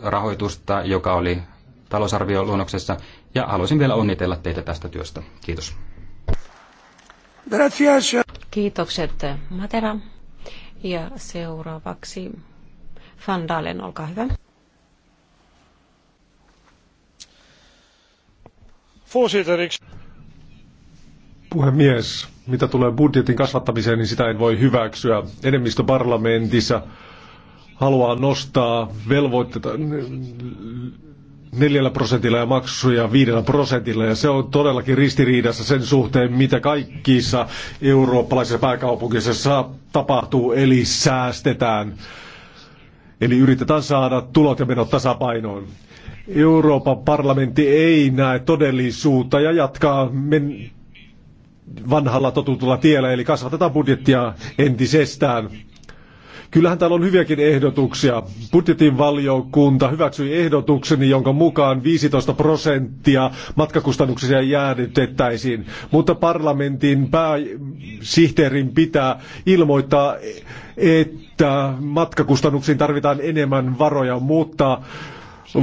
rahoitusta, joka oli talousarvioluonnoksessa, ja haluaisin vielä onnitella teitä tästä työstä. Kiitos. Gracias. Kiitokset Matera. Ja seuraavaksi Van Dalen, olkaa hyvä. Puhemies, mitä tulee budjetin kasvattamiseen, niin sitä en voi hyväksyä. Enemmistö parlamentissa haluaa nostaa velvoitteita 4 prosentilla ja maksuja 5 prosentilla. Ja se on todellakin ristiriidassa sen suhteen, mitä kaikissa eurooppalaisissa pääkaupungeissa saa, tapahtuu, eli säästetään. Eli yritetään saada tulot ja menot tasapainoon. Euroopan parlamentti ei näe todellisuutta ja jatkaa men- vanhalla totutulla tiellä, eli kasvatetaan budjettia entisestään. Kyllähän täällä on hyviäkin ehdotuksia. Budjetin valiokunta hyväksyi ehdotukseni, jonka mukaan 15 prosenttia matkakustannuksia jäädytettäisiin, mutta parlamentin pääsihteerin pitää ilmoittaa, että matkakustannuksiin tarvitaan enemmän varoja, mutta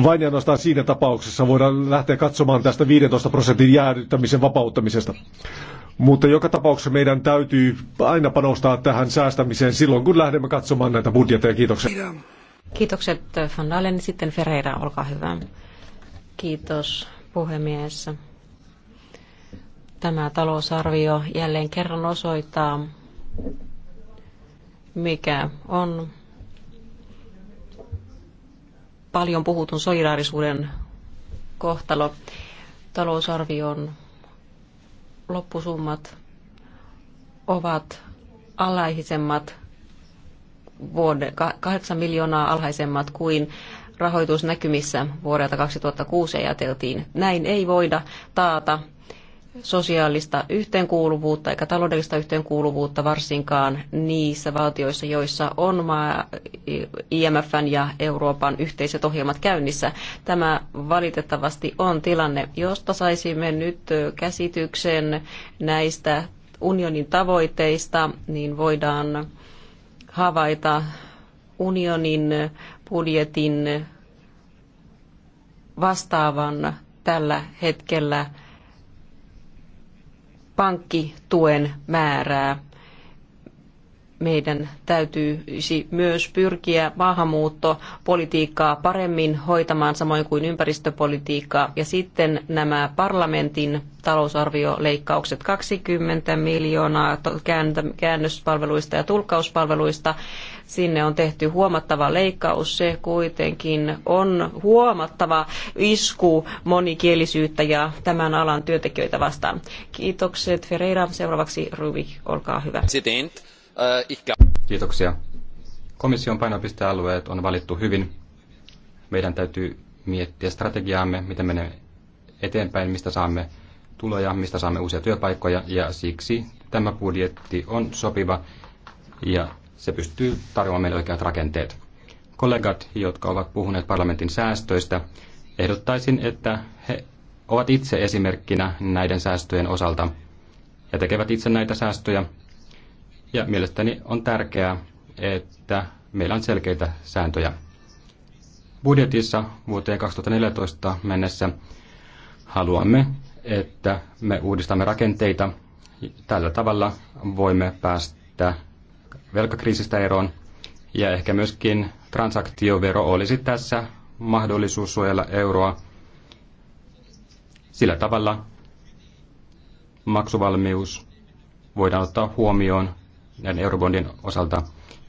vain ja ainoastaan siinä tapauksessa voidaan lähteä katsomaan tästä 15 prosentin jäädyttämisen vapauttamisesta. Mutta joka tapauksessa meidän täytyy aina panostaa tähän säästämiseen silloin, kun lähdemme katsomaan näitä budjetteja. Kiitoksia. Kiitokset Van Dalen. Sitten Ferreira, olkaa hyvä. Kiitos puhemies. Tämä talousarvio jälleen kerran osoittaa, mikä on paljon puhutun solidaarisuuden kohtalo. Talousarvion loppusummat ovat alhaisemmat vuoden, 8 miljoonaa alhaisemmat kuin rahoitusnäkymissä vuodelta 2006 ajateltiin. Näin ei voida taata sosiaalista yhteenkuuluvuutta eikä taloudellista yhteenkuuluvuutta varsinkaan niissä valtioissa, joissa on maa, IMFn ja Euroopan yhteiset ohjelmat käynnissä. Tämä valitettavasti on tilanne, josta saisimme nyt käsityksen näistä unionin tavoitteista, niin voidaan havaita unionin budjetin vastaavan tällä hetkellä – pankkituen määrää meidän täytyisi myös pyrkiä maahanmuuttopolitiikkaa paremmin hoitamaan samoin kuin ympäristöpolitiikkaa. Ja sitten nämä parlamentin talousarvioleikkaukset 20 miljoonaa käännöspalveluista ja tulkkauspalveluista. Sinne on tehty huomattava leikkaus. Se kuitenkin on huomattava isku monikielisyyttä ja tämän alan työntekijöitä vastaan. Kiitokset Ferreira. Seuraavaksi Ruvi, olkaa hyvä. Sitten. Äh, Kiitoksia. Komission painopistealueet on valittu hyvin. Meidän täytyy miettiä strategiaamme, miten menemme eteenpäin, mistä saamme tuloja, mistä saamme uusia työpaikkoja ja siksi tämä budjetti on sopiva ja se pystyy tarjoamaan meille oikeat rakenteet. Kollegat, jotka ovat puhuneet parlamentin säästöistä, ehdottaisin, että he ovat itse esimerkkinä näiden säästöjen osalta ja tekevät itse näitä säästöjä ja mielestäni on tärkeää, että meillä on selkeitä sääntöjä. Budjetissa vuoteen 2014 mennessä haluamme, että me uudistamme rakenteita. Tällä tavalla voimme päästä velkakriisistä eroon ja ehkä myöskin transaktiovero olisi tässä mahdollisuus suojella euroa. Sillä tavalla maksuvalmius voidaan ottaa huomioon näiden eurobondien osalta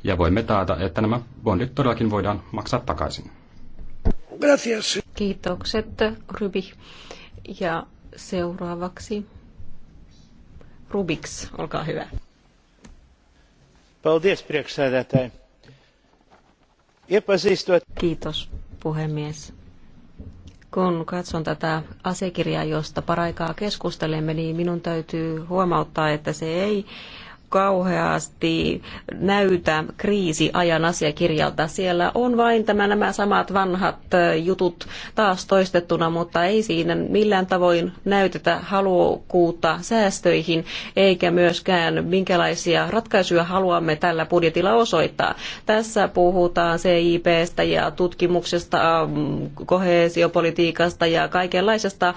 ja voimme taata, että nämä bondit todellakin voidaan maksaa takaisin. Gracias. Kiitokset, Rybi. Ja seuraavaksi Rubiks, olkaa hyvä. Paldies, Kiitos, puhemies. Kun katson tätä asiakirjaa, josta paraikaa keskustelemme, niin minun täytyy huomauttaa, että se ei kauheasti näytä kriisiajan asiakirjalta. Siellä on vain tämä, nämä samat vanhat jutut taas toistettuna, mutta ei siinä millään tavoin näytetä halukkuutta säästöihin, eikä myöskään minkälaisia ratkaisuja haluamme tällä budjetilla osoittaa. Tässä puhutaan CIPstä ja tutkimuksesta, koheesiopolitiikasta ja kaikenlaisesta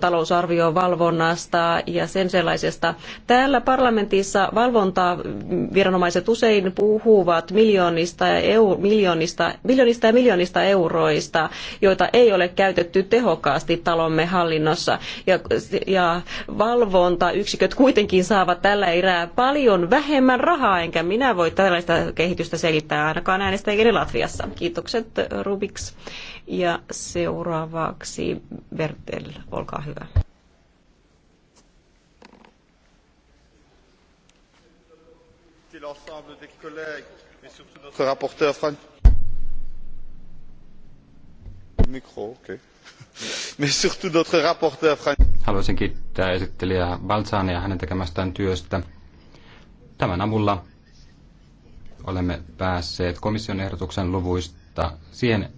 talousarviovalvonnasta ja sen sellaisesta. Täällä parlamentissa val- valvontaa. Viranomaiset usein puhuvat miljoonista ja, miljoonista, miljoonista ja miljoonista euroista, joita ei ole käytetty tehokkaasti talomme hallinnossa. Ja, ja valvontayksiköt kuitenkin saavat tällä erää paljon vähemmän rahaa, enkä minä voi tällaista kehitystä selittää ainakaan äänestäjien Latviassa. Kiitokset Rubiks. Ja seuraavaksi Bertel, olkaa hyvä. remercier l'ensemble des collègues et surtout notre rapporteur Franck. okay. Mais surtout notre rapporteur Haluaisin kiittää esittelijää Balzaania hänen tekemästään työstä. Tämän avulla olemme päässeet komission ehdotuksen luvuista siihen,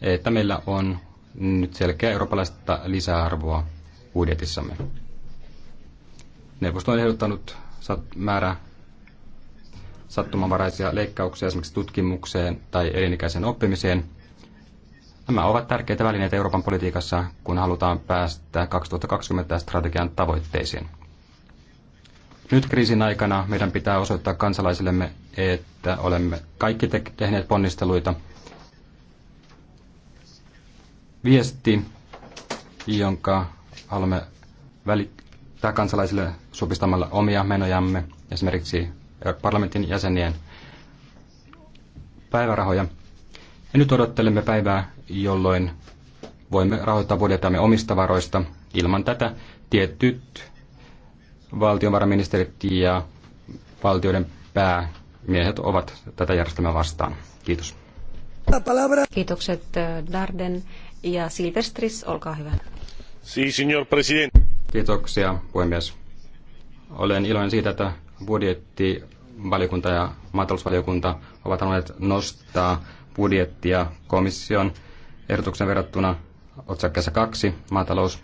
että meillä on nyt selkeä eurooppalaista lisäarvoa budjetissamme. Neuvosto on ehdottanut määrä sattumanvaraisia leikkauksia esimerkiksi tutkimukseen tai elinikäiseen oppimiseen. Nämä ovat tärkeitä välineitä Euroopan politiikassa, kun halutaan päästä 2020 strategian tavoitteisiin. Nyt kriisin aikana meidän pitää osoittaa kansalaisillemme, että olemme kaikki te- tehneet ponnisteluita. Viesti, jonka haluamme välittää kansalaisille supistamalla omia menojamme, esimerkiksi parlamentin jäsenien päivärahoja. Ja nyt odottelemme päivää, jolloin voimme rahoittaa budjettamme omista varoista. Ilman tätä tietyt valtiovarainministerit ja valtioiden päämiehet ovat tätä järjestelmää vastaan. Kiitos. Kiitokset äh, Darden ja Silvestris, olkaa hyvä. Si, signor presidente. Kiitoksia, puhemies. Olen iloinen siitä, että budjetti valiokunta ja maatalousvaliokunta ovat halunneet nostaa budjettia komission ehdotuksen verrattuna otsakkeessa kaksi maatalous.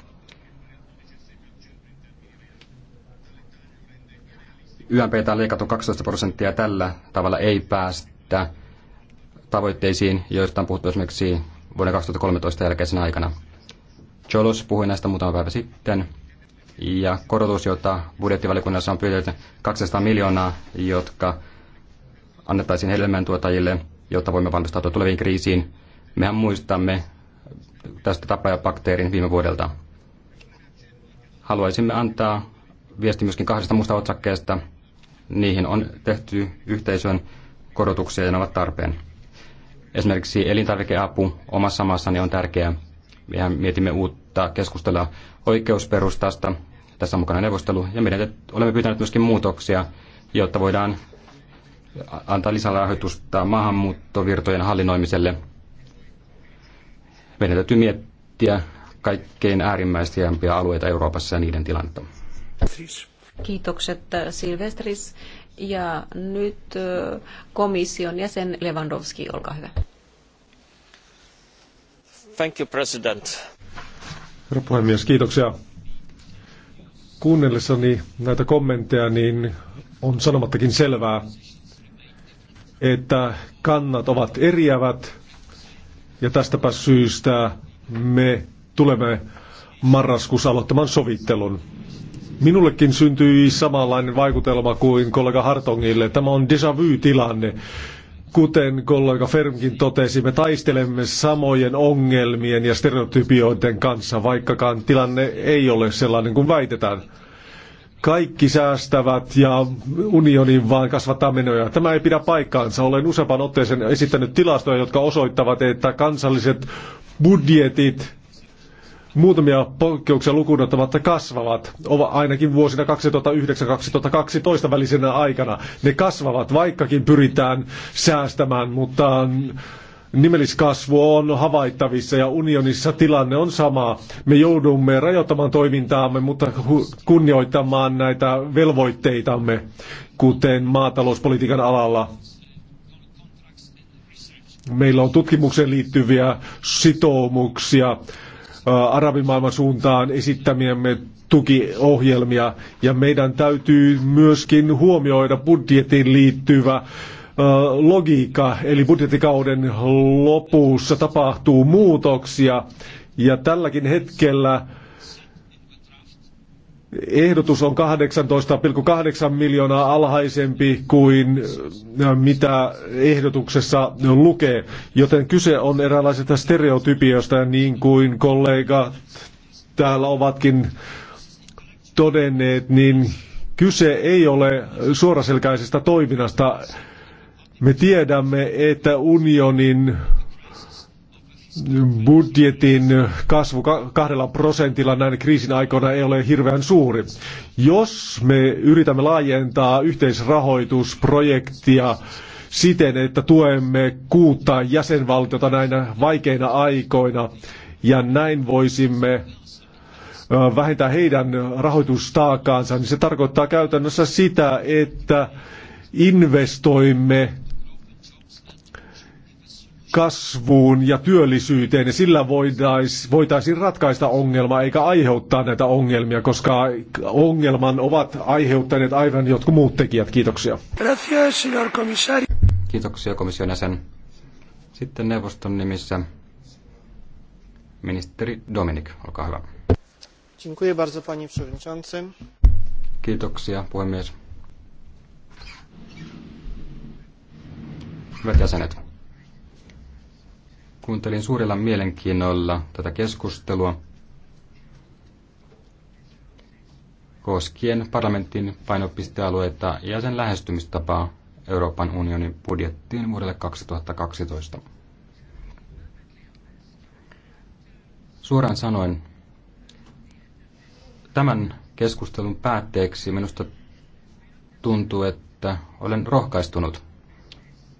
YMP on leikattu 12 prosenttia tällä tavalla ei päästä tavoitteisiin, joista on puhuttu esimerkiksi vuoden 2013 jälkeisenä aikana. Cholos puhui näistä muutama päivä sitten ja korotus, jota budjettivalikunnassa on pyydetty 200 miljoonaa, jotka annettaisiin hedelmäntuottajille, jotta voimme valmistautua tuleviin kriisiin. Mehän muistamme tästä tapajabakteerin viime vuodelta. Haluaisimme antaa viesti myöskin kahdesta muusta otsakkeesta. Niihin on tehty yhteisön korotuksia ja ne ovat tarpeen. Esimerkiksi elintarvikeapu omassa maassani on tärkeää. Mehän mietimme uutta keskustelua oikeusperustasta tässä on mukana neuvostelu ja meidän olemme pyytäneet myöskin muutoksia, jotta voidaan antaa lisärahoitusta maahanmuuttovirtojen hallinnoimiselle. Meidän täytyy miettiä kaikkein äärimmäisimpiä alueita Euroopassa ja niiden tilannetta. Kiitokset äh, Silvestris. Ja nyt äh, komission jäsen Lewandowski, olkaa hyvä. Thank you, President. Herra puhemies, kiitoksia. Kuunnellessani näitä kommentteja, niin on sanomattakin selvää, että kannat ovat eriävät ja tästäpä syystä me tulemme marraskuussa aloittamaan sovittelun. Minullekin syntyi samanlainen vaikutelma kuin kollega Hartongille. Tämä on déjà vu-tilanne. Kuten kollega Fermkin totesi, me taistelemme samojen ongelmien ja stereotypioiden kanssa, vaikkakaan tilanne ei ole sellainen kuin väitetään. Kaikki säästävät ja unionin vaan kasvattaa menoja. Tämä ei pidä paikkaansa. Olen useampaan otteeseen esittänyt tilastoja, jotka osoittavat, että kansalliset budjetit muutamia poikkeuksia lukuun ottamatta kasvavat, ovat ainakin vuosina 2009-2012 välisenä aikana. Ne kasvavat, vaikkakin pyritään säästämään, mutta nimelliskasvu on havaittavissa ja unionissa tilanne on sama. Me joudumme rajoittamaan toimintaamme, mutta kunnioittamaan näitä velvoitteitamme, kuten maatalouspolitiikan alalla. Meillä on tutkimukseen liittyviä sitoumuksia arabimaailman suuntaan esittämiämme tukiohjelmia. Ja meidän täytyy myöskin huomioida budjetin liittyvä logiikka, eli budjettikauden lopussa tapahtuu muutoksia. Ja tälläkin hetkellä ehdotus on 18,8 miljoonaa alhaisempi kuin mitä ehdotuksessa lukee, joten kyse on eräänlaisesta stereotypiosta, niin kuin kollega täällä ovatkin todenneet, niin kyse ei ole suoraselkäisestä toiminnasta. Me tiedämme, että unionin budjetin kasvu kahdella prosentilla näin kriisin aikoina ei ole hirveän suuri. Jos me yritämme laajentaa yhteisrahoitusprojektia siten, että tuemme kuutta jäsenvaltiota näinä vaikeina aikoina, ja näin voisimme vähentää heidän rahoitustaakaansa, niin se tarkoittaa käytännössä sitä, että investoimme kasvuun ja työllisyyteen ja sillä voitaisiin ratkaista ongelma eikä aiheuttaa näitä ongelmia, koska ongelman ovat aiheuttaneet aivan jotkut muut tekijät. Kiitoksia. Kiitoksia komission jäsen. Sitten neuvoston nimissä ministeri Dominik, olkaa hyvä. Dziękuję bardzo, Kiitoksia, puhemies. Hyvät jäsenet. Kuuntelin suurella mielenkiinnolla tätä keskustelua koskien parlamentin painopistealueita ja sen lähestymistapaa Euroopan unionin budjettiin vuodelle 2012. Suoraan sanoen, tämän keskustelun päätteeksi minusta tuntuu, että olen rohkaistunut.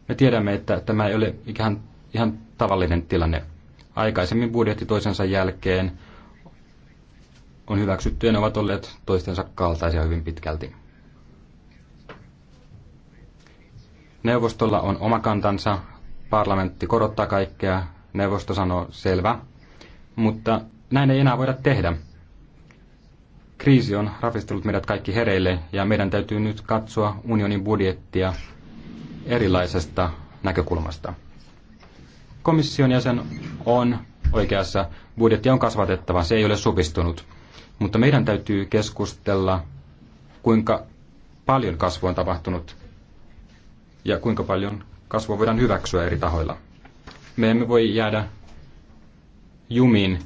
Me tiedämme, että tämä ei ole ikään, ihan tavallinen tilanne. Aikaisemmin budjetti toisensa jälkeen on hyväksytty ja ne ovat olleet toistensa kaltaisia hyvin pitkälti. Neuvostolla on oma kantansa, parlamentti korottaa kaikkea, neuvosto sanoo selvä, mutta näin ei enää voida tehdä. Kriisi on rafistellut meidät kaikki hereille ja meidän täytyy nyt katsoa unionin budjettia erilaisesta näkökulmasta. Komission jäsen on oikeassa. Budjetti on kasvatettava, se ei ole supistunut. Mutta meidän täytyy keskustella, kuinka paljon kasvu on tapahtunut ja kuinka paljon kasvua voidaan hyväksyä eri tahoilla. Me emme voi jäädä jumiin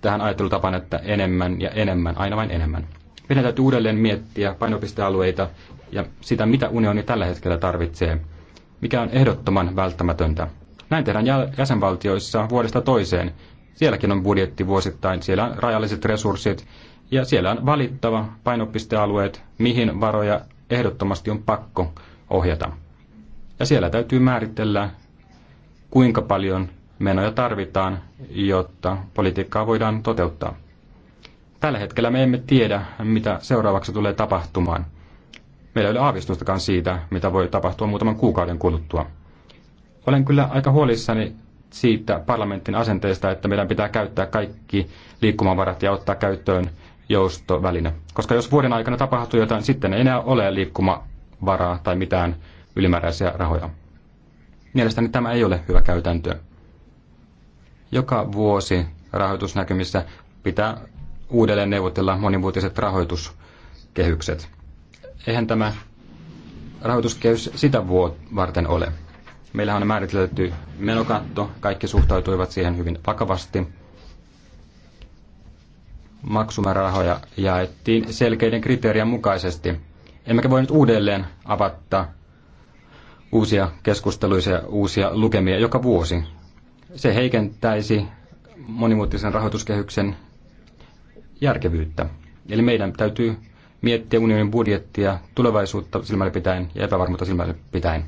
tähän ajattelutapaan, että enemmän ja enemmän, aina vain enemmän. Meidän täytyy uudelleen miettiä painopistealueita ja sitä, mitä unioni tällä hetkellä tarvitsee – mikä on ehdottoman välttämätöntä. Näin tehdään jäsenvaltioissa vuodesta toiseen. Sielläkin on budjetti vuosittain, siellä on rajalliset resurssit ja siellä on valittava painopistealueet, mihin varoja ehdottomasti on pakko ohjata. Ja siellä täytyy määritellä, kuinka paljon menoja tarvitaan, jotta politiikkaa voidaan toteuttaa. Tällä hetkellä me emme tiedä, mitä seuraavaksi tulee tapahtumaan. Meillä ei ole aavistustakaan siitä, mitä voi tapahtua muutaman kuukauden kuluttua. Olen kyllä aika huolissani siitä parlamentin asenteesta, että meidän pitää käyttää kaikki liikkumavarat ja ottaa käyttöön joustoväline. Koska jos vuoden aikana tapahtuu jotain, sitten ei enää ole liikkumavaraa tai mitään ylimääräisiä rahoja. Mielestäni tämä ei ole hyvä käytäntö. Joka vuosi rahoitusnäkymissä pitää uudelleen neuvotella monivuotiset rahoituskehykset eihän tämä rahoituskehys sitä vuotta varten ole. Meillähän on määritelty menokatto, kaikki suhtautuivat siihen hyvin vakavasti. Maksumäärärahoja jaettiin selkeiden kriteerien mukaisesti. Emmekä voi nyt uudelleen avata uusia keskusteluja ja uusia lukemia joka vuosi. Se heikentäisi monimuotoisen rahoituskehyksen järkevyyttä. Eli meidän täytyy miettiä unionin budjettia tulevaisuutta silmällä pitäen ja epävarmuutta silmällä pitäen.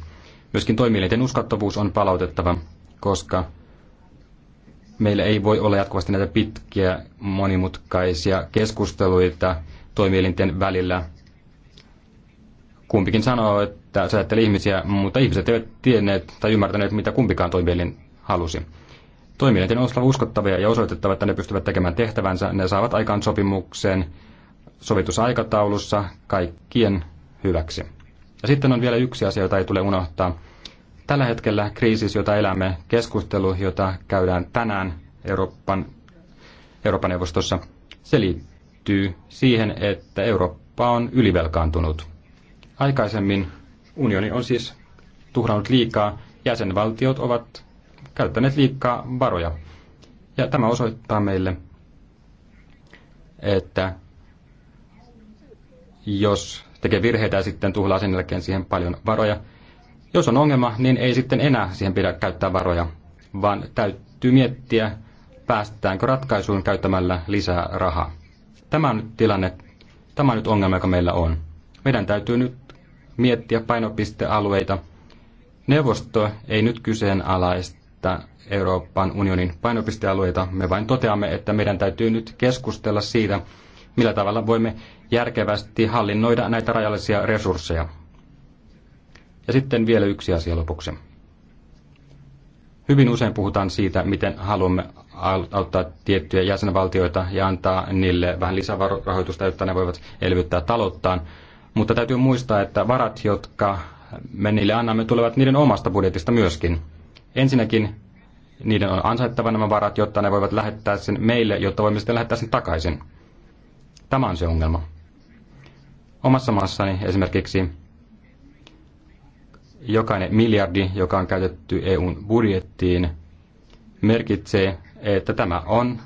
Myöskin toimielinten uskottavuus on palautettava, koska meillä ei voi olla jatkuvasti näitä pitkiä, monimutkaisia keskusteluita toimielinten välillä. Kumpikin sanoo, että sä ihmisiä, mutta ihmiset eivät tienneet tai ymmärtäneet, mitä kumpikaan toimielin halusi. Toimielinten on oltava uskottavia ja osoitettava, että ne pystyvät tekemään tehtävänsä. Ne saavat aikaan sopimuksen sovitusaikataulussa kaikkien hyväksi. Ja sitten on vielä yksi asia, jota ei tule unohtaa. Tällä hetkellä kriisissä, jota elämme, keskustelu, jota käydään tänään Euroopan, Euroopan neuvostossa, se liittyy siihen, että Eurooppa on ylivelkaantunut. Aikaisemmin unioni on siis tuhrannut liikaa, jäsenvaltiot ovat käyttäneet liikaa varoja. Ja tämä osoittaa meille, että jos tekee virheitä ja sitten tuhlaa sen jälkeen siihen paljon varoja. Jos on ongelma, niin ei sitten enää siihen pidä käyttää varoja, vaan täytyy miettiä, päästäänkö ratkaisuun käyttämällä lisää rahaa. Tämä on nyt tilanne, tämä on nyt ongelma, joka meillä on. Meidän täytyy nyt miettiä painopistealueita. Neuvosto ei nyt kyseenalaista Euroopan unionin painopistealueita. Me vain toteamme, että meidän täytyy nyt keskustella siitä, millä tavalla voimme järkevästi hallinnoida näitä rajallisia resursseja. Ja sitten vielä yksi asia lopuksi. Hyvin usein puhutaan siitä, miten haluamme auttaa tiettyjä jäsenvaltioita ja antaa niille vähän lisärahoitusta, jotta ne voivat elvyttää talouttaan. Mutta täytyy muistaa, että varat, jotka me niille annamme, tulevat niiden omasta budjetista myöskin. Ensinnäkin niiden on ansaittava nämä varat, jotta ne voivat lähettää sen meille, jotta voimme sitten lähettää sen takaisin. Tämä on se ongelma. Omassa maassani esimerkiksi jokainen miljardi, joka on käytetty EUn budjettiin, merkitsee, että tämä on,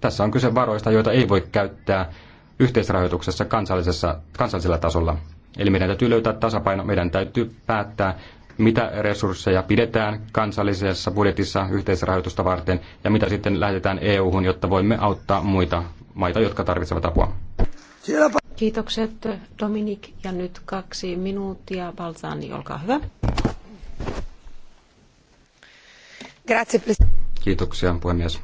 tässä on kyse varoista, joita ei voi käyttää yhteisrahoituksessa kansallisessa, kansallisella tasolla. Eli meidän täytyy löytää tasapaino, meidän täytyy päättää, mitä resursseja pidetään kansallisessa budjetissa yhteisrahoitusta varten ja mitä sitten lähetetään EU-hun, jotta voimme auttaa muita maita, jotka tarvitsevat apua. Kiitokset Dominik ja nyt kaksi minuuttia. Balzani, olkaa hyvä. Kiitoksia puhemies.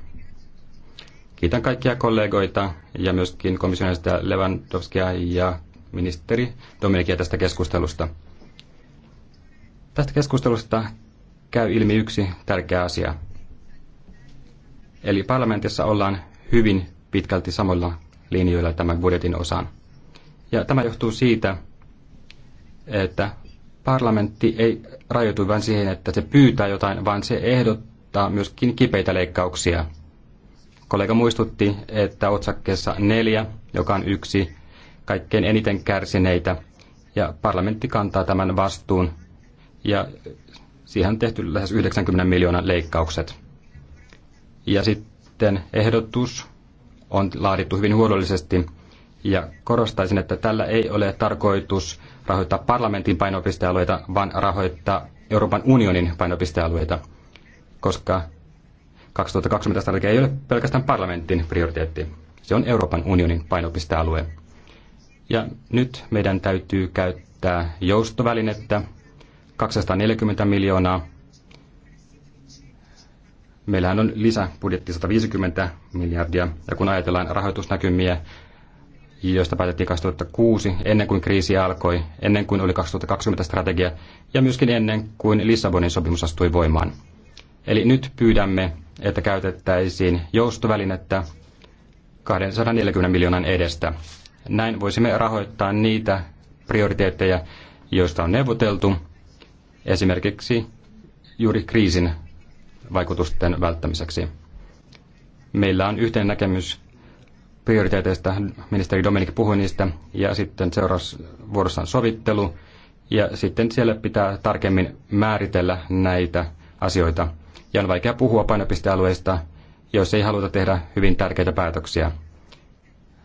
Kiitän kaikkia kollegoita ja myöskin komissionista Lewandowskia ja ministeri Dominikia tästä keskustelusta. Tästä keskustelusta käy ilmi yksi tärkeä asia. Eli parlamentissa ollaan hyvin pitkälti samoilla linjoilla tämän budjetin osaan. Ja tämä johtuu siitä, että parlamentti ei rajoitu vain siihen, että se pyytää jotain, vaan se ehdottaa myöskin kipeitä leikkauksia. Kollega muistutti, että otsakkeessa neljä, joka on yksi kaikkein eniten kärsineitä, ja parlamentti kantaa tämän vastuun, ja siihen on tehty lähes 90 miljoonan leikkaukset. Ja sitten ehdotus on laadittu hyvin huolellisesti ja korostaisin, että tällä ei ole tarkoitus rahoittaa parlamentin painopistealueita, vaan rahoittaa Euroopan unionin painopistealueita, koska 2020 strategia ei ole pelkästään parlamentin prioriteetti. Se on Euroopan unionin painopistealue. Ja nyt meidän täytyy käyttää joustovälinettä 240 miljoonaa Meillähän on lisäbudjetti 150 miljardia, ja kun ajatellaan rahoitusnäkymiä, joista päätettiin 2006, ennen kuin kriisi alkoi, ennen kuin oli 2020 strategia ja myöskin ennen kuin Lissabonin sopimus astui voimaan. Eli nyt pyydämme, että käytettäisiin joustovälinettä 240 miljoonan edestä. Näin voisimme rahoittaa niitä prioriteetteja, joista on neuvoteltu, esimerkiksi juuri kriisin vaikutusten välttämiseksi. Meillä on yhteinen näkemys prioriteeteista, ministeri Dominik puhui niistä, ja sitten seuraavassa vuorossa on sovittelu, ja sitten siellä pitää tarkemmin määritellä näitä asioita. Ja on vaikea puhua painopistealueista, jos ei haluta tehdä hyvin tärkeitä päätöksiä.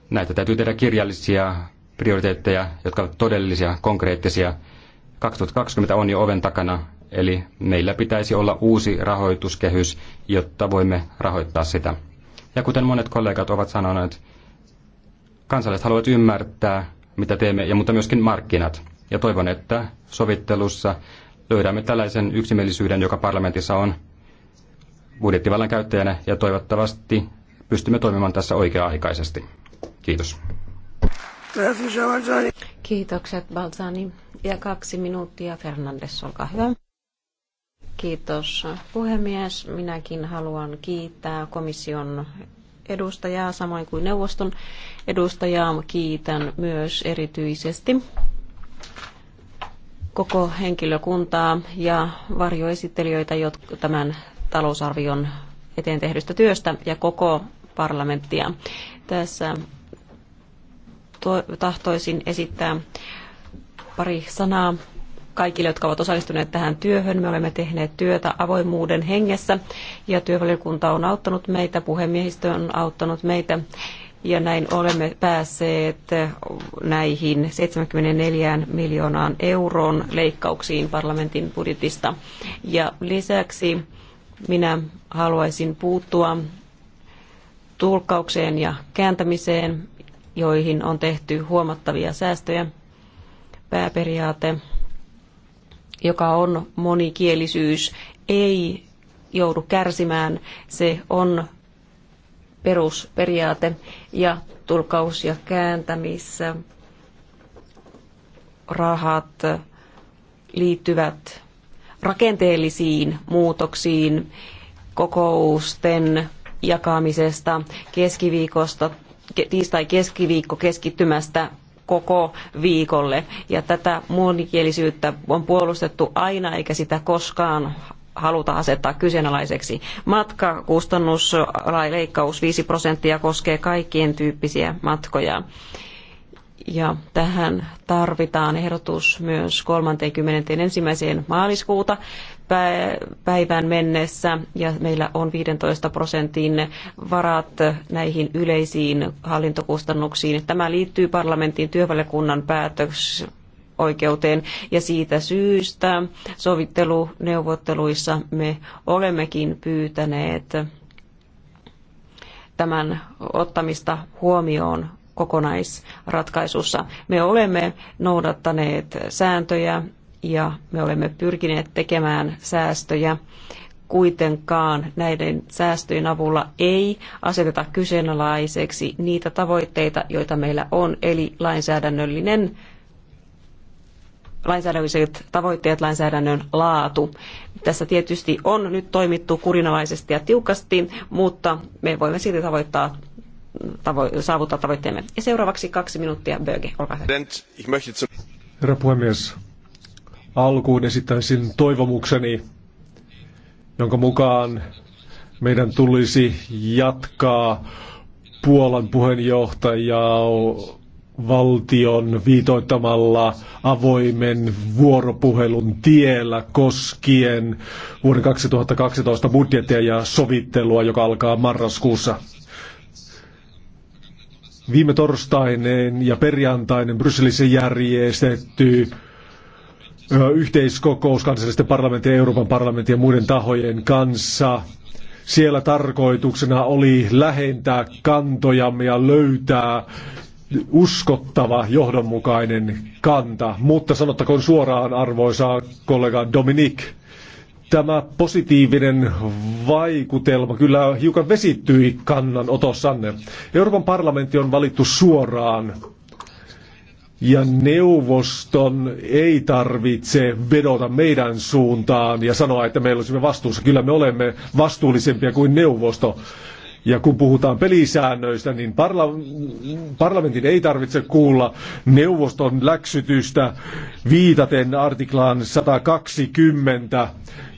Näitä täytyy tehdä kirjallisia prioriteetteja, jotka ovat todellisia, konkreettisia. 2020 on jo oven takana Eli meillä pitäisi olla uusi rahoituskehys, jotta voimme rahoittaa sitä. Ja kuten monet kollegat ovat sanoneet, kansalaiset haluavat ymmärtää, mitä teemme, ja mutta myöskin markkinat. Ja toivon, että sovittelussa löydämme tällaisen yksimielisyyden, joka parlamentissa on budjettivallan käyttäjänä, ja toivottavasti pystymme toimimaan tässä oikea-aikaisesti. Kiitos. Kiitokset Balzani. Ja kaksi minuuttia Fernandes, olkaa hyvä. Kiitos puhemies. Minäkin haluan kiittää komission edustajaa, samoin kuin neuvoston edustajaa. Kiitän myös erityisesti koko henkilökuntaa ja varjoesittelijöitä jotka tämän talousarvion eteen tehdystä työstä ja koko parlamenttia. Tässä tahtoisin esittää pari sanaa kaikille, jotka ovat osallistuneet tähän työhön. Me olemme tehneet työtä avoimuuden hengessä ja työvaliokunta on auttanut meitä, puhemiehistö on auttanut meitä ja näin olemme päässeet näihin 74 miljoonaan euron leikkauksiin parlamentin budjetista. Ja lisäksi minä haluaisin puuttua tulkkaukseen ja kääntämiseen, joihin on tehty huomattavia säästöjä. Pääperiaate joka on monikielisyys, ei joudu kärsimään. Se on perusperiaate ja tulkaus- ja kääntämissä rahat liittyvät rakenteellisiin muutoksiin kokousten jakamisesta keskiviikosta tiistai-keskiviikko keskittymästä koko viikolle. Ja tätä monikielisyyttä on puolustettu aina, eikä sitä koskaan haluta asettaa kyseenalaiseksi. Matkakustannusleikkaus 5 prosenttia koskee kaikkien tyyppisiä matkoja. Ja tähän tarvitaan ehdotus myös 31. maaliskuuta päivään mennessä ja meillä on 15 prosentin varat näihin yleisiin hallintokustannuksiin. Tämä liittyy parlamentin työvaliokunnan päätös oikeuteen ja siitä syystä sovitteluneuvotteluissa me olemmekin pyytäneet tämän ottamista huomioon kokonaisratkaisussa. Me olemme noudattaneet sääntöjä ja me olemme pyrkineet tekemään säästöjä. Kuitenkaan näiden säästöjen avulla ei aseteta kyseenalaiseksi niitä tavoitteita, joita meillä on, eli lainsäädännöllinen lainsäädännölliset tavoitteet, lainsäädännön laatu. Tässä tietysti on nyt toimittu kurinalaisesti ja tiukasti, mutta me voimme silti tavoittaa tavo- saavuttaa tavoitteemme. Ja seuraavaksi kaksi minuuttia, Böge, olkaa hyvä. Herra puhemies, alkuun esittäisin toivomukseni, jonka mukaan meidän tulisi jatkaa Puolan puheenjohtajaa valtion viitoittamalla avoimen vuoropuhelun tiellä koskien vuoden 2012 budjettia ja sovittelua, joka alkaa marraskuussa. Viime torstainen ja perjantainen Brysselissä järjestetty yhteiskokous kansallisten parlamenttien, Euroopan parlamentin ja muiden tahojen kanssa. Siellä tarkoituksena oli lähentää kantojamme ja löytää uskottava, johdonmukainen kanta. Mutta sanottakoon suoraan, arvoisa kollega Dominik, tämä positiivinen vaikutelma kyllä hiukan vesittyi kannanotossanne. Euroopan parlamentti on valittu suoraan ja neuvoston ei tarvitse vedota meidän suuntaan ja sanoa, että meillä olisimme vastuussa. Kyllä me olemme vastuullisempia kuin neuvosto. Ja kun puhutaan pelisäännöistä, niin parla- parlamentin ei tarvitse kuulla neuvoston läksytystä viitaten artiklaan 120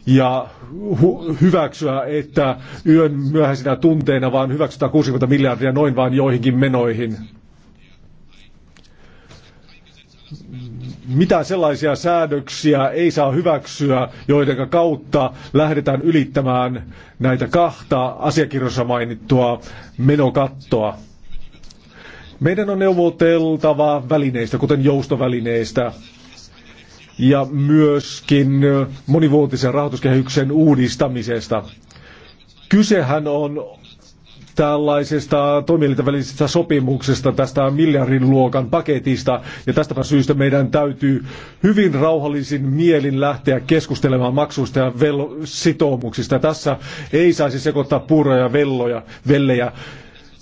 ja hu- hyväksyä, että yön myöhäisinä tunteina vaan hyväksytään 60 miljardia noin vaan joihinkin menoihin. mitä sellaisia säädöksiä ei saa hyväksyä, joiden kautta lähdetään ylittämään näitä kahta asiakirjassa mainittua menokattoa. Meidän on neuvoteltava välineistä, kuten joustovälineistä, ja myöskin monivuotisen rahoituskehyksen uudistamisesta. Kysehän on tällaisesta toimielintävälisestä sopimuksesta, tästä miljardin luokan paketista. Ja tästä syystä meidän täytyy hyvin rauhallisin mielin lähteä keskustelemaan maksuista ja vel- sitoumuksista. Tässä ei saisi sekoittaa puuroja ja velloja, vellejä.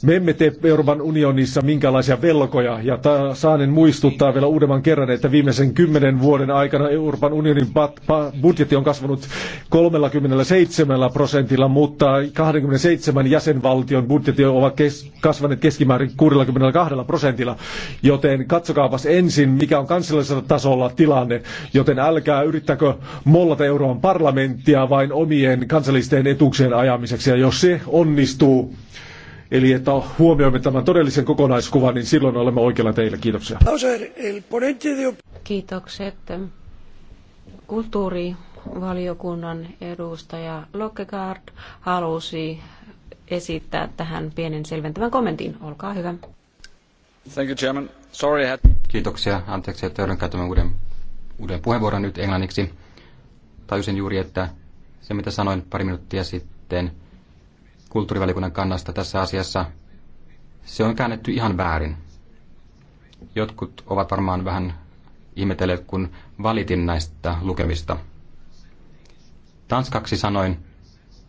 Me emme tee Euroopan unionissa minkälaisia velkoja, ja saanen muistuttaa vielä uudemman kerran, että viimeisen kymmenen vuoden aikana Euroopan unionin budjetti on kasvanut 37 prosentilla, mutta 27 jäsenvaltion budjetti ovat kes- kasvaneet keskimäärin 62 prosentilla, joten katsokaapas ensin, mikä on kansallisella tasolla tilanne, joten älkää yrittäkö mollata Euroopan parlamenttia vain omien kansallisten etuuksien ajamiseksi, ja jos se onnistuu, Eli että huomioimme tämän todellisen kokonaiskuvan, niin silloin olemme oikealla teillä. Kiitoksia. Kiitokset. Kulttuurivaliokunnan edustaja Lokkegaard halusi esittää tähän pienen selventävän kommentin. Olkaa hyvä. Thank you, Chairman. Sorry, had... Kiitoksia. Anteeksi, että joudun käyttämään uuden, uuden puheenvuoron nyt englanniksi. Tajusin juuri, että se mitä sanoin pari minuuttia sitten – kulttuurivälikunnan kannasta tässä asiassa, se on käännetty ihan väärin. Jotkut ovat varmaan vähän ihmetelleet, kun valitin näistä lukemista. Tanskaksi sanoin,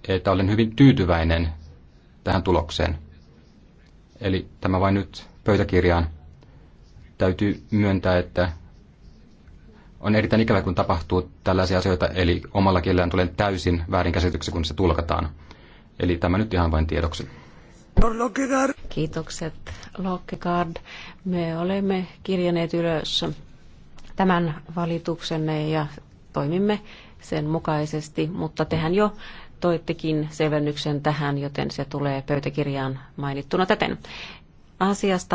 että olen hyvin tyytyväinen tähän tulokseen. Eli tämä vain nyt pöytäkirjaan. Täytyy myöntää, että on erittäin ikävä, kun tapahtuu tällaisia asioita, eli omalla kielellään tulee täysin väärinkäsityksi, kun se tulkataan. Eli tämä nyt ihan vain tiedoksi. Kiitokset, Lokkegaard. Me olemme kirjaneet ylös tämän valituksenne ja toimimme sen mukaisesti, mutta tehän jo toittekin selvennyksen tähän, joten se tulee pöytäkirjaan mainittuna täten. Asiasta